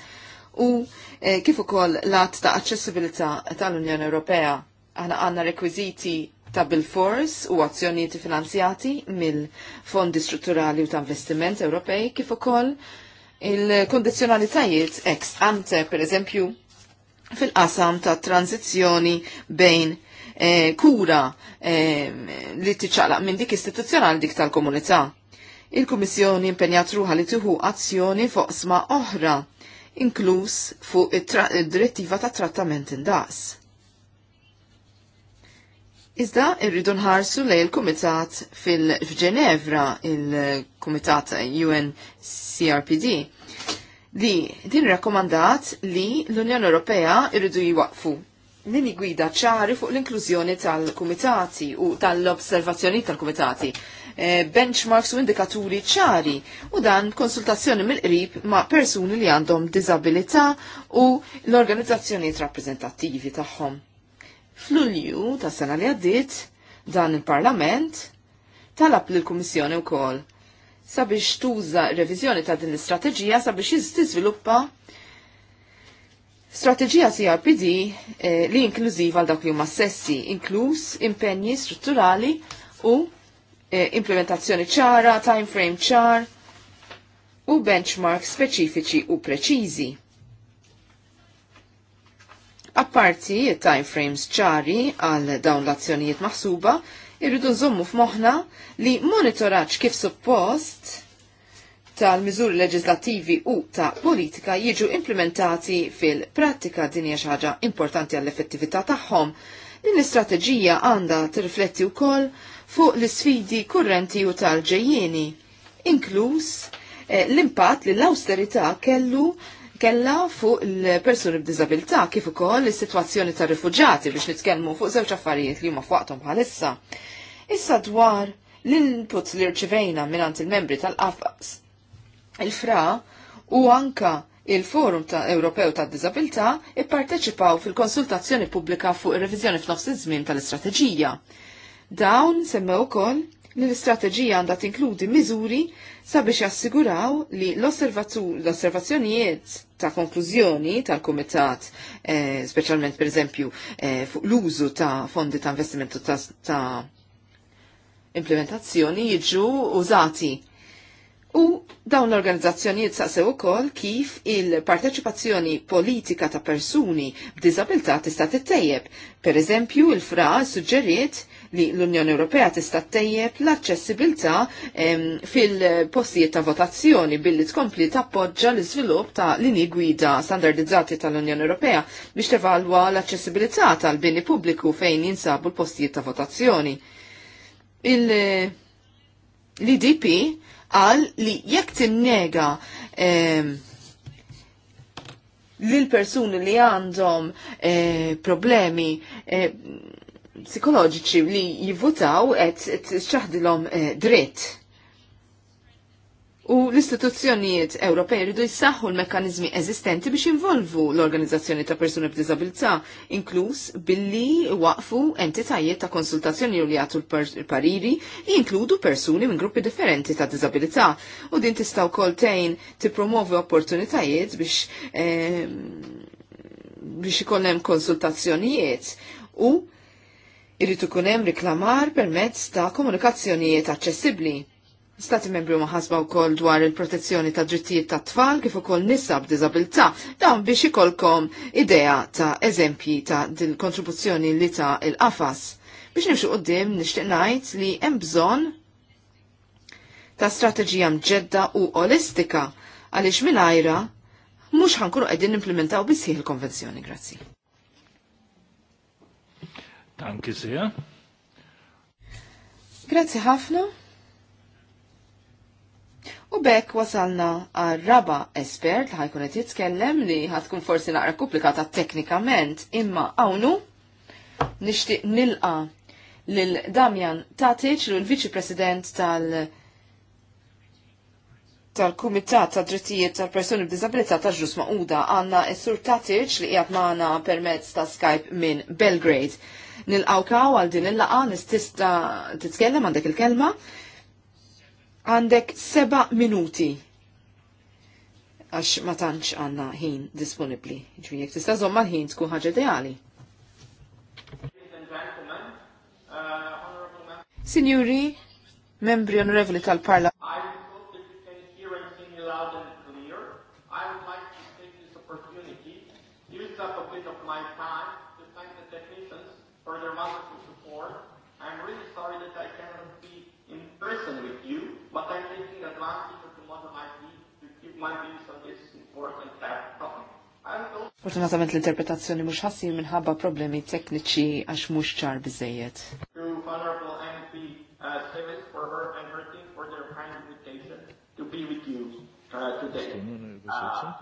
u eh, kif ukoll l-att ta' aċċessibilità tal-Unjoni Ewropea. Aħna għandna rekwiżiti ta' bil-fors u azzjonijiet finanzjati mill-Fondi Strutturali u ta' Investiment Ewropej kif ukoll il-kondizjonalitajiet ex ante, per eżempju, fil-qasam ta' tranzizjoni bejn eh, kura eh, li tiċċaqlaq minn dik istituzzjonali dik tal-komunità. Il-Kummissjoni impenjat ruħa li tieħu azzjoni fuq sma oħra, inkluż fuq id-direttiva ta' trattament indaqs. Iżda irridu nħarsu lej il-Kumitat fil-Ġenevra, il-Kumitat UNCRPD, li din rakkomandat li l-Unjoni Ewropea irridu jwaqfu nini gwida ċari fuq l-inklużjoni tal-Kumitati u tal-observazzjoni tal-Kumitati, e, benchmarks u indikaturi ċari u dan konsultazzjoni mill-qrib ma' persuni li għandhom disabilità u l-organizzazzjonijiet rappreżentattivi tagħhom. F'Lulju tas sena li għaddiet dan il-Parlament talab lill kummissjoni wkoll sabiex tuża reviżjoni ta' din l-istrateġija sabiex jiżviluppa Strategija CRPD eh, li inklużiva għal dak li huma sessi, inkluż impenji strutturali u eh, implementazzjoni ċara, timeframe ċar u benchmark speċifiċi u preċiżi. Apparti time frames ċari għal dawn l-azzjonijiet maħsuba, irridu nżommu f'moħħna li monitoraċ kif suppost tal-miżuri leġislattivi u ta' politika jiġu implementati fil-prattika din hija xi ħaġa importanti għall-effettività tagħhom. Din l-istrateġija għandha tirrifletti wkoll fuq l-isfidi kurrenti u tal-ġejjieni, inkluż eh, l-impatt li l-awsterità kellu nitkella fuq il-persuni b'diżabilità kif ukoll is-sitwazzjoni tar rifugġati biex nitkellmu fuq żewġ affarijiet li huma fuqhom bħalissa. Issa dwar l inputs li rċivejna minant il-membri tal-qafqas il-fra u anka il-Forum ta' Ewropew ta' Disabilità ipparteċipaw fil-konsultazzjoni pubblika fuq ir-reviżjoni f'nofs iż-żmien tal-istrateġija. Dawn semmew ukoll li l-istrateġija għandha tinkludi miżuri sabiex jassiguraw li l-osservazzjonijiet ta' konklużjoni tal-Kumitat, eh, specialment per eżempju eh, fuq l-użu ta' fondi ta' investimentu ta', ta implementazzjoni jiġu użati. U dawn l-organizzazzjonijiet saqsew ukoll kif il-parteċipazzjoni politika ta' persuni b'diżabilità tista' tittejjeb. Per eżempju, il-fra suġġeriet li l-Unjoni Ewropea tista' tejjeb l-aċċessibilità fil-postijiet ta' votazzjoni billi tkompli tappoġġa l-iżvilupp ta' linji gwida standardizzati tal-Unjoni Ewropea biex tevalwa l-aċċessibilità tal-bini pubbliku fejn jinsabu l-postijiet ta' votazzjoni. Il-IDP għal li jekk tinnega lil persuni li għandhom eh, problemi eh, psikoloġiċi li jivvutaw qed ċaħdilom eh, dritt. U l-istituzzjonijiet Ewropej rridu jsaħħu l-mekkanizmi eżistenti biex involvu l-organizzazzjoni ta' persuni b'diżabilità, inkluż billi waqfu entitajiet ta' konsultazzjoni u li jagħtu l-pariri li jinkludu persuni minn gruppi differenti ta' diżabilità. U din tista' wkoll tgħin tippromovi opportunitajiet biex eh, biex ikollem konsultazzjonijiet u Irrid ikun hemm riklamar permezz ta' komunikazzjonijiet aċċessibbli. Stati membri ma ħasba wkoll dwar il-protezzjoni ta' drittijiet ta' tfal kif ukoll nisa b'diżabilità dawn biex ikolkom idea ta' eżempji ta' din kontribuzzjoni li ta' il-qafas. Biex nimxu qoddim nixtieq ngħid li hemm bżonn ta' strateġija mġedda u olistika għaliex mingħajra mhux ħankunu qegħdin nimplementaw bisħieħ il-konvenzjoni. Grazzi. Danke sehr. Grazzi ħafna. U bekk wasalna għal raba espert li ħajkun qed jitkellem li ħadkun forsi naqra ta' teknikament, imma hawnhu nixtieq nilqa lil Damjan Tatiċ li l-Viċi President tal- tal-Kumitat ta' Drittijiet tal-Persuni b'Disabilità ta' Ġus Maquda għandna s-Sur Tatiċ li qiegħed magħna permezz ta' Skype minn Belgrade kaw għal din il-laqa nistista titkellem għandek il-kelma. Għandek seba minuti għax ma tantx għanna ħin disponibli. Ġvijek tista' zomma ħin tkun ħaġa ideali. Signori, membri onorevoli tal-Parlament. but I'm taking advantage of the tomorrow might be to keep my views on this important topic. Fortunatament l-interpretazzjoni mhux ħassi minħabba problemi tekniċi għax mhux ċar biżejjed. Uh, uh, uh,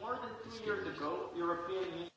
more than two years ago, European Union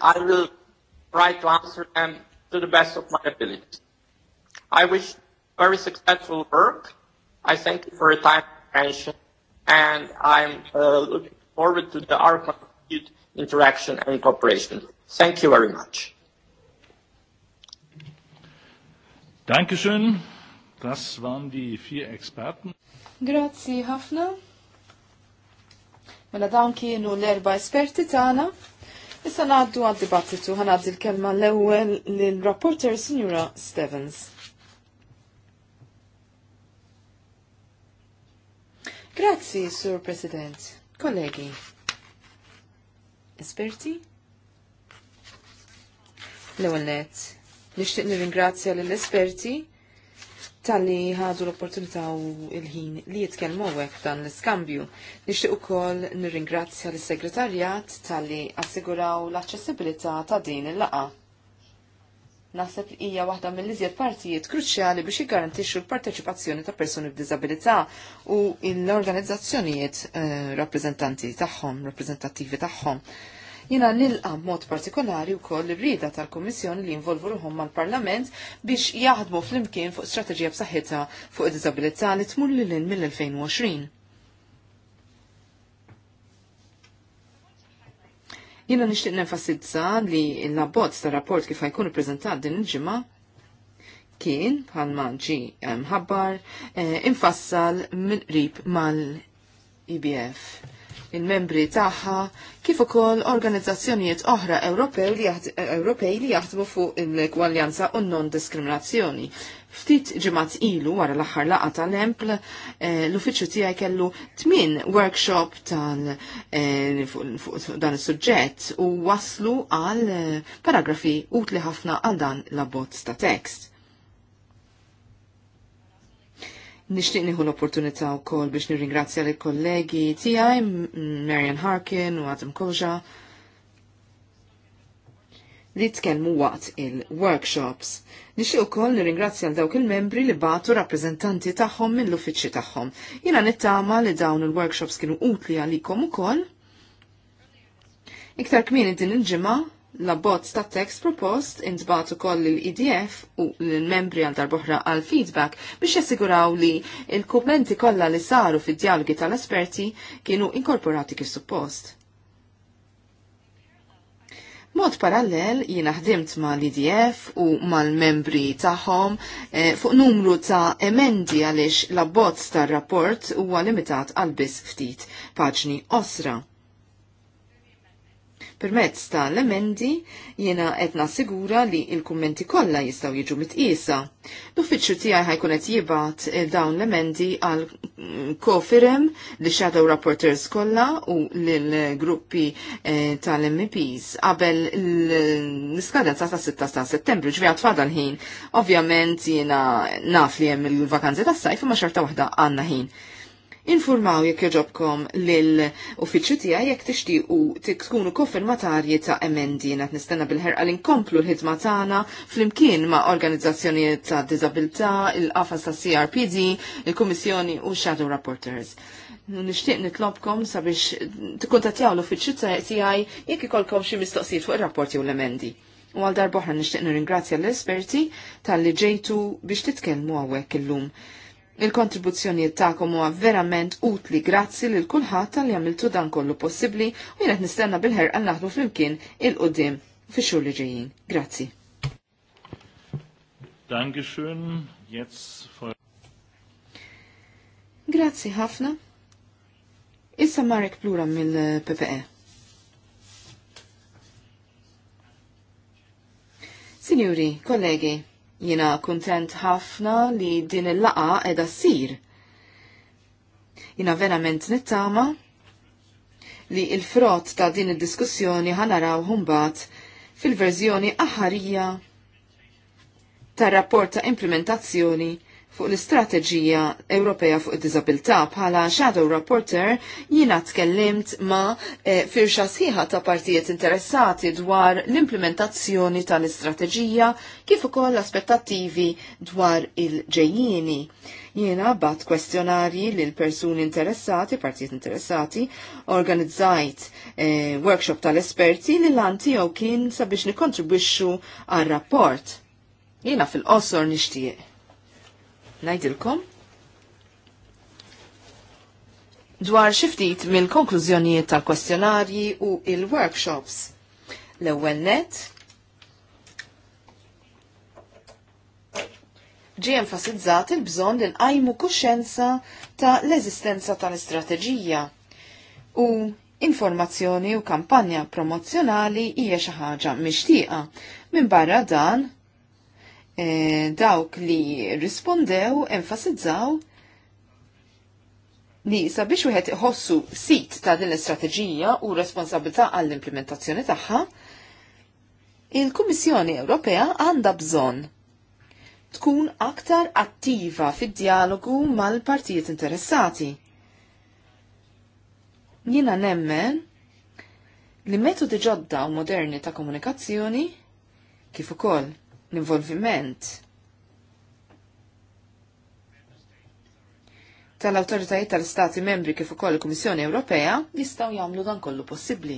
I will try to answer them to the best of my ability. I wish very successful work. I thank you for your time and attention, and I'm uh, looking forward to the our continued interaction and cooperation. Thank you very much. Thank you, Dankeschön. Das waren die vier Experten. Grazie, Hafna. Mela dawn kienu l-erba' esperti tagħna Issa ngħaddu għad-dibattitu ħanaddi l-kelma l-ewwel lill-rapporter Signora Stevens. Grazzi, Sur President, kollegi, esperti, l-ewwel net. Nixtieq nirringrazzja lill-esperti tal-li ħadu l-opportunità u il-ħin li jitkellmu għek dan l-skambju. Nishtiq ukoll nirringrazzja l-segretarjat tal-li assiguraw l-accessibilità ta' din il-laqa. Naħseb li hija waħda mill-iżjed partijiet kruċjali biex jiggarantixxu l-parteċipazzjoni ta' persuni b'diżabilità u l-organizzazzjonijiet eh, rappreżentanti tagħhom, rappreżentattivi tagħhom. Jina nilqa mod partikolari u koll rrida tal-Komissjoni li involvu ruħom mal-Parlament biex jaħdmu fl-imkien fuq strategija b'saħħitha fuq id-disabilità li tmur lil mill-2020. Jina nishtiq nenfasizza li l-abbozz ta' rapport kif ħajkun ippreżentat din il-ġimgħa kien bħal ġi mħabbar eh, infassal mill-qrib mal-IBF il-membri tagħha kif ukoll organizzazzjonijiet oħra Ewropej li eh, jaħdmu fuq il kwaljanza u non-diskriminazzjoni. Ftit ġimgħat ilu wara l-aħħar laqa tal-empl eh, l-uffiċċju tiegħi kellu tmien workshop tal eh, dan is-suġġett u waslu għal paragrafi utli ħafna għal dan l-abbozz ta' tekst. Nishtiq nieħu l-opportunità wkoll biex nirringrazzja lill kollegi tiegħi Marian Harkin u Adam Koja li tkellmu waqt il-workshops. Nixtieq ukoll nirringrazzja l dawk il-membri li batu taħħom tagħhom mill-uffiċċji tagħhom. Jiena nittama li dawn il-workshops kienu utli għalikom ukoll. Iktar kmieni din il-ġimgħa L-abbozz ta' text propost intbatu koll l-IDF u l-membri għal darboħra għal feedback biex jassiguraw li il-kommenti kollha li saru fid-dialogi tal-esperti kienu inkorporati kif suppost. Mod parallel jiena ħdimt ma l-IDF e u mal-membri tagħhom eh, fuq numru ta' emendi għaliex l-abbozz tar-rapport huwa limitat għal biss ftit paġni osra. Permezz ta' l-emendi jiena qed nassigura li l-kummenti kollha jistgħu jiġu mitqiesa. L-uffiċċju tiegħi ħajkun qed dawn l-emendi għal kofirem li shadow rapporters kollha u lill-gruppi eh, tal-MPs qabel l-iskadenza ta' 6 ta' Settembru ġvijat fadan ħin. Ovvjament jiena naf li hemm il-vakanzi tas-sajf ma xorta waħda għandna ħin. Informaw jekk joġobkom lill-uffiċċju tiegħi jekk tixtiequ tkunu konfermatarji ta' emendi qed nistenna bil-ħerqa li nkomplu l-ħidma tagħna flimkien ma' organizzazzjonijiet ta' diżabilità, il-qafas ta' CRPD, il-Kummissjoni u Shadow Rapporters. Nixtieq nitlobkom sabiex tikkuntattjaw l-uffiċċju tiegħi jekk ikolkom xi mistoqsijiet fuq ir-rapporti u l-emendi. U għal darbohra nixtieq nirringrazzja l-esperti tal-li ġejtu biex titkellmu hawnhekk illum. Il-kontribuzzjonijiet tagħkom huwa verament utli grazzi lil kulħadd tal għamiltu dan kollu possibbli u jien qed nistenna bil-ħerqa naħdu flimkien il-qudiem fi xhur li ġejjin. Grazzi. Dankeschön. Jetzt for... Grazzi ħafna. Issa Marek Plura mill-PPE. Signori, kollegi, Jina kontent ħafna li din il-laqa edha s-sir. Jina verament nittama li il-frott ta' din il-diskussjoni ħanaraw humbat fil-verżjoni aħarija ta' rapport ta' implementazzjoni fuq l-Istrateġija Ewropea fuq id-Disabilità bħala Shadow Reporter jiena tkellimt ma e, firxa sħiħa ta' partijiet interessati dwar l-implementazzjoni tal-istrateġija kif ukoll l-aspettattivi dwar il ġejjini Jiena bat kwestjonarji l persuni interessati, partijiet interessati, organizzajt e, workshop tal-esperti li l-anti kien sabiex nikontribwixxu għal-rapport. Jiena fil-qosor nixtieq najdilkom dwar xiftit mill-konklużjonijiet tal-kwestjonarji u il-workshops. L-ewwel net ġie enfasizzat il-bżonn li nqajmu kuxenza ta' l-eżistenza tal-istrateġija u informazzjoni u kampanja promozzjonali hija xi ħaġa mixtieqa. Minn barra dan, E, dawk li rispondew enfasizzaw li sabiex wieħed iħossu sit ta' din l-istrateġija u responsabilità għall-implementazzjoni tagħha, il-Kummissjoni Ewropea għandha bżonn tkun aktar attiva fid-dialogu mal-partijiet interessati. Jiena nemmen li metodi ġodda u moderni ta' komunikazzjoni kif ukoll l-involviment tal-autoritajiet tal-Stati membri kif ukoll il-Kummissjoni Ewropea jistgħu jagħmlu dan kollu possibbli.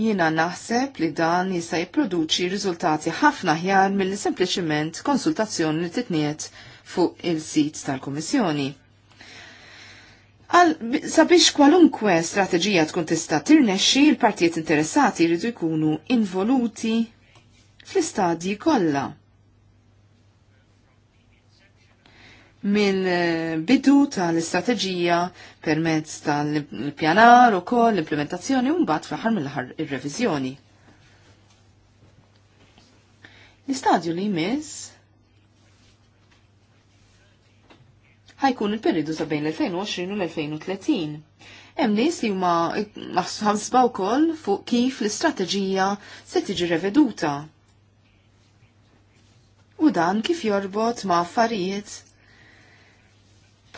Jiena naħseb li dan jista' jipproduċi riżultati ħafna ħjar mill-sempliċiment konsultazzjoni li titniet fuq il-sit tal-Kummissjoni. Għal sabiex kwalunkwe strateġija tkun tista' tirnexxi l-partijiet interessati jridu jkunu involuti fl-istadji kollha. Mill-bidu tal-istrateġija permezz tal-pjanar ukoll l-implementazzjoni u mbagħad fl-aħħar mill-aħħar ir-reviżjoni. L-istadju li jmiss ħajkun il-periodu ta' bejn l-2020 u l-2030. Hemm nies li huma ħansba wkoll fuq kif l-istrateġija se tiġi reveduta. U dan kif jorbot ma' affarijiet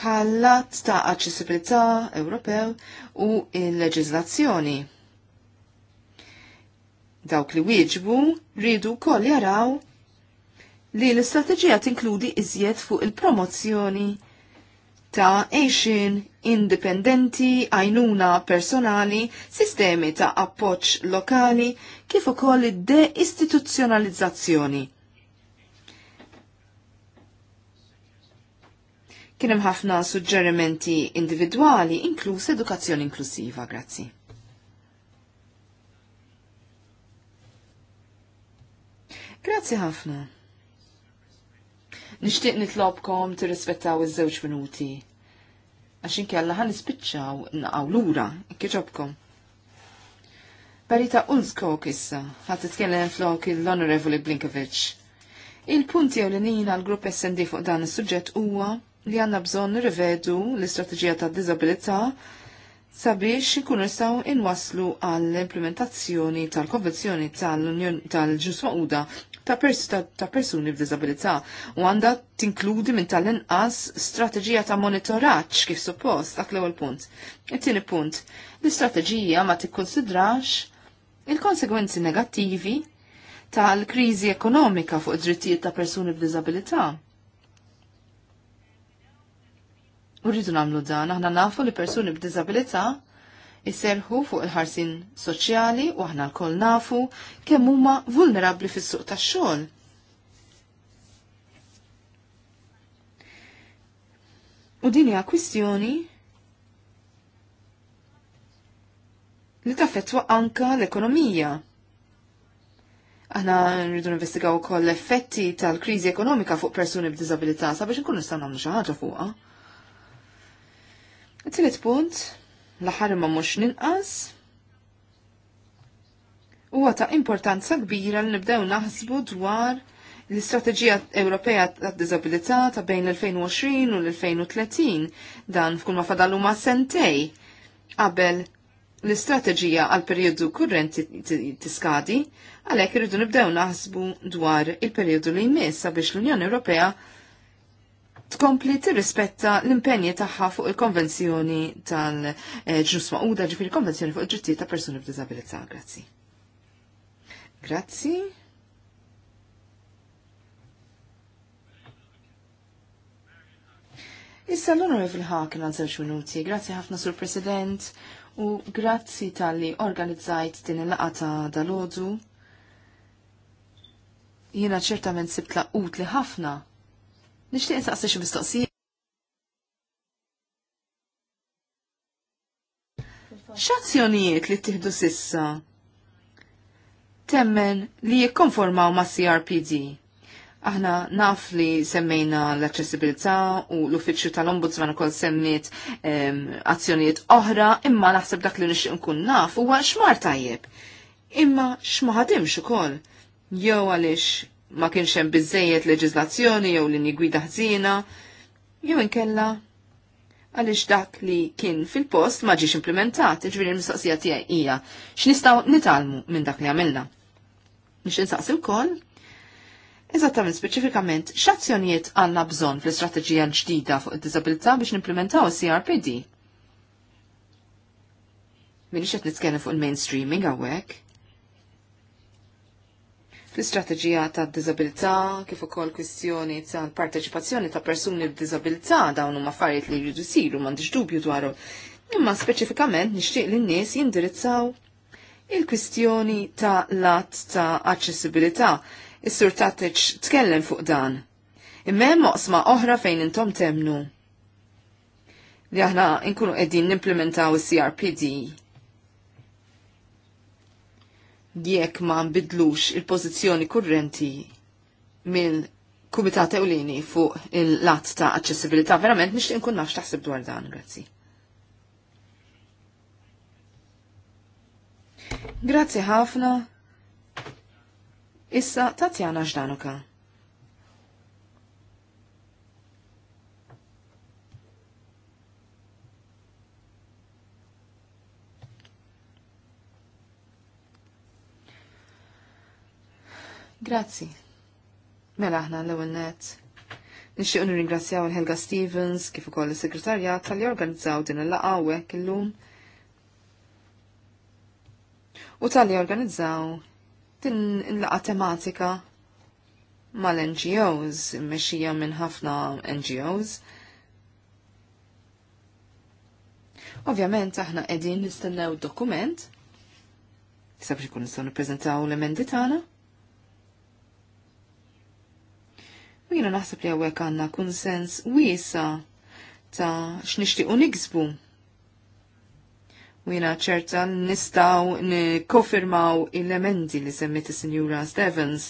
bħallat ta' aċċessibilità Ewropew u l leġizlazzjoni Dawk li wieġbu rridu koll jaraw li l-istrateġija tinkludi iżjed fuq il-promozzjoni ta' eixin indipendenti, għajnuna personali, sistemi ta' appoċ lokali, kif ukoll de istituzjonalizzazzjoni Kien hemm ħafna suġġerimenti individwali, inkluż edukazzjoni inklusiva, grazzi. Grazzi ħafna. Nixtieq nitlobkom tirrispettaw iż-żewġ minuti għax inkella ħan nispiċċaw l lura, kieġobkom. Barita Ulskok issa, t titkellem flok l-Honorevoli Blinkovic. Il-punti l-nina għal grupp SND fuq dan is-suġġett huwa li għandna bżonn rivedu l-istrateġija tad-diżabilità sabiex ikunu nistaw inwaslu għall implementazzjoni tal-Konvenzjoni tal ġusma Uda ta', pers ta, ta persuni b'diżabilità u għandha tinkludi minn tal-inqas strateġija ta' monitoraġġ kif suppost dak l-ewwel punt. It-tieni punt, l-istrateġija ma tikkonsidrax il-konsegwenzi negattivi tal-kriżi ekonomika fuq id-drittijiet ta' persuni b'diżabilità. rridu nagħmlu dan, aħna nafu li persuni b'diżabilità iserħu fuq il-ħarsin soċjali u aħna l-koll nafu kemm huma vulnerabli fis-suq tax-xogħol. U din hija kwistjoni li taffettwa anka l-ekonomija. Aħna rridu investigaw ukoll l-effetti tal-kriżi ekonomika fuq persuni b'diżabilità sabiex inkunu nistgħu nagħmlu xi ħaġa fuqha. It-tielet punt l-aħħar ma mhux ninqas. Huwa ta' importanza kbira li nibdew naħsbu dwar l-Istrateġija Ewropea tad dizabilità ta' bejn l-2020 u l-2030 dan f'kull ma fadalu ma' sentej qabel l-istrateġija għal periodu kurrenti tiskadi, għalhekk irridu nibdew naħsbu dwar il-periodu li jmiss sabiex l-Unjoni Ewropea tkompli tirrispetta l-impenji tagħha fuq il-konvenzjoni tal-ġnus maquda ġifir konvenzjoni fuq il-ġittijiet ta' persuni b'Disabilità. Grazzi. Grazzi. Issa l-Onorevoli Haken għal żewġ minuti. Grazzi ħafna sur President u grazzi tal-li organizzajt din il laqgħa ta' dalodu. Jiena ċertament sibt laqut li ħafna Nixtieq insaqsi xi mistoqsi. X'azzjonijiet li ttieħdu sissa temmen li jikkonformaw ma' CRPD? Aħna naf li semmejna l-accessibilità u l-uffiċċju tal-ombudsman ukoll semmiet azzjonijiet oħra, imma naħseb dak li nixtieq nkun naf huwa xmar tajjeb. Imma x'ma ħadimx ukoll. Jew għaliex ma kienx hemm biżejjed leġiżlazzjoni jew linji gwida ħżiena, jew inkella għaliex dak li kien fil-post ma ġiex implementat, ġviri l-mistoqsija tiegħi hija x'nistgħu nitalmu minn dak li għamilna. Nix insaqs il Eżattament speċifikament x'azzjonijiet għandna bżonn fl-istrateġija ġdida fuq id diżabilità biex nimplementaw is-CRPD? Minix qed nitkellem fuq il-mainstreaming hawnhekk l istrateġija ta' disabilità, kif ukoll kwistjoni ta' parteċipazzjoni ta' persuni b'disabilità dawn huma affarijiet li jridu jsiru m'għandix dubju dwarhom. Imma speċifikament nixtieq li n-nies jindirizzaw il-kwistjoni ta' lat ta' aċċessibilità. Is-sur Tateċ tkellem fuq dan. Imma hemm oqsma oħra fejn intom temnu li aħna nkunu qegħdin nimplementaw is-CRPD jekk ma nbidlux il-pożizzjoni kurrenti mill Kumitat Ewlieni fuq il-lat ta' aċċessibilità, verament nixtieq nkun nafx taħseb dwar dan, grazzi. Grazzi ħafna. Issa Tatjana Ġdanuka. Grazzi. Mela aħna l-ewwel net. Nixtieq nirringrazzjaw il-Helga Stevens kif ukoll is-segretarjat tal-li organizzaw din il-laqgħa hawnhekk illum. U tal-li organizzaw din il-laqgħa tematika mal-NGOs, mexija minn ħafna NGOs. Ovvjament aħna qegħdin nistennew dokument sabiex ikun nistgħu nippreżentaw l-emendi tagħna. U jina naħseb li għawek għanna konsens wiesa ta' x'nixtiequ niksbu. U jina ċerta nistaw nikofirmaw il emendi li is Sinjura Stevens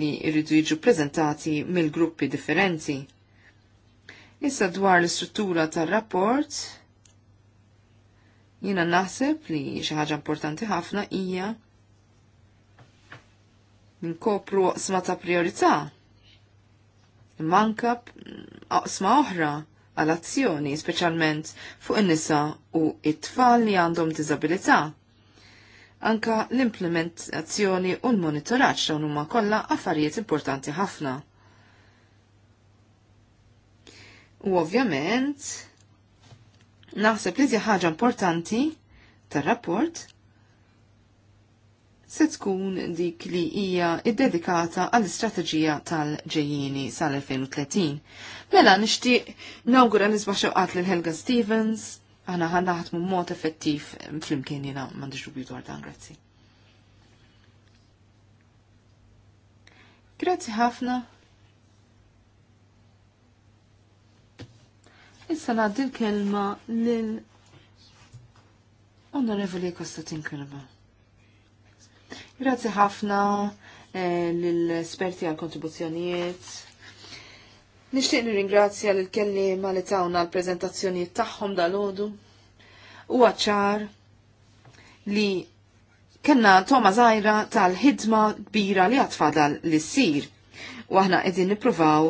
li irridu jiġu prezentati mill-gruppi differenti. Issa dwar l-istruttura tar-rapport, jina naħseb li xi ħaġa importanti ħafna hija nkopru sma ta' prijorità manka oqsma oħra għal azzjoni, speċjalment fuq in-nisa u it-tfal li għandhom diżabilità. Anka l-implementazzjoni u l-monitoraġġ dawn huma kollha affarijiet importanti ħafna. U ovvjament, naħseb li ħaġa importanti tar-rapport se tkun dik li hija iddedikata għall-istrateġija tal-ġejjini sal-2030. Mela nixtieq nawgura nisba' xewqat lil Helga Stevens, aħna ħan naħdmu mod effettiv flimkien jiena m'għandix dubju dwar dan grazzi. Grazzi ħafna. Issa ngħaddi l-kelma lil Onorevoli Kostatin Kirba. Grazzi ħafna eh, l-esperti għal kontribuzzjonijiet. Nishtiq nirringrazzja l-kellima li tawna l-prezentazzjonijiet tagħhom dal-ħodu. U għacċar li kena Toma Zajra tal-ħidma kbira li għatfadal li sir U aħna edin niprofaw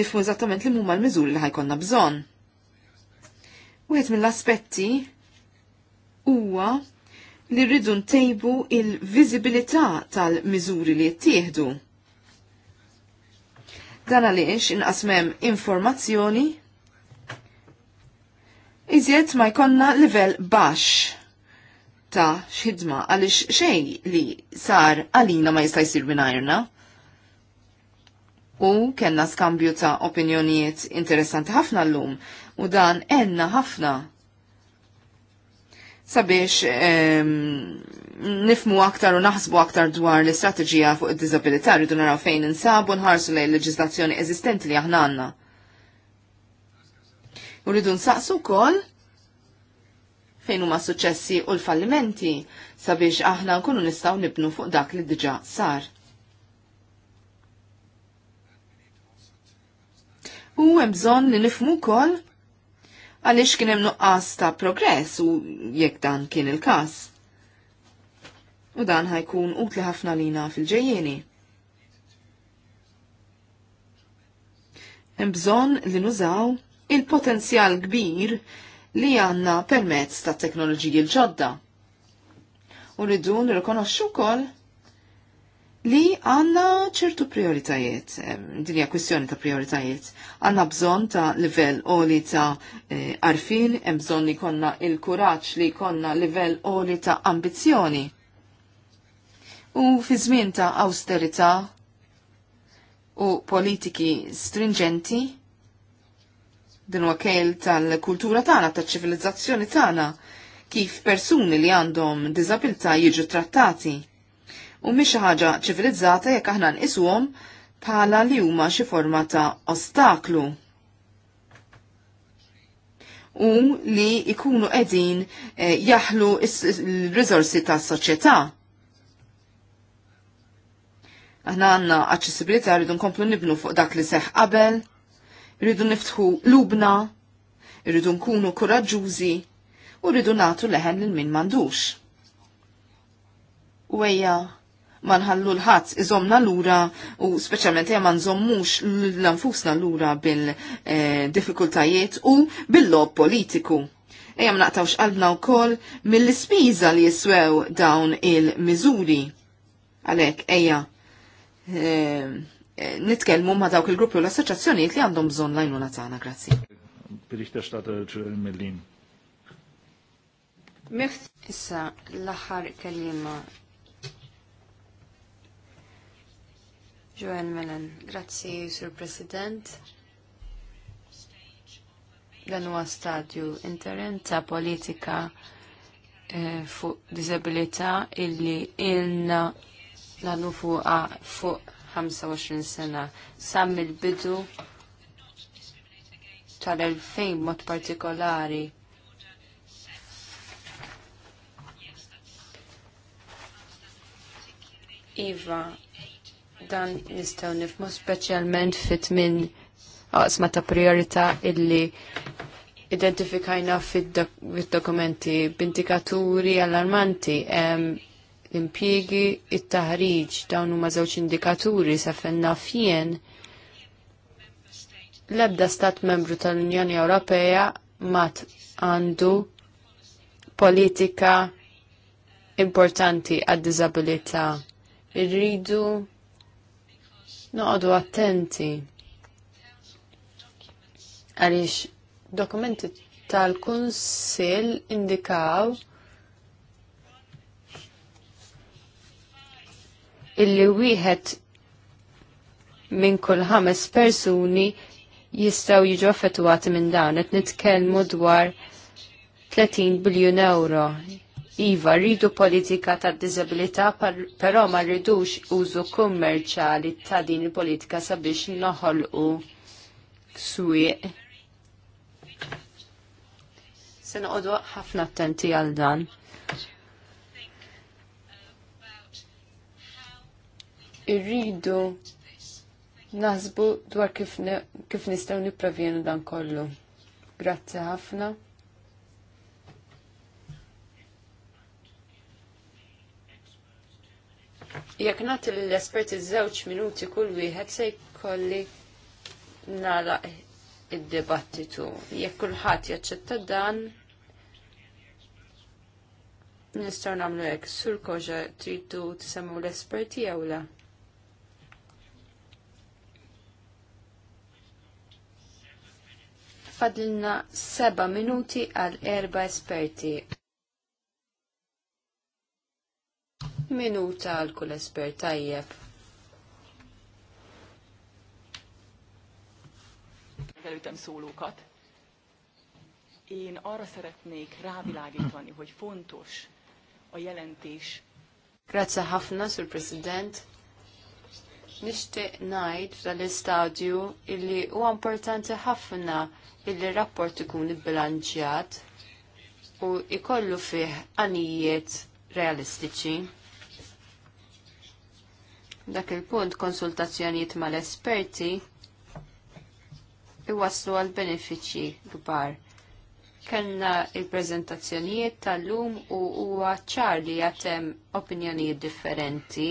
nifmu eżattament li mumma l-mizur li ħajkonna bżon. U mill-aspetti huwa li rridu ntejbu il-viżibilità tal-miżuri li jittieħdu. Dan għaliex inqasmem informazzjoni iżjed ma jkonna livell baxx ta' xidma għaliex xej li sar għalina ma jista' jsir minajrna u kellna skambju ta' opinjonijiet interessanti ħafna l-lum u dan enna ħafna sabiex nifmu aktar u naħsbu aktar dwar l-istrateġija fuq id dizabilità rridu naraw fejn insabu nħarsu lejn leġislazzjoni eżistenti li aħna għandna. rridu nsaqsu wkoll fejn huma suċessi u l-fallimenti sabiex aħna nkunu nistgħu nibnu fuq dak li diġà sar. U hemm bżonn li nifmu wkoll għaliex kien hemm nuqqas ta' progress u jekk dan kien il-każ. U dan ħajkun utli ħafna lina fil-ġejjieni. Hemm bżonn li nużaw il-potenzjal kbir li għanna permezz ta' teknoloġiji l-ġodda. U rridu nirrikonoxxu wkoll li għanna ċertu prioritajiet, eh, dinja kwistjoni ta' prioritajiet, għanna bżon ta' livell oli ta' eh, arfin, hemm bżon li konna il-kuraċ li konna livell oli ta' ambizjoni. U fi żmien ta' austerità u politiki stringenti, din huwa kejl tal-kultura tagħna, taċ-ċivilizzazzjoni tagħna, kif persuni li għandhom diżabilità jiġu trattati u mhix xi ħaġa ċivilizzata jekk aħna nqisuhom bħala li huma xi forma ta' ostaklu u li ikunu qegħdin eh, jaħlu l-riżorsi tas soċjetà. Aħna għandna aċċessibilità rridu nkomplu nibnu fuq dak li seħ qabel, rridu niftħu lubna, rridu nkunu kuraġġużi u rridu nagħtu leħen lil min m'għandux. U ma nħallu l-ħadd iżomna lura u speċjalment hija ma nżommux l-anfusna lura bil-diffikultajiet eh, u bil-lob politiku. Ejja naqtawx qalbna wkoll mill-ispiża li jiswew dawn il-miżuri. Għalhekk ejja eh, eh, nitkellmu ma' dawk il-gruppi u l-assoċjazzjonijiet li għandhom bżonn lajnuna tagħna, grazzi. Mif issa l-aħħar kelima Joan Mellon, grazzi, Sur President. Dan huwa stadju interen ta' politika eh, fuq disabilità illi ilna l-għannu fuq 25 sena. Sam il-bidu tal-2000 mod partikolari Iva, dan nistgħu nifmu speċjalment fit minn qasma ta' priorita illi identifikajna fid-dokumenti b'indikaturi allarmanti l-impjiegi it-taħriġ dawn huma żewġ indikaturi sa fenna fien l-ebda stat membru tal-Unjoni Ewropea mat għandu politika importanti għad-disabilità. Irridu noqogħdu attenti għaliex dokumenti tal-Kunsill indikaw illi wieħed minn kull ħames persuni jistaw jiġu affettwati minn dawn qed nitkellmu dwar 30 biljun euro. Iva, rridu politika ta' disabilità, però ma rridux użu kummerċali ta' din il-politika sabiex noħolqu swieq. Se noqogħdu ħafna attenti għal dan. Irridu nazbu dwar kif, kif nistgħu nipprovjenu dan kollu. Grazzi ħafna. Jekk nagħti l-esperti żewġ minuti kull wieħed se jkolli nagħlaq id-dibattitu. Jekk kulħadd jaċċetta dan, nistgħu nagħmlu hekk sur koġa tridu tisemmu l-esperti jew le. Fadilna seba' minuti għal erba' esperti. Minuta għal kull espert tajjeb. Előttem szólókat. Én arra szeretnék rávilágítani, hogy fontos a jelentés. Grazie ħafna, Sur President. Nishti najd dal-istadju illi u importanti ħafna illi rapport ikun ibbilanċjat u ikollu fih għanijiet realistiċi. Dak il-punt konsultazzjonijiet mal-esperti iwaslu għal benefiċċji kbar. Kellna il-prezentazzjonijiet tal-lum u huwa ċar li hemm opinjonijiet differenti.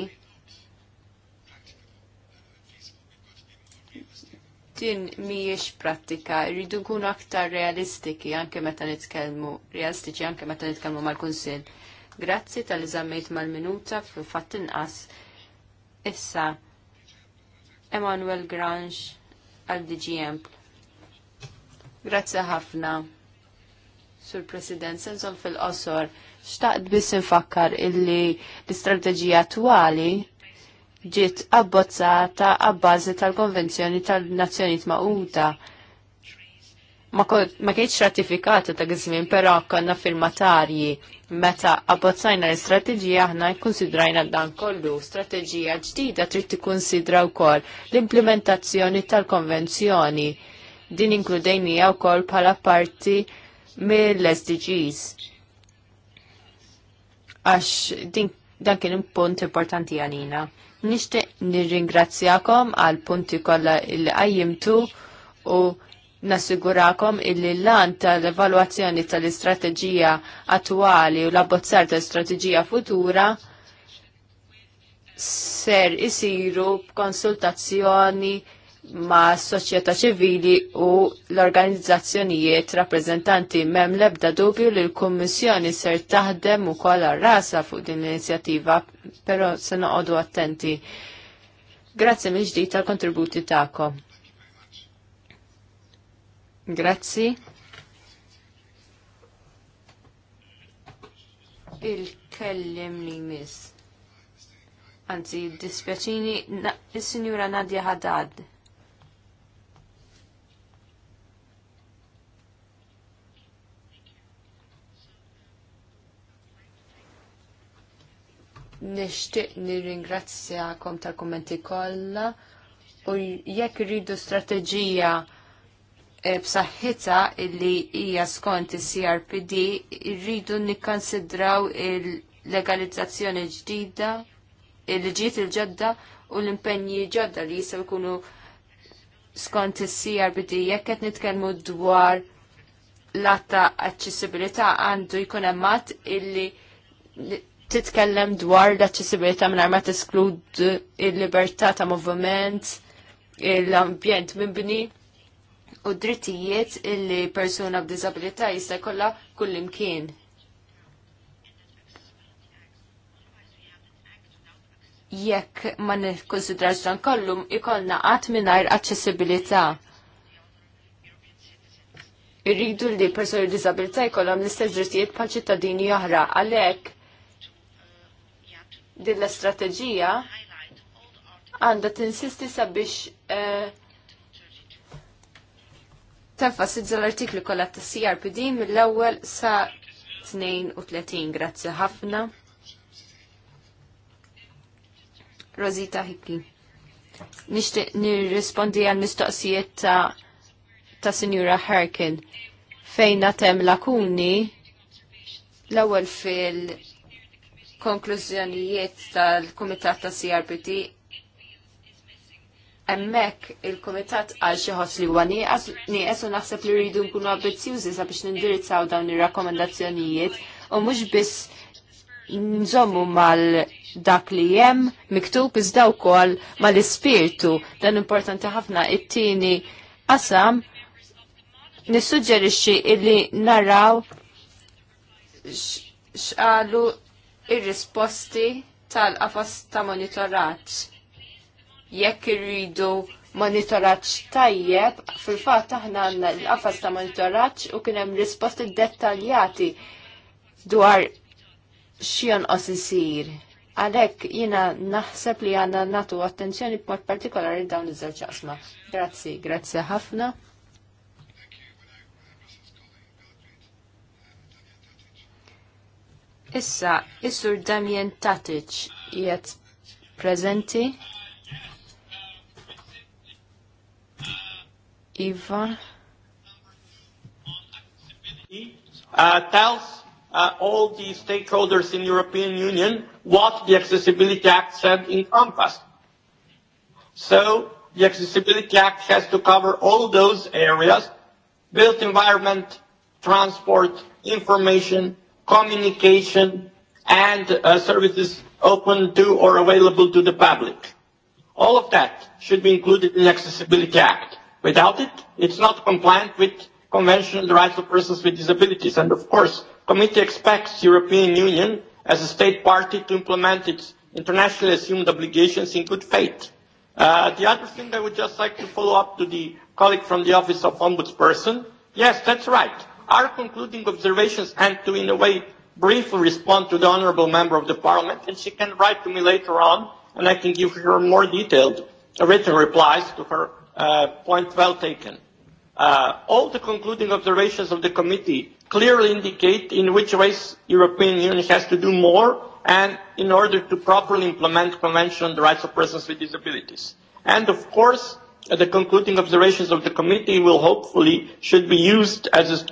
Din mhijiex prattika, rridu nkunu aktar realistiki anke meta nitkellmu, realistiċi anke meta nitkellmu mal-Kunsill. Grazzi tal iżammejt mal-minuta fil-fatt inqas Issa, Emanuel Grange għal DGM. Grazzi ħafna. Sur President, sensom fil-qosor, xtaqt biss infakkar illi l-istrateġija attwali ġiet abbozzata għabbażi tal-Konvenzjoni tal-Nazzjonijiet Magħquda. Ma, ma kienx ratifikata ta' gizmin, però konna firmatarji meta abbozzajna l-istrateġija aħna jkunsidrajna dan kollu. Strateġija ġdida trid tikkonsidra wkoll l-implementazzjoni tal-konvenzjoni. Din inkludejnija wkoll bħala parti mill-SDGs. Għax dan kien punt importanti għalina. Nishtiq nirringrazzjakom għal punti kollha l qajjimtu u nassigurakom illi l-lan tal-evaluazzjoni tal-istrateġija attuali u l-abbozzar tal-istrateġija futura ser isiru konsultazzjoni ma' soċjetà ċivili u l-organizzazzjonijiet rappreżentanti mem lebda dubju li l-Kummissjoni ser taħdem ukoll rasa fuq din l-inizjattiva, però se noqogħdu attenti. Grazie mill-ġdid tal-kontributi tagħkom. Grazzi. Il-kellim li miss. Anzi, dispjaċini, il signora Nadja Haddad. nishtiq kom tal-kommenti kollha u jekk rridu strategija. Eh, b'saħħitha illi hija skont is-CRPD irridu nikkonsidraw il-legalizzazzjoni ġdida, il-ġiet il-ġodda u l-impenji ġodda li jisew ikunu skont is-CRPD jekk qed nitkellmu dwar l-atta aċċessibilità għandu jkun hemm illi titkellem dwar l-aċċessibilità minn ma tesklud il-libertà ta' moviment, l-ambjent minn bini u drittijiet illi persuna b'disabilità jista' jkollha kull imkien. Jekk ma nikkonsidrax dan kollu ikollna qatt mingħajr aċċessibilità. Irridu li persuni b'disabilità jkollhom l-istess drittijiet bħal ċittadini oħra għalhekk din l-istrateġija għandha tinsisti sabiex eh, tenfasizza l-artiklu kollha tas CRPD mill-ewwel sa 32. Grazzi ħafna. Rosita Hikki. Nixtieq nirrispondi għal mistoqsijiet ta' ta' Sinjura Harkin fejn tem lakuni l-ewwel fil konklużjonijiet tal-Kumitat ta' CRPT emmek il-komitat għal xieħos li huwa nieqes u naħseb li rridu nkunu ambizzjużi sabiex nindirizzaw dawn ir-rakkomandazzjonijiet u mhux biss nżommu mal dak li jem miktub iżda wkoll mal-ispirtu dan importanti ħafna it-tieni qasam nissuġġerixxi illi naraw x'qalu ir-risposti tal-qafas ta' monitoraġġ jekk irridu monitoraġġ tajjeb, fil-fatt aħna għanna l-qafas ta' monitoraċ u kien hemm risposti dettaljati dwar x'jonqos isir. Għalhekk jiena naħseb li għandna nagħtu attenzjoni b'mod partikolari dawn iż-żewġ qasma. Grazzi, grazzi ħafna. Issa, is-sur Damien Tatic jiet prezenti. Iva. Uh, tells uh, all the stakeholders in the European Union what the Accessibility Act said in Compass. So the Accessibility Act has to cover all those areas, built environment, transport, information, communication, and uh, services open to or available to the public. All of that should be included in the Accessibility Act. Without it, it's not compliant with Convention on the Rights of Persons with Disabilities. And of course, committee expects European Union as a state party to implement its internationally assumed obligations in good faith. Uh, the other thing I would just like to follow up to the colleague from the Office of Ombudsperson. Yes, that's right. Our concluding observations and to, in a way, briefly respond to the Honourable Member of the Parliament, and she can write to me later on, and I can give her more detailed written replies to her Uh, point well taken. Uh, all the concluding observations of the committee clearly indicate in which ways European Union has to do more and in order to properly implement Convention on the Rights of Persons with Disabilities. And of course, uh, the concluding observations of the committee will hopefully should be used as a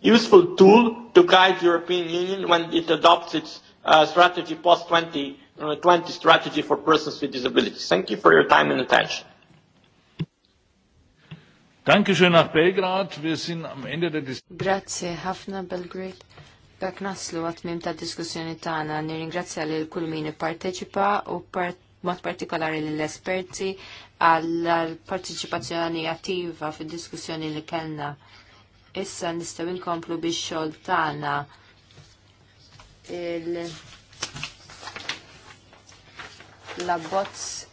useful tool to guide the European Union when it adopts its uh, strategy post 2020 uh, strategy for persons with disabilities. Thank you for your time and attention. Dankeschön nach Belgrad, wir sind am Ende der Diskussion. Grazie, ħafna Belgrade. Bek naslu għatmim ta' diskussjoni tagħna nirringrazzja lil kull min parteċipa u mod partikolari lill esperti għall parteċipazzjoni attiva fid-diskussjoni li kellna. Issa nistgħu inkomplu bix-xogħol tagħna għana. la bozz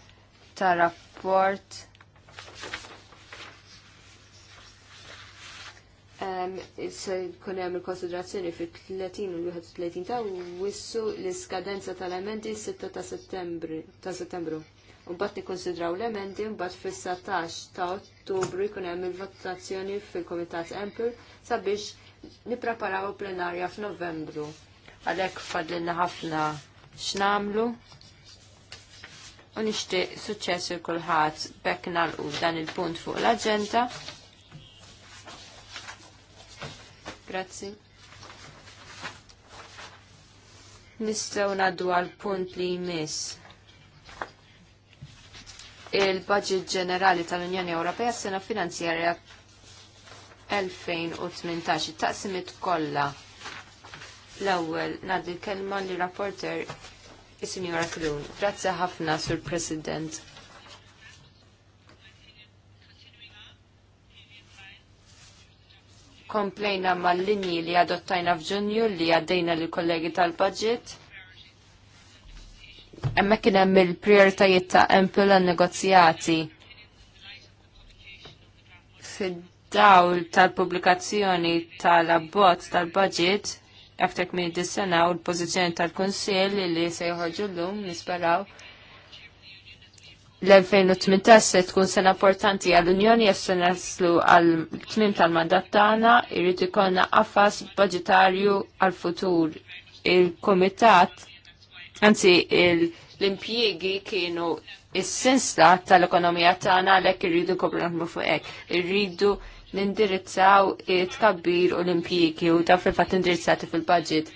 ta' rapport se jkun hemm il-konsiderazzjoni fit-30 u 31 ta' wissu l-iskadenza tal-elementi 6 ta' settembru. Ta' settembru. Mbagħad nikkonsidraw l-elementi mbagħad fis-17 ta' Ottubru jkun hemm il-votazzjoni fil-Kumitat Empur sabiex nippreparaw plenarja f'Novembru. Għalhekk fadlilna ħafna x'namlu u nixtieq suċċess il kulħadd bekk nagħlqu dan il-punt fuq l-aġenda. Grazzi. Nistgħu ngħaddu għal punt li jmiss. Il-Budget Ġenerali tal-Unjoni Ewropea sena finanzjarja 2018 taqsimit kollha. L-ewwel ngħaddi kelma li rapporter is-Sinjora Klun. Grazzi ħafna sur President. komplejna mal-linji li adottajna f'Ġunju li għaddejna li kollegi tal-budget. Emma kien hemm il-prijoritajiet ta' empl negozjati fid-dawl tal-pubblikazzjoni tal-abbozz tal-budget after kmin dis-sena u l-pożizzjoni tal-Kunsill li se jħorġu llum nisperaw l-2018 se tkun sena importanti għall-Unjoni jess se naslu għall-tmim tal-mandat tagħna jrid ikollna qafas budġetarju għall-futur. Il-Kumitat anzi l-impjiegi kienu is sensla tal-ekonomija tagħna għalhekk irridu kopru naħdmu fuq hekk. Irridu nindirizzaw it-tkabbir u l-impjiegi u taf fil-fatt indirizzati fil-budget.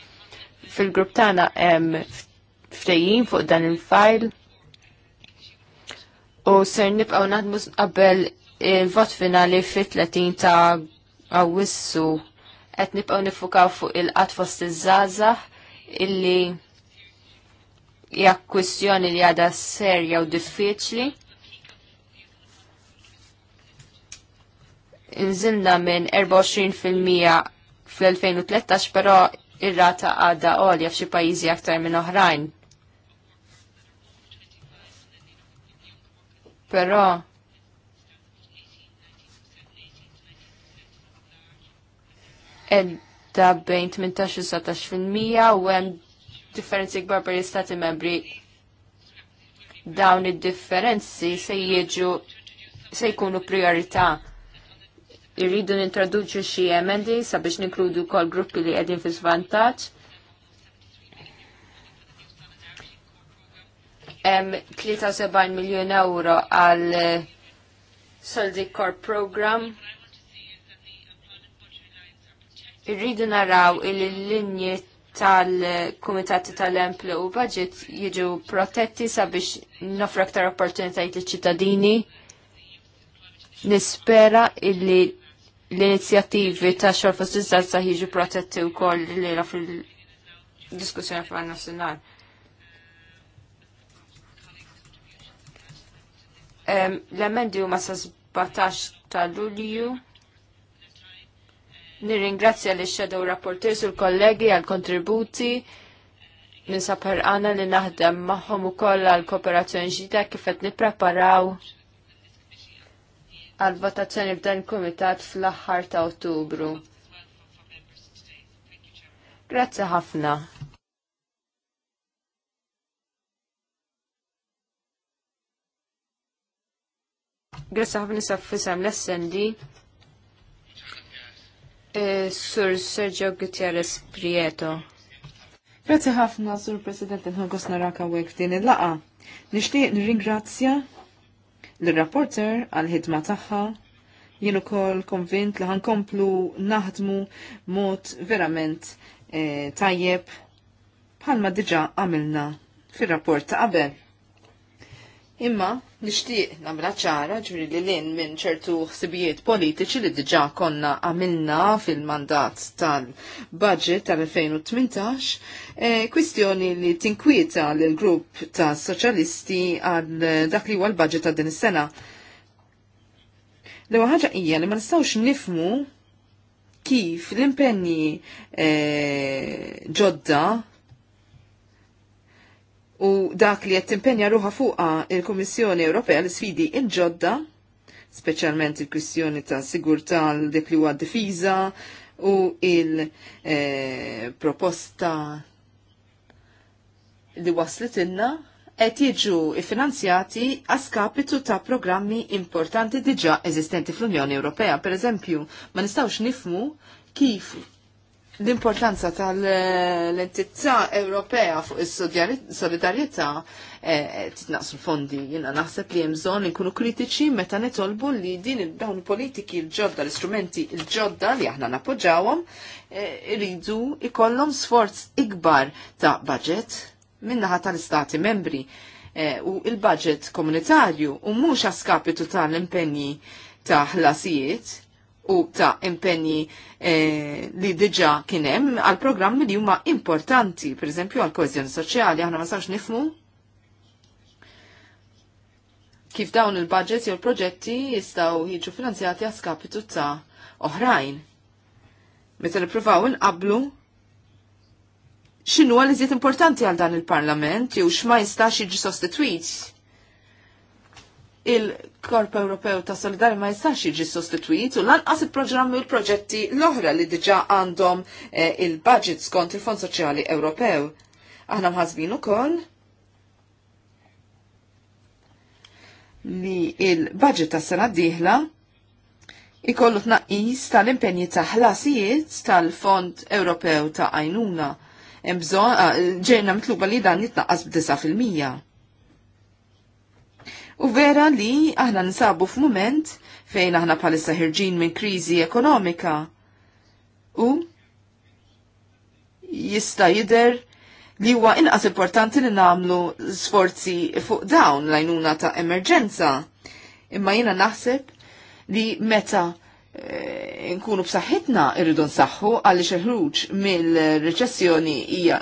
Fil-grupp tagħna hemm ftejin fuq dan il-file u ser nibqaw naħdmu qabel il-vot finali fit-30 ta' għawissu qed nibqgħu nifukaw fuq il qat fost iż-żgħażagħ illi hija kwistjoni li għadha serja u diffiċli. Inżilna minn 24% fl-2013, però ir-rata għadha għolja f'xi pajjiżi aktar minn oħrajn. però edda bejn 18-19% u hemm differenzi kbar per l-istati membri dawn id-differenzi se jiġu se jkunu priorita Irridu nintroduċu xi emendi sabiex ninkludu kol gruppi li qegħdin fi 73 miljon euro għal eh, Soldi Corp Program. Irridu naraw il-linji tal-Kumitati tal-Emplu u Budget jiġu protetti sabiex nofru aktar opportunitajiet ċittadini Nispera illi l-inizjattivi ta' xorfa s-sizzazza jiġu protetti u koll li fil-diskussjoni fil-għanna L-emendi huma sa 17 ta' Lulju. Nirringrazzja li shadow rapporteurs u l-kollegi għal kontributi ninsa għana li naħdem maħħom u koll għal kooperazzjoni ġita kifet nipreparaw għal votazzjoni f'dan il-Kumitat fl-aħħar ta' Ottubru. Grazzi ħafna. Grazzi ħafna nisa f'isem l-essendi. Eh, Sur Sergio Gutierrez Prieto. Grazzi ħafna, Sur President, nħogos naraka u din il-laqa. Nishtiq nirringrazzja l-rapporter għal-ħidma tagħha jien ukoll konvint li ħankomplu naħdmu mod verament eh, tajjeb bħalma diġà għamilna fir-rapport ta' qabel. Imma Nishtiq namla ċara ġviri li l-in minn ċertu ħsibijiet politiċi li diġa konna għamilna fil-mandat tal-budget tal-2018, eh, kwistjoni li tinkwieta l-grupp ta' soċjalisti għal dak li huwa l-budget ta' din is-sena. L-ewwel ħaġa hija li ma nistgħux nifmu kif l-impenni eh, ġodda u dak li qed timpenja ruħa fuqa il-Kummissjoni Ewropea l sfidi il-ġodda, speċjalment il-kwistjoni ta' sigurtà l dik li huwa difiża u il-proposta eh, li waslet inna qed jiġu iffinanzjati għaskapitu ta' programmi importanti diġà eżistenti fl-Unjoni Ewropea. Per eżempju, ma nistgħux nifmu kif l-importanza tal-entità Ewropea fuq is-solidarjetà eh, titnaqsu l-fondi. Jiena naħseb li hemm bżonn inkunu kritiċi meta nitolbu li din dawn politiki l-ġodda, l-istrumenti l-ġodda li aħna nappoġġawhom eh, iridu ikollhom sforz ikbar ta' budget minnaħa tal-istati membri eh, u il-budget komunitarju u mhux għaskapitu tal-impenji ta' ħlasijiet u ta' impenji eh, li diġa kienem għal programmi li huma importanti, per eżempju għal kozjoni soċjali, aħna ma sarx nifmu kif dawn il-budgets jew il-proġetti jistgħu jiġu finanzjati għas kapitu ta' oħrajn. Meta nippruvaw inqablu x'inhu għal iżjed importanti għal dan il-Parlament jew x'ma jistax jiġi sostitwit il Korp Ewropew ta' Solidari ma jistax jiġi sostituit u lanqas il-programmi u l-proġetti l-oħra li diġa għandhom eh, il-budget skont il-Fond Soċjali Ewropew. Aħna mħazbin ukoll li il-budget ta' sena diħla ikollu tnaqqis tal-impenji ta' ħlasijiet tal-Fond Ewropew ta' għajnuna. Eh, ġejna mitluba li dan jitnaqqas b'9 fil-mija U vera li aħna nsabu f'mument fejn aħna bħalissa ħirġin minn kriżi ekonomika. U jista' jidher li huwa inqas importanti li nagħmlu sforzi fuq dawn lajnuna ta' emerġenza. Imma jiena naħseb li meta e, nkunu b'saħħitna irridu nsaħħu għaliex il-ħruġ mill-reċessjoni hija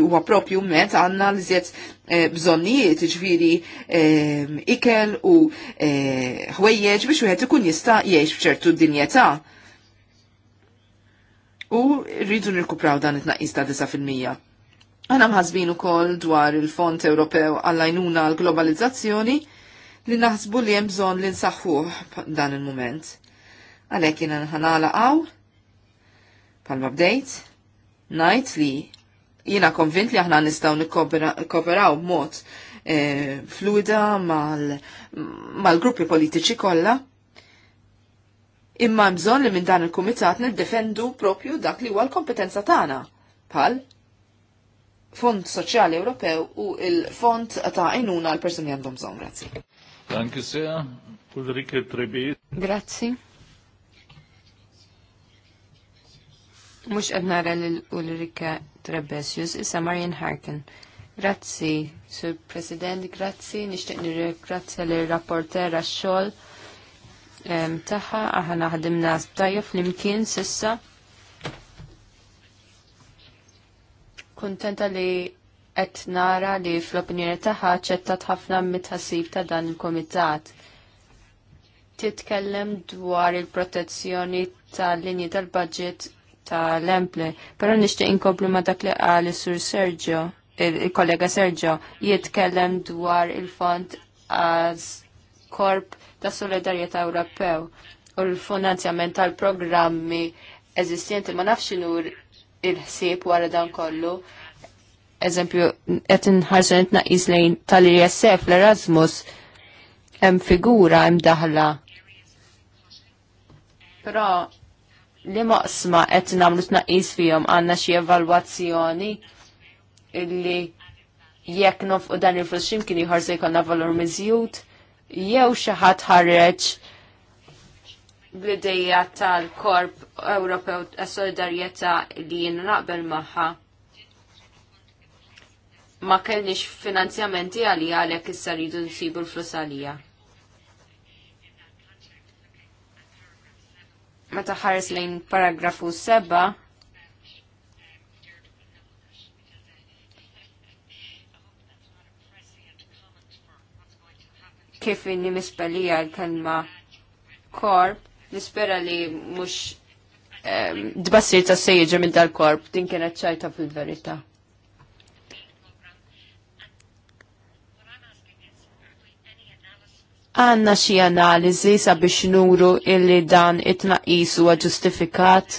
huwa propju met għandna li Eh, bżonnijiet, ġviri eh, ikel u eh, ħwejjeġ biex wieħed ikun jista' jgħix b'ċertu dinjetà. U rridu nirkupraw dan it-naqis ta' 9%. Għana mħazbin ukoll dwar il-Fond Ewropew għall-għajnuna għall-globalizzazzjoni li naħsbu li hemm bżonn li nsaħħuh dan il-mument. Għalhekk jiena nħanala għaw, pal bdejt, najt li Jina konvint li aħna nistaw nikkooperaw mod e, eh, fluida mal-gruppi mal politiċi kollha. Imma mżon li minn dan il-kumitat niddefendu propju dak li huwa l-kompetenza tagħna. Pal, Fond Soċjali Ewropew u il-Fond ta' għajnuna għal persuni għandhom bżonn. Grazzi. Danke sehr, Ulrike Trebi. Grazzi. Mux għedna l-Ulrike Trebesius, issa Marian Harkin. Grazzi, Sur President, grazzi, nishtiq nir-grazzi li rapporter għax-xogħol taħħa, aħna ħadimna sbtajja fl-imkien sissa. Kuntenta li qed nara li fl-opinjoni tagħha ċettat ħafna mitħassib ta' dan il-komitat. Titkellem dwar il-protezzjoni tal-linji tal-budget l emple pero nishtiq inkomplu ma dak li għal sur Sergio, il-kollega Sergio, jitkellem dwar il-fond għaz korp ta' solidarieta Ewropew u l-finanzjament tal-programmi eżistenti ma nafx nur il-ħsieb wara dan kollu. Eżempju, qed inħarsu naqis lejn tal-ISF l-Erasmus hemm figura hemm daħla. Però li maqsma qed nagħmlu tnaqqis fihom għandna xi evalwazzjoni illi jekk nofqu dan il-flus x'imkien ieħor se jkollna valur miżjud jew xi ħadd ħareġ bl-idejja tal-Korp Ewropew għas-Solidarjetà li jien naqbel magħha ma kellniex finanzjamenti għalija għalhekk issa rridu nsibu l-flus għalija. meta ħares lejn paragrafu 7 kif inni mispellija l-kelma korp, nispera li mux dbassir ta' sejġa minn dal-korp, din kienet ċajta fil-verita. Għanna xi analiżi sabiex nuru illi dan it-tnaqqis huwa ġustifikat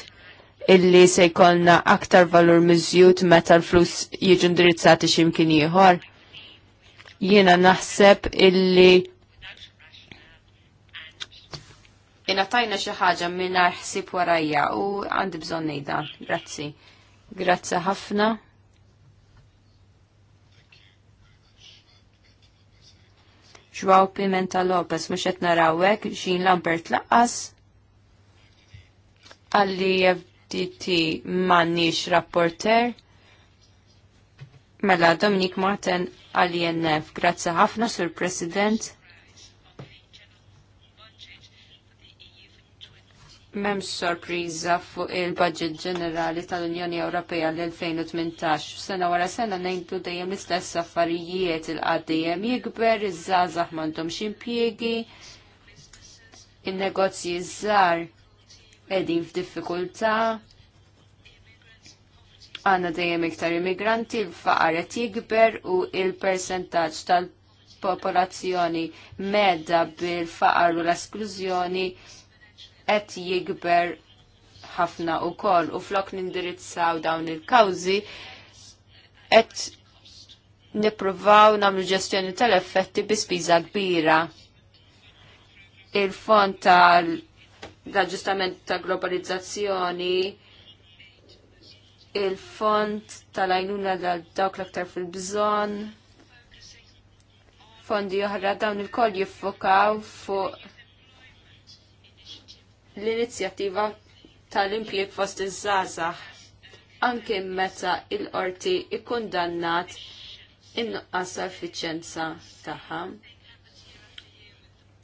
illi se jkollna aktar valur miżjud meta l-flus jiġu ndirizzati x'imkien ieħor. Jiena naħseb illi tajna xi ħaġa mingħajr ħsib warajja u għandi bżonn dan. Grazzi. Grazzi ħafna. Joao Pimenta Lopez mhux qed narawek Jean Lambert laqqas. Għalli FDT m'għandniex rapporter. Mela Dominik Martin għalli NF. Grazzi ħafna sur President. mem sorpriża fuq il-budget ġenerali tal-Unjoni Ewropea l-2018. Sena wara sena nejntu dejjem l-istess affarijiet il adm jikber, iż-żgħażagħ m'għandhomx impjiegi, in-negozji żgħar qegħdin f'diffikultà, għandna dejjem iktar immigranti, l-faqar qed jikber u il-persentaġġ tal-popolazzjoni medda bil-faqar u l-esklużjoni qed jikber ħafna u kol u flok nindirizzaw dawn il-kawzi qed nippruvaw nagħmlu ġestjoni tal-effetti bi spiża kbira. Il-fond tal-aġġustament ta' globalizzazzjoni il-fond tal-għajnuna dawk l-aktar fil-bżon, fondi oħra dawn il-koll jiffokaw fuq l-inizjattiva tal-impjieg fost iż-żgħażagħ anke meta il-qorti ikkundannat in-nuqqas effiċjenza tagħha.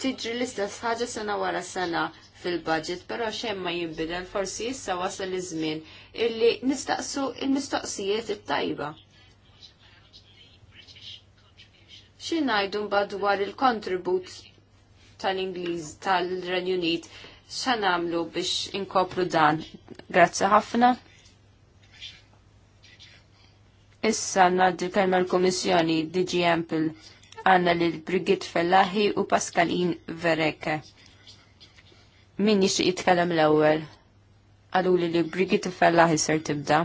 Tiġri l-istess ħaġa sena wara sena fil-budget, però xejn ma jinbidel forsi issa wasal iż-żmien illi nistaqsu il-mistoqsijiet it-tajba. Xi ngħidu mbagħad dwar il-kontribut tal-Ingliż tal-Renju Unit xanamlu biex inkopru dan. Grazzi ħafna. Issa naddi kelma l-Komissjoni DG Ample għanna li Brigitte Fellahi u Pascalin Vereke. Min jixi jitkellem l-ewel? Għallu li li Brigitte Fellahi ser tibda.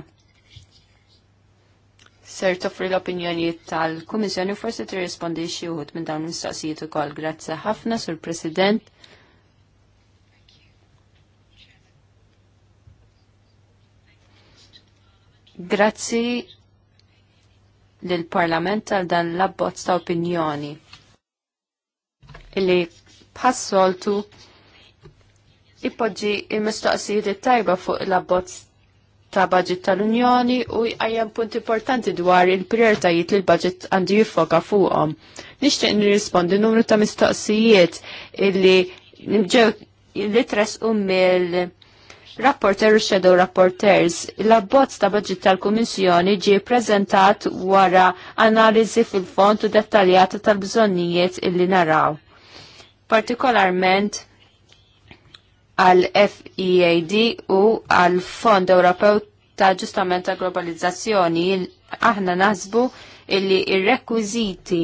Ser toffri l-opinjonijiet tal-Komissjoni forse tirrispondi xi wħud minn dawn l-mistoqsijiet ukoll. Grazzi ħafna sur President. Grazzi lill-Parlament għal dan l-abbozz ta' opinjoni illi bħassoltu ippoġġi il-mistoqsijiet tajba fuq l-abbozz ta' budget tal-Unjoni u jqajjem punt importanti dwar il-prioritajiet li l-budget għandu jiffoka fuqhom. Nixtieq nirrispondi numru ta' mistoqsijiet illi ġew li tresqu mill Rapporter u Shadow Rapporters, l-abbozz ta' budget tal-Kummissjoni ġie prezentat wara analiżi fil-font u dettaljata tal-bżonnijiet illi naraw. Partikolarment għal FEAD u għal Fond Ewropew ta' ġustament ta' globalizzazzjoni aħna naħsbu illi ir-rekwiżiti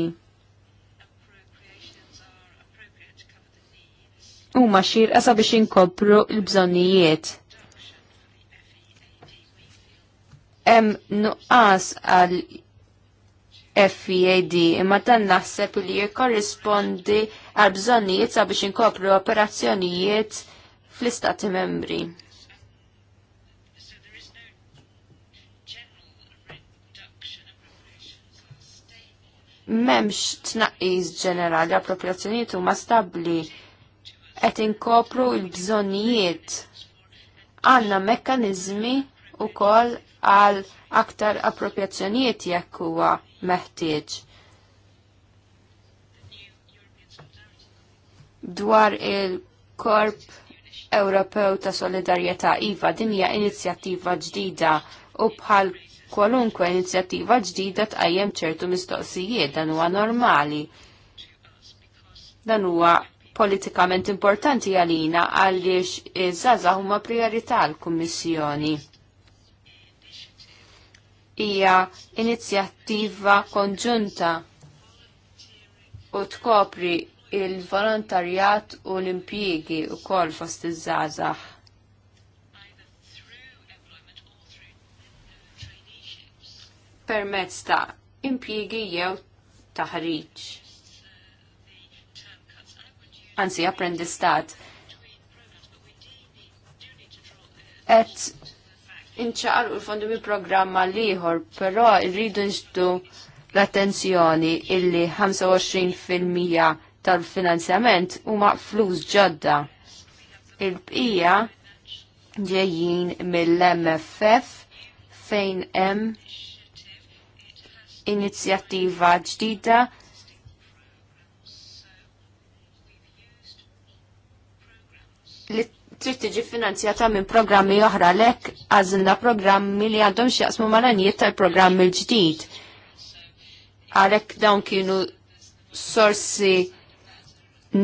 huma xirqasa biex inkopru l-bżonnijiet hemm nuqqas għal FEAD imma dan naħseb li jikkorrispondi għal bżonnijiet sabiex inkopru operazzjonijiet fl-istati membri. Memx tnaqqis ġenerali appropriazzjonijiet huma stabbli qed inkopru l-bżonnijiet għandna mekkaniżmi wkoll għal aktar appropjazzjonijiet jekk huwa meħtieġ. Dwar il-Korp Ewropew ta' Solidarjetà IVA din hija inizjattiva ġdida u bħal kwalunkwe inizjattiva ġdida tqajjem ċertu mistoqsijiet dan huwa normali. Dan huwa politikament importanti għalina għaliex iż-żaza huma priorità l-Kummissjoni hija inizjattiva konġunta u tkopri il-volontarjat u l-impjiegi u kol fost iż-żazax. Permezz ta' impjiegi jew taħriġ. Anzi, apprendistat. Et inċaqar u l-fondi mi programma liħor, pero rridu nġdu l-attenzjoni illi 25% tal-finanzjament huma flus ġodda. Il-bqija ġejjin mill-MFF fejn hemm inizjattiva ġdida li trid tiġi finanzjata minn programmi oħra lek għażilna programmi li għandhom x'jaqsmu mal-għanijiet tal-programm il-ġdid. Għalhekk dawn kienu sorsi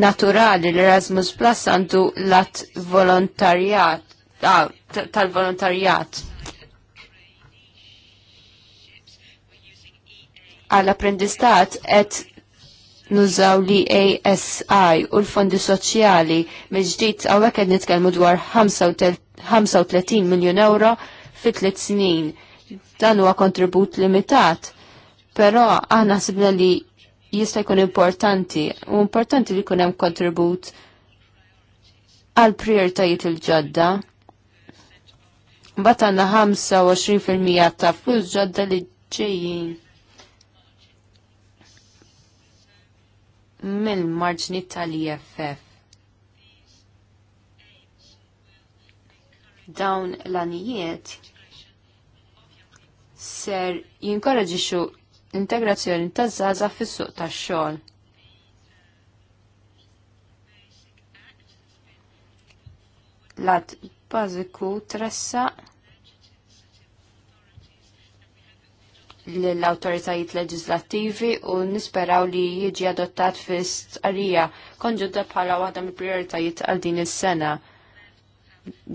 naturali l-Erasmus Plus għandu lat volontarjat, ah, tal-volontarjat. Għall-apprendistat et nużaw li ASI u l-fondi soċjali meġdijt għaw għakad nitkelmu dwar 35 miljon euro fit tliet snin. Dan huwa kontribut limitat, però aħna sibna li jista' jkun importanti u importanti li jkun hemm kontribut għal prioritajiet il-ġodda. Mbagħad għandna 25% ta' flus ġodda li ġejjin mill-marġni tal-IFF. Dawn l-anijiet ser jinkoraġixxu integrazzjoni taż-żgħażagħ fis-suq tax-xogħol. Lat bażiku tressaq l-autoritajiet leġislattivi u nisperaw li jiġi adottat fi stqarrija konġunta bħala waħda mill prioritajiet għal din is-sena.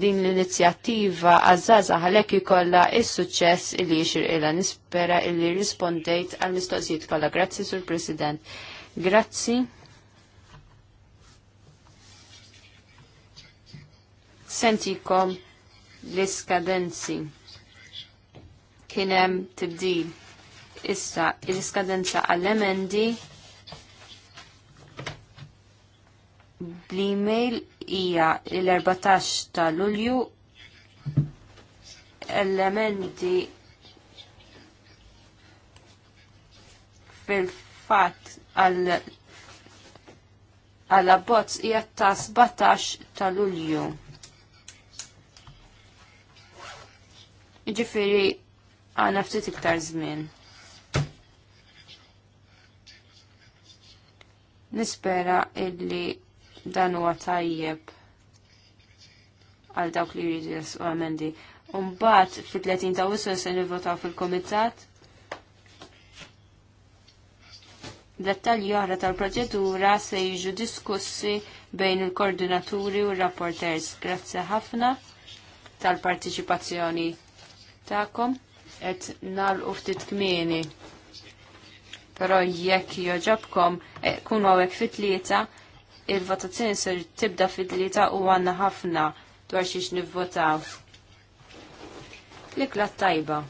Din l-inizjattiva għazzaza għalek ikolla il suċċess illi xirqila nispera illi rispondejt għal mistoqsijiet kolla. Grazzi, Sur President. Grazzi. Sentikom l-iskadenzi kienem tibdil issa il-skadenza għall-emendi bl-email hija l-14 ta' Lulju elementi fil-fat għal għal abbozz hija ta' 17 ta' Lulju. Ġifiri għana ftit iktar żmien. Nispera illi dan huwa tajjeb għal dawk li jridu jasqu għamendi. Umbat fit-30 ta' wissu se nivvotaw fil-komitat dettalji oħra tal-proċedura se jiġu diskussi bejn il-koordinaturi u rapporters Grazzi ħafna tal-partiċipazzjoni ta'kom et nal-uftit kmieni. Però jekk joġobkom eh, kun għawek fit-tlieta, il-votazzjoni ser tibda fit-tlieta u għanna ħafna dwar xiex nivvotaw. Likla tajba.